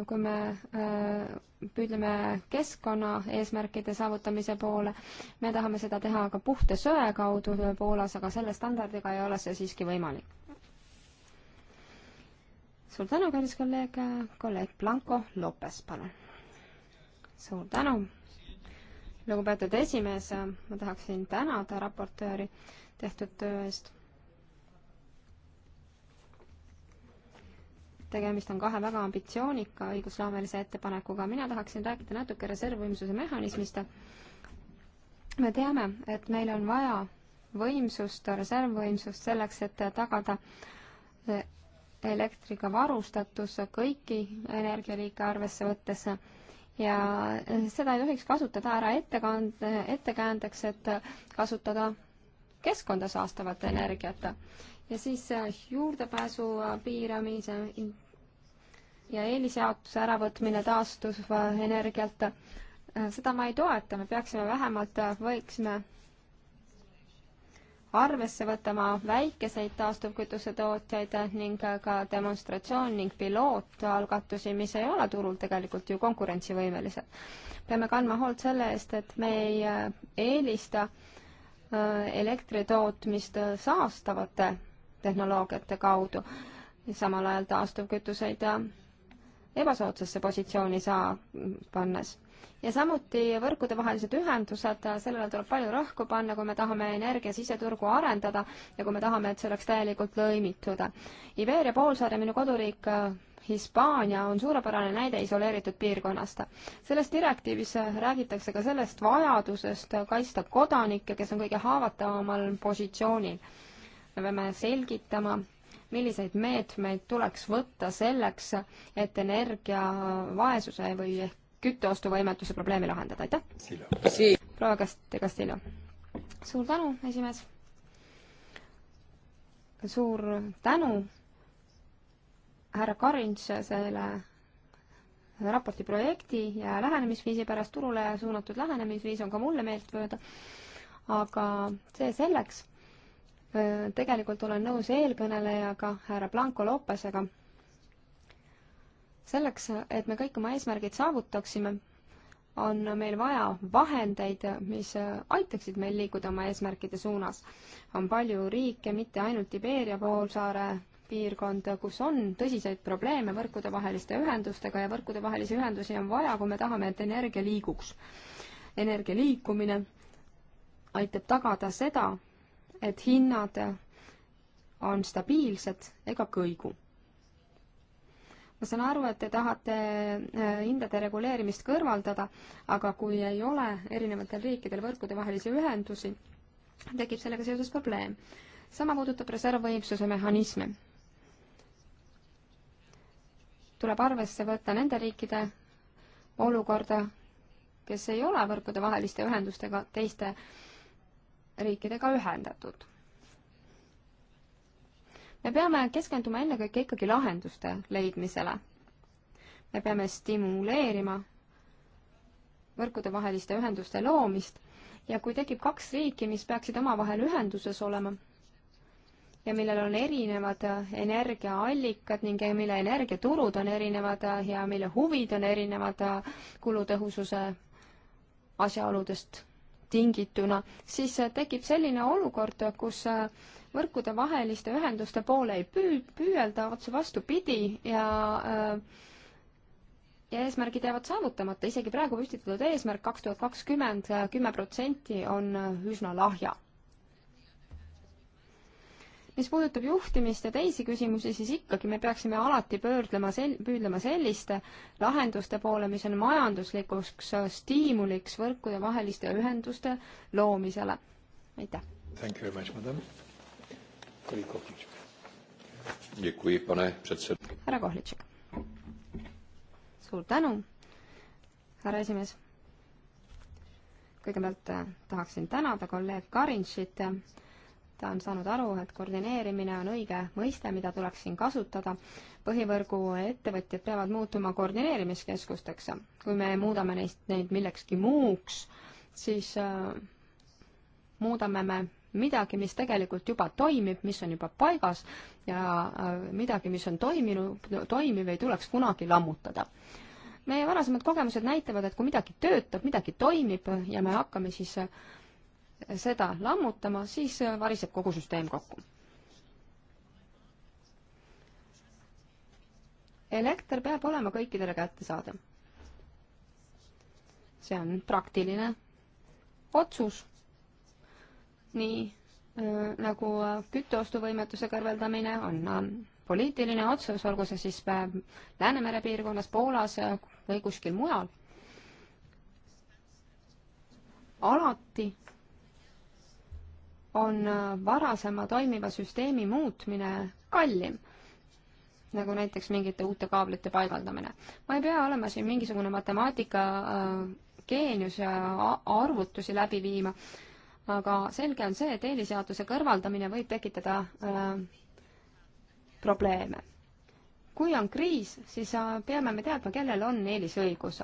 [SPEAKER 2] kui me äh, püüdleme keskkonna eesmärkide saavutamise poole, me tahame seda teha ka puhta söe kaudu Poolas, aga selle standardiga ei ole see siiski võimalik. suur tänu, kallis kolleeg, kolleeg Blanco Lopes, palun. suur tänu, lugupeetud esimees, ma tahaksin tänada raportööri tehtud töö eest tegemist on kahe väga ambitsioonika õigusloomelise ettepanekuga, mina tahaksin rääkida natuke reservvõimsuse mehhanismist. me teame, et meil on vaja võimsust, reservvõimsust selleks, et tagada elektriga varustatus kõiki energialiike arvesse võttes ja seda ei tohiks kasutada ära ettekand-, ettekäändeks, et kasutada keskkonda saastavat energiat ja siis äh, juurdepääsu äh, piiramise ja eelisjaotuse äravõtmine taastuva energialt, äh, seda ma ei toeta, me peaksime vähemalt, võiksime arvesse võtma väikeseid taastuvkütuse tootjaid ning ka demonstratsioon ning pilootalgatusi, mis ei ole turul tegelikult ju konkurentsivõimelised. peame kandma hoolt selle eest, et me ei eelista elektritootmist saastavate tehnoloogiate kaudu ja samal ajal taastuvkütuseid ebasoodsasse positsiooni saa pannes. ja samuti võrkudevahelised ühendused, sellele tuleb palju rõhku panna, kui me tahame energia siseturgu arendada ja kui me tahame, et see oleks täielikult lõimitud. Iberia poolsaare, minu koduriik Hispaania on suurepärane näide isoleeritud piirkonnast. selles direktiivis räägitakse ka sellest vajadusest kaitsta kodanikke, kes on kõige haavatavamal positsioonil me peame selgitama, milliseid meetmeid tuleks võtta selleks, et energiavaesuse või ehk kütteostuvõimetuse probleemi lahendada, aitäh! proua Kast-, Castillo. suur tänu, esimees! suur tänu härra Karins selle raporti projekti ja lähenemisviisi pärast turule suunatud lähenemisviis on ka mulle meeltmööda, aga see selleks Äh, tegelikult olen nõus eelkõnelejaga, härra Blanco Lopesega. selleks, et me kõik oma eesmärgid saavutaksime, on meil vaja vahendeid, mis aitaksid meil liikuda oma eesmärkide suunas. on palju riike, mitte ainult Tibeeria poolsaare piirkond, kus on tõsiseid probleeme võrkudevaheliste ühendustega ja võrkudevahelisi ühendusi on vaja, kui me tahame, et energia liiguks. energia liikumine aitab tagada seda, et hinnad on stabiilsed ega kõigu. ma saan aru, et te tahate äh, hindade reguleerimist kõrvaldada, aga kui ei ole erinevatel riikidel võrkudevahelisi ühendusi, tekib sellega seoses probleem. sama puudutab reservvõimsuse mehhanisme. tuleb arvesse võtta nende riikide olukorda, kes ei ole võrkudevaheliste ühendustega teiste äh, riikidega ühendatud. me peame keskenduma ennekõike ikkagi lahenduste leidmisele. me peame stimuleerima võrkudevaheliste ühenduste loomist ja kui tekib kaks riiki, mis peaksid omavahel ühenduses olema ja millel on erinevad energiaallikad ning mille energiaturud on erinevad ja mille huvid on erinevad kulutõhususe asjaoludest tingituna, siis äh, tekib selline olukord, kus äh, võrkude vaheliste ühenduste poole ei püü-, püüelda, otse vastupidi, ja äh, ja eesmärgid jäävad saavutamata, isegi praegu püstitatud eesmärk kaks tuhat kakskümmend, kümme protsenti on üsna lahja mis puudutab juhtimist ja teisi küsimusi, siis ikkagi me peaksime alati pöördlema sel-, püüdlema selliste lahenduste poole, mis on majanduslikuks äh, stiimuliks võrkudevaheliste ühenduste loomisele. aitäh! härra Kohlitšik. suur tänu, härra esimees. kõigepealt äh, tahaksin tänada kolleeg Karinšit äh, ta on saanud aru, et koordineerimine on õige mõiste, mida tuleks siin kasutada. põhivõrgu ettevõtjad peavad muutuma koordineerimiskeskusteks. kui me muudame neist, neid millekski muuks, siis äh, muudame me midagi, mis tegelikult juba toimib, mis on juba paigas ja äh, midagi, mis on toiminud, toimiv, ei tuleks kunagi lammutada meie varasemad kogemused näitavad, et kui midagi töötab, midagi toimib ja me hakkame siis äh, seda lammutama, siis äh, variseb kogu süsteem kokku. elekter peab olema kõikidele kättesaadav. see on praktiline otsus, nii äh, nagu äh, kütteostuvõimetuse kõrveldamine on äh, poliitiline otsus, olgu see siis äh, Läänemere piirkonnas, Poolas äh, või kuskil mujal. alati on äh, varasema toimiva süsteemi muutmine kallim, nagu näiteks mingite uute kaablite paigaldamine. ma ei pea olema siin mingisugune matemaatika äh, geenius ja arvutusi läbi viima, aga selge on see, et eelisjaotuse kõrvaldamine võib tekitada äh, probleeme. kui on kriis, siis peame me teadma, kellel on eelisõigus.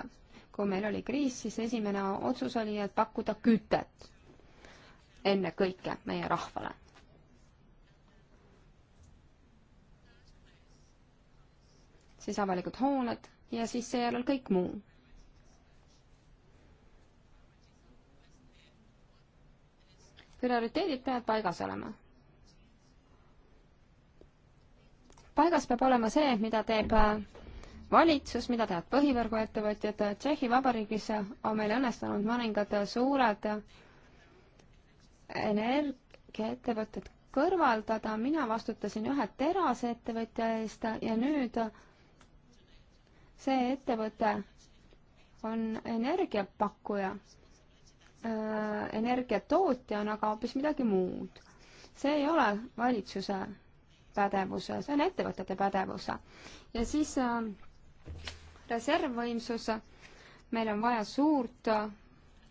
[SPEAKER 2] kui meil oli kriis, siis esimene otsus oli, et pakkuda kütet ennekõike meie rahvale. siis avalikud hooned ja siis seejärel kõik muu. prioriteedid peavad paigas olema. paigas peab olema see, mida teeb äh, valitsus, mida teevad põhivõrguettevõtjad, Tšehhi Vabariigis on meil õnnestunud mõningad äh, suured äh, energiaettevõtted kõrvaldada, mina vastutasin ühe teraseettevõtja eest ja nüüd see ettevõte on energiapakkuja, äh, energiatootja on aga hoopis midagi muud. see ei ole valitsuse pädevuse, see on ettevõtete pädevuse. ja siis äh, reservvõimsus, meil on vaja suurt äh,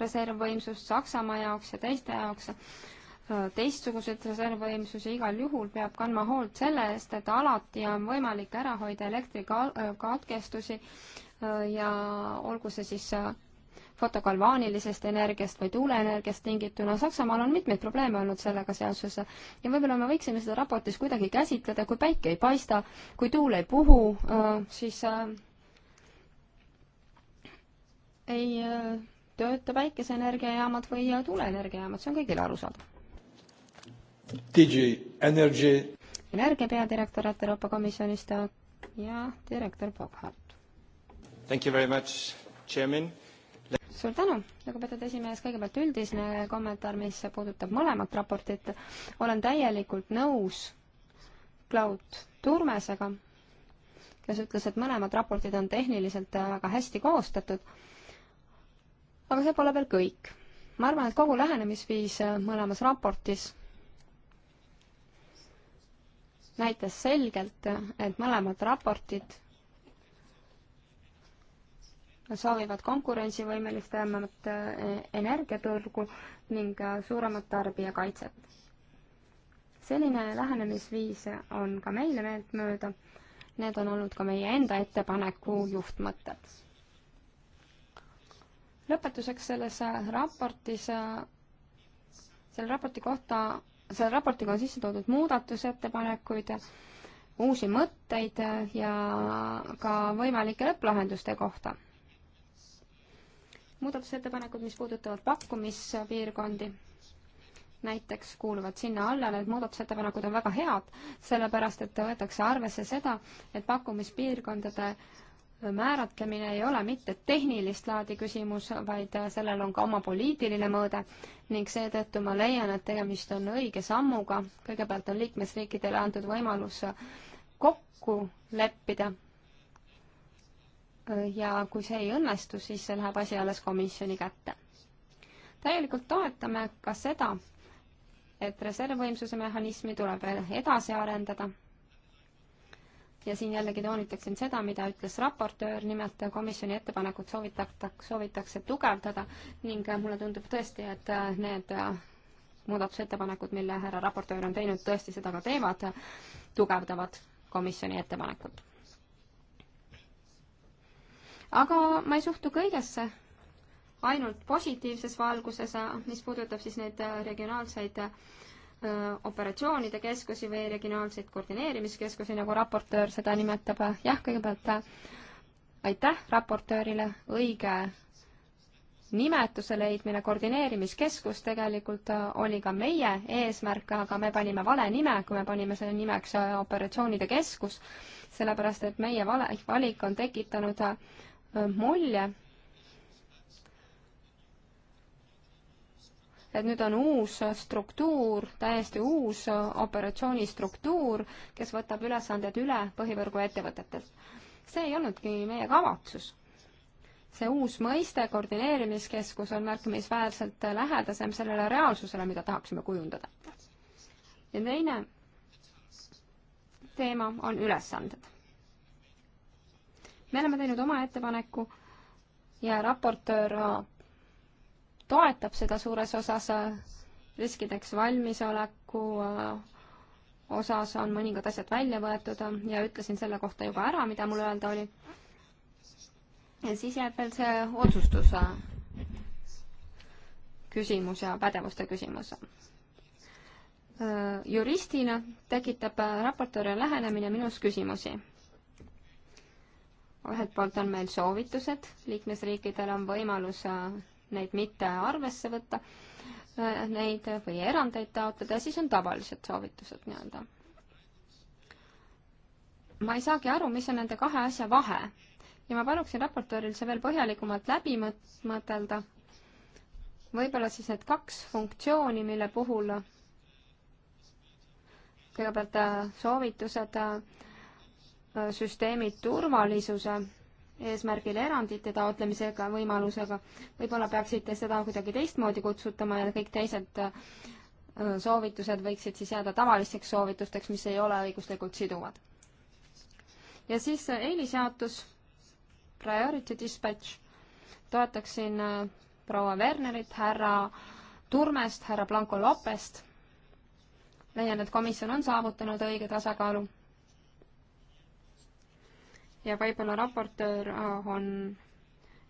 [SPEAKER 2] reservvõimsust Saksamaa jaoks ja teiste jaoks, äh, teistsugused reservvõimsusi, igal juhul peab kandma hoolt selle eest, et alati on võimalik ära hoida elektrikatkestusi äh, ja olgu see siis äh, fotokalvaanilisest energiast või tuuleenergiast tingituna. Saksamaal on mitmeid probleeme olnud sellega seoses ja võib-olla me võiksime seda raportis kuidagi käsitleda, kui päike ei paista, kui tuul ei puhu, siis ei tööta päikeseenergiajaamad või tuuleenergiajaamad, see on kõigile arusaadav.
[SPEAKER 1] Digi Energy.
[SPEAKER 2] Energia peadirektorat Euroopa Komisjonist ja direktor Bobhardt.
[SPEAKER 1] Thank you very much, chairman
[SPEAKER 2] suur tänu, lugupeetud esimees, kõigepealt üldisne kommentaar, mis puudutab mõlemat raportit. olen täielikult nõus Claude Turmesega, kes ütles, et mõlemad raportid on tehniliselt väga hästi koostatud aga see pole veel kõik. ma arvan, et kogu lähenemisviis äh, mõlemas raportis näitas selgelt, äh, et mõlemad raportid soovivad konkurentsivõimelisemat äh, energiaturgu ning suuremat tarbijakaitset. selline lähenemisviis on ka meile meeltmööda. Need on olnud ka meie enda ettepaneku juhtmõtted lõpetuseks selles äh, raportis, äh, selle raporti kohta, selle raportiga on sisse toodud muudatusettepanekuid, uusi mõtteid äh, ja ka võimalike lõpplahenduste kohta. muudatusettepanekud, mis puudutavad pakkumispiirkondi, näiteks kuuluvad sinna alla, need muudatusettepanekud on väga head, sellepärast et võetakse arvesse seda, et pakkumispiirkondade äh, määratlemine ei ole mitte tehnilist laadi küsimus, vaid sellel on ka oma poliitiline mõõde ning seetõttu ma leian, et tegemist on õige sammuga. kõigepealt on liikmesriikidele antud võimalus kokku leppida. ja kui see ei õnnestu, siis läheb asi alles komisjoni kätte. täielikult toetame ka seda, et reservvõimsuse mehhanismi tuleb edasi arendada ja siin jällegi toonitaksin seda, mida ütles raportöör, nimelt komisjoni ettepanekut soovitata, soovitakse tugevdada ning mulle tundub tõesti, et need muudatusettepanekud, mille härra raportöör on teinud, tõesti seda ka teevad, tugevdavad komisjoni ettepanekut. aga ma ei suhtu kõigesse ainult positiivses valguses, mis puudutab siis neid regionaalseid äh, Äh, operatsioonide keskusi või regionaalseid koordineerimiskeskusi, nagu raportöör seda nimetab. jah, kõigepealt äh, aitäh raportöörile, õige nimetuse leidmine, koordineerimiskeskus tegelikult äh, oli ka meie eesmärk, aga me panime vale nime, kui me panime selle nimeks operatsioonide keskus, sellepärast et meie vale, valik on tekitanud mulje, et nüüd on uus struktuur, täiesti uus operatsioonistruktuur, kes võtab ülesanded üle põhivõrguettevõtetelt. see ei olnudki meie kavatsus. see uus mõiste, koordineerimiskeskus, on märkimisväärselt lähedasem sellele reaalsusele, mida tahaksime kujundada. ja teine teema on ülesanded. me oleme teinud oma ettepaneku ja raportöör toetab seda suures osas riskideks valmisoleku äh, osas on mõningad asjad välja võetud äh, ja ütlesin selle kohta juba ära, mida mul öelda oli. ja siis jääb veel see otsustus äh, küsimus ja pädevuste küsimus. juristina tekitab raportööri lähenemine minus küsimusi. ühelt poolt on meil soovitused, liikmesriikidel on võimalus neid mitte arvesse võtta, äh, neid või erandeid taotleda ja siis on tavalised soovitused nii-öelda. ma ei saagi aru, mis on nende kahe asja vahe ja ma paluksin raportööril see veel põhjalikumalt läbi mõtelda. võib-olla siis need kaks funktsiooni, mille puhul kõigepealt äh, soovitused äh, süsteemi turvalisuse eesmärgil erandite taotlemisega, võimalusega, võib-olla peaksite seda kuidagi teistmoodi kutsutama ja kõik teised äh, soovitused võiksid siis jääda tavalisteks soovitusteks, mis ei ole õiguslikult siduvad. ja siis äh, eelisjaotus, priority dispatch, toetaksin äh, proua Wernerit, härra Turmest, härra Blanco Lopest leian, et komisjon on saavutanud õige tasakaalu ja võib-olla raportöör äh, on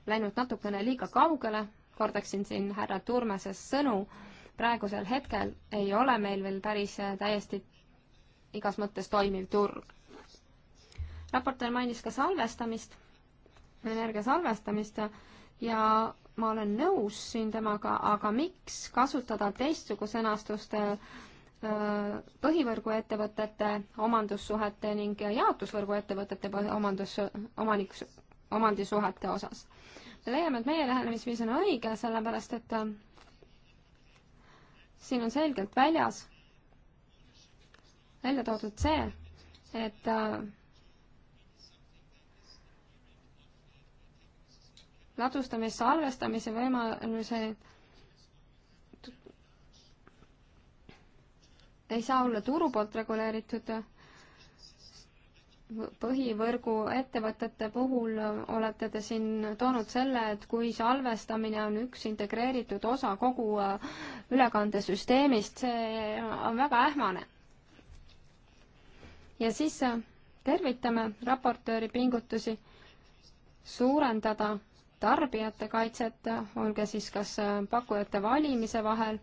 [SPEAKER 2] läinud natukene liiga kaugele, kordaksin siin härra Turmase sõnu, praegusel hetkel ei ole meil veel päris äh, täiesti igas mõttes toimiv turg. raportöör mainis ka salvestamist, energia salvestamist ja ma olen nõus siin temaga, aga miks kasutada teistsuguse sõnastust äh, põhivõrguettevõtete omandussuhete ning jaotusvõrguettevõtete omandus, omanik, omandisuhete osas. me leiame, et meie lähenemisviis on õige, sellepärast et äh, siin on selgelt väljas välja toodud see, et äh, ladustamisse, salvestamise võimalusi ei saa olla turu poolt reguleeritud. põhivõrgu ettevõtete puhul olete te siin toonud selle, et kui salvestamine on üks integreeritud osa kogu äh, ülekandesüsteemist, see on väga ähmane. ja siis äh, tervitame raportööri pingutusi suurendada tarbijate kaitset, äh, olge siis kas pakkujate valimise vahel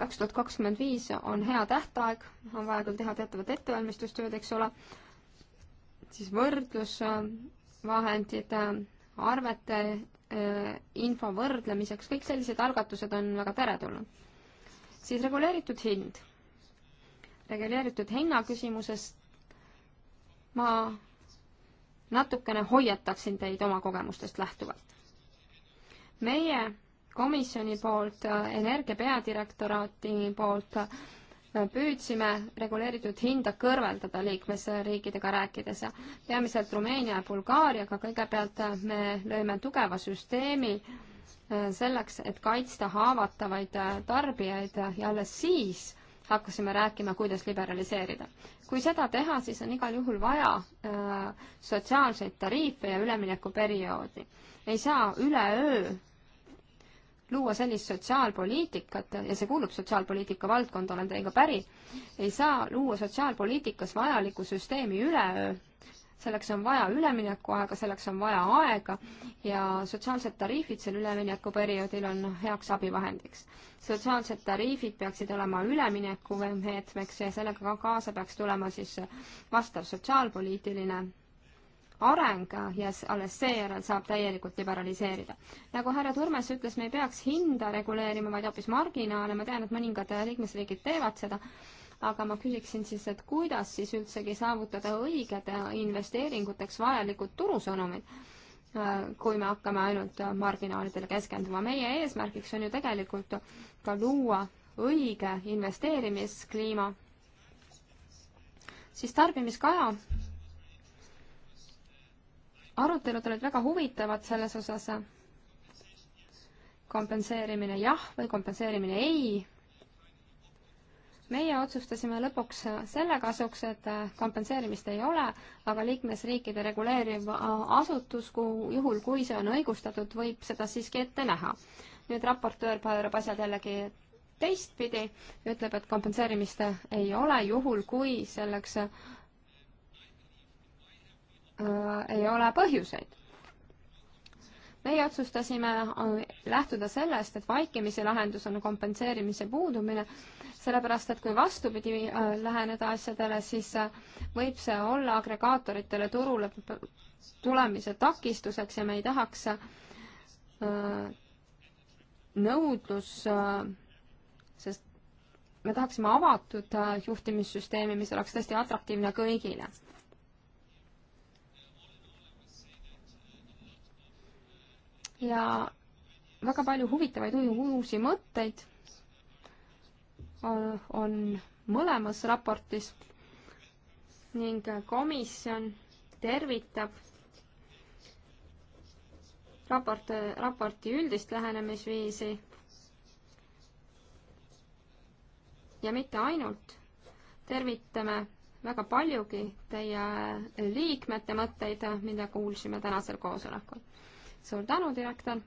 [SPEAKER 2] kaks tuhat kakskümmend viis on hea tähtaeg, on vaja küll teha teatavad ettevalmistustööd, eks ole, siis võrdlusvahendid, arvete eh, info võrdlemiseks, kõik sellised algatused on väga teretulnud. siis reguleeritud hind. reguleeritud hinna küsimusest ma natukene hoiataksin teid oma kogemustest lähtuvalt. meie komisjoni poolt, Energia peadirektoraati poolt püüdsime reguleeritud hinda kõrvaldada liikmesriikidega rääkides. peamiselt Rumeenia ja Bulgaariaga kõigepealt me lõime tugeva süsteemi äh, selleks, et kaitsta haavatavaid äh, tarbijaid ja alles siis hakkasime rääkima, kuidas liberaliseerida. kui seda teha, siis on igal juhul vaja äh, sotsiaalseid tariife ja üleminekuperioodi. ei saa üleöö luua sellist sotsiaalpoliitikat ja see kuulub sotsiaalpoliitika valdkonda, olen teiega päri, ei saa luua sotsiaalpoliitikas vajalikku süsteemi üleöö, selleks on vaja üleminekuaega, selleks on vaja aega ja sotsiaalsed tariifid sel üleminekuperioodil on heaks abivahendiks. sotsiaalsed tariifid peaksid olema ülemineku meetmeks ja sellega ka kaasa peaks tulema siis vastav sotsiaalpoliitiline areng ja alles seejärel saab täielikult liberaliseerida. nagu härra Turmes ütles, me ei peaks hinda reguleerima, vaid hoopis marginaale, ma tean, et mõningad liikmesriigid teevad seda, aga ma küsiksin siis, et kuidas siis üldsegi saavutada õiged investeeringuteks vajalikud turusõnumid, äh, kui me hakkame ainult marginaalidele keskenduma. meie eesmärgiks on ju tegelikult ka luua õige investeerimiskliima siis tarbimiskaja arutelud olid väga huvitavad selles osas. kompenseerimine jah või kompenseerimine ei. meie otsustasime lõpuks selle kasuks, et kompenseerimist ei ole, aga liikmesriikide reguleeriv asutus, kuhu juhul, kui see on õigustatud, võib seda siiski ette näha. nüüd raportöör pöörab asjad jällegi teistpidi, ütleb, et kompenseerimist ei ole, juhul kui selleks Äh, ei ole põhjuseid. meie otsustasime äh, lähtuda sellest, et vaikimise lahendus on kompenseerimise puudumine, sellepärast et kui vastupidi äh, läheneda asjadele, siis võib see olla agregaatoritele turule tulemise takistuseks ja me ei tahaks nõudlus, sest me tahaksime avatud juhtimissüsteemi, mis oleks tõesti atraktiivne kõigile ja väga palju huvitavaid uusi mõtteid on, on mõlemas raportis ning komisjon tervitab raport, raporti üldist lähenemisviisi ja mitte ainult, tervitame väga paljugi teie liikmete mõtteid, mida kuulsime tänasel koosolekul suur tänu, direktor.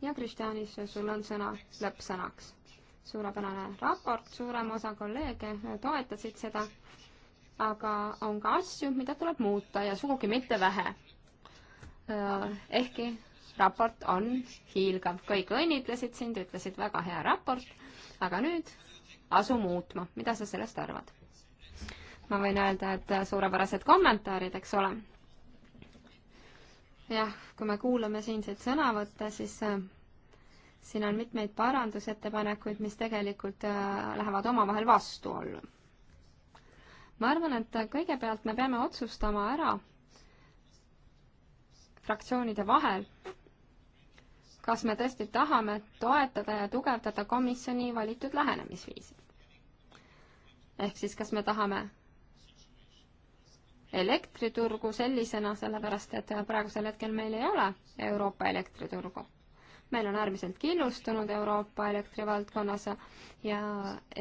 [SPEAKER 2] ja Kristjanis, sul on sõna lõppsõnaks. suurepärane raport, suurem osa kolleege toetasid seda, aga on ka asju, mida tuleb muuta ja sugugi mitte vähe. ehkki raport on hiilgav, kõik õnnitlesid sind, ütlesid väga hea raport, aga nüüd asu muutma, mida sa sellest arvad? ma võin öelda, et suurepärased kommentaarid, eks ole jah, kui me kuulame siinseid sõnavõtte, siis äh, siin on mitmeid parandusettepanekuid, mis tegelikult äh, lähevad omavahel vastuollu. ma arvan, et kõigepealt me peame otsustama ära fraktsioonide vahel, kas me tõesti tahame toetada ja tugevdada komisjoni valitud lähenemisviisi. ehk siis, kas me tahame elektriturgu sellisena, sellepärast et praegusel hetkel meil ei ole Euroopa elektriturgu. meil on äärmiselt killustunud Euroopa elektrivaldkonnas ja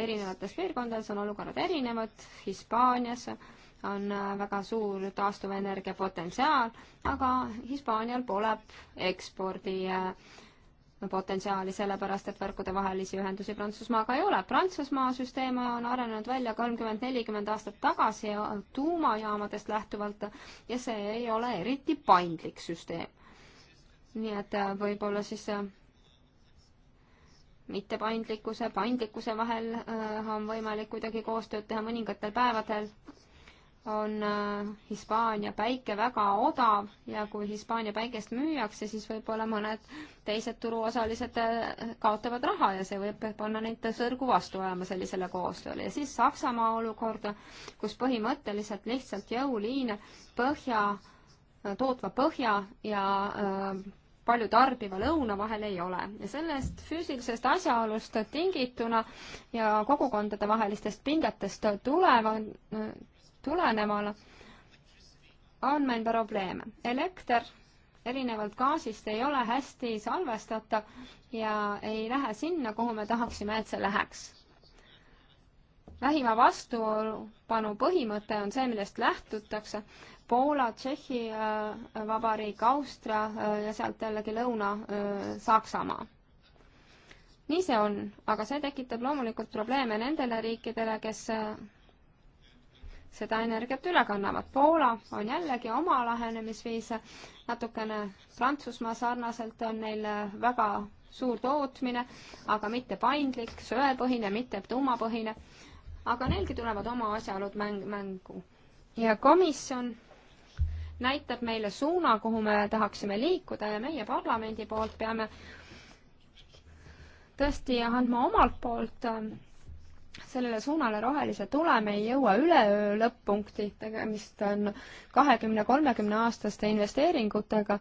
[SPEAKER 2] erinevates piirkondades on olukorrad erinevad, Hispaanias on väga suur taastuvenergia potentsiaal, aga Hispaanial pole ekspordi äh, potentsiaali, sellepärast et võrkudevahelisi ühendusi Prantsusmaaga ei ole. Prantsusmaa süsteem on arenenud välja kolmkümmend, nelikümmend aastat tagasi ja tuumajaamadest lähtuvalt ja see ei ole eriti paindlik süsteem. nii et äh, võib-olla siis äh, mittepaindlikkuse, paindlikkuse vahel äh, on võimalik kuidagi koostööd teha mõningatel päevadel on äh, Hispaania päike väga odav ja kui Hispaania päikest müüakse, siis võib-olla mõned teised turuosalised äh, kaotavad raha ja see võib panna neid sõrgu vastu ajama sellisele koostööle. ja siis Saksamaa olukorda, kus põhimõtteliselt lihtsalt jõuliine põhja, äh, tootva põhja ja öö, palju tarbiva lõuna vahel ei ole. ja sellest füüsilisest asjaolust tingituna ja kogukondade vahelistest pingetest tulevad, tuleneval on meil probleeme. elekter erinevalt gaasist ei ole hästi salvestatav ja ei lähe sinna, kuhu me tahaksime, et see läheks. vähima vastupanu põhimõte on see, millest lähtutakse. Poola, Tšehhi äh, Vabariik, Austria äh, ja sealt jällegi Lõuna-Saksamaa. Äh, nii see on, aga see tekitab loomulikult probleeme nendele riikidele, kes seda energiat üle kannavad. Poola on jällegi oma lähenemisviise, natukene Prantsusmaa sarnaselt on neil väga suur tootmine, aga mitte paindlik, söepõhine, mitte tuumapõhine. aga neilgi tulevad oma asjaolud mäng, mängu. ja komisjon näitab meile suuna, kuhu me tahaksime liikuda ja meie parlamendi poolt peame tõesti andma omalt poolt sellele suunale rohelise tule me ei jõua üleöö lõpp-punkti, tegemist on kahekümne, kolmekümne aastaste investeeringutega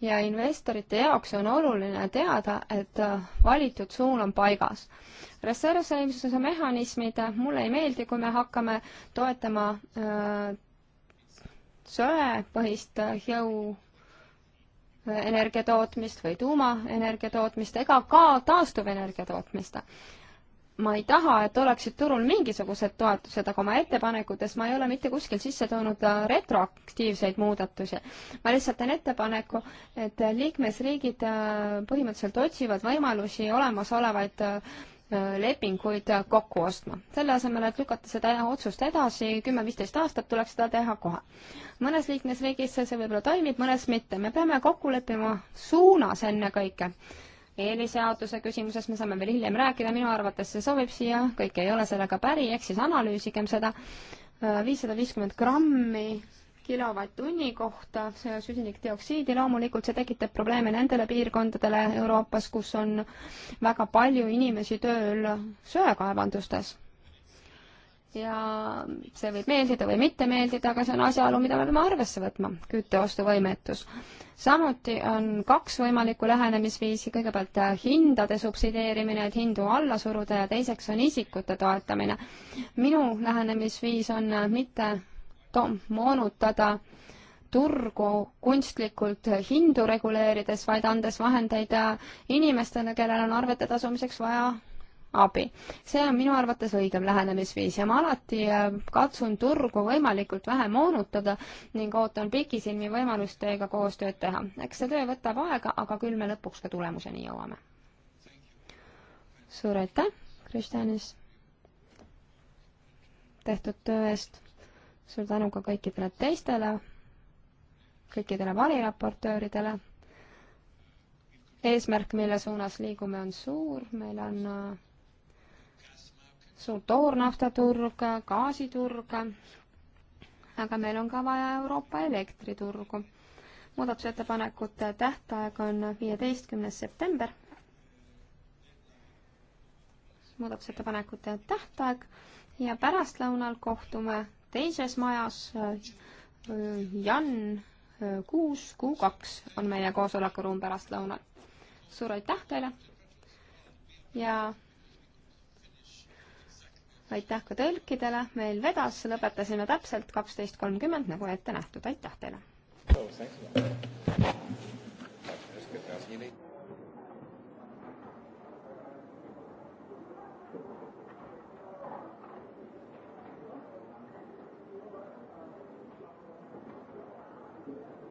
[SPEAKER 2] ja investorite jaoks on oluline teada, et valitud suun on paigas. reservseimsuse mehhanismid, mulle ei meeldi, kui me hakkame toetama äh, söepõhist jõu äh, energiatootmist või tuumaenergia tootmist ega ka taastuvenergia tootmist ma ei taha, et oleksid turul mingisugused toetused, aga oma ettepanekutes ma ei ole mitte kuskil sisse toonud äh, retroaktiivseid muudatusi. ma lihtsalt teen ettepaneku, et liikmesriigid äh, põhimõtteliselt otsivad võimalusi olemasolevaid äh, lepinguid kokku ostma. selle asemel, et lükata seda otsust edasi kümme-viisteist aastat, tuleks seda teha kohe. mõnes liikmesriigis see võib-olla toimib, mõnes mitte. me peame kokku leppima suunas ennekõike eelisjaotuse küsimuses me saame veel hiljem rääkida, minu arvates see sobib siia, kõik ei ole sellega päri, ehk siis analüüsigem seda. Äh, viissada viiskümmend grammi kilovatt-tunni kohta süsinikdioksiidi, loomulikult see tekitab probleeme nendele piirkondadele Euroopas, kus on väga palju inimesi tööl söekaevandustes. ja see võib meeldida või mitte meeldida, aga see on asjaolu, mida me peame arvesse võtma, kütteostuvõimetus samuti on kaks võimalikku lähenemisviisi, kõigepealt äh, hindade subsideerimine, et hindu alla suruda ja teiseks on isikute toetamine. minu lähenemisviis on äh, mitte moonutada turgu kunstlikult äh, hindu reguleerides, vaid andes vahendeid inimestele, kellel on arvete tasumiseks vaja abi. see on minu arvates õigem lähenemisviis ja ma alati äh, katsun turgu võimalikult vähe moonutada ning ootan pikisilmi võimalust teiega koostööd teha. eks see töö võtab aega, aga küll me lõpuks ka tulemuseni jõuame. suur aitäh, Kristjanis, tehtud töö eest. suur tänu ka kõikidele teistele, kõikidele variraportööridele eesmärk, mille suunas liigume, on suur, meil on äh, suur toornaftaturg, gaasiturg, aga meil on ka vaja Euroopa elektriturgu. muudatusettepanekute tähtaeg on viieteistkümnes september. muudatusettepanekute tähtaeg ja pärastlõunal kohtume teises majas. Jan kuus, kuu kaks on meie koosolekuruum pärastlõunal. suur aitäh teile ja aitäh ka tõlkidele, meil vedas, lõpetasime täpselt kaksteist kolmkümmend, nagu ette nähtud, aitäh teile!
[SPEAKER 1] Oh,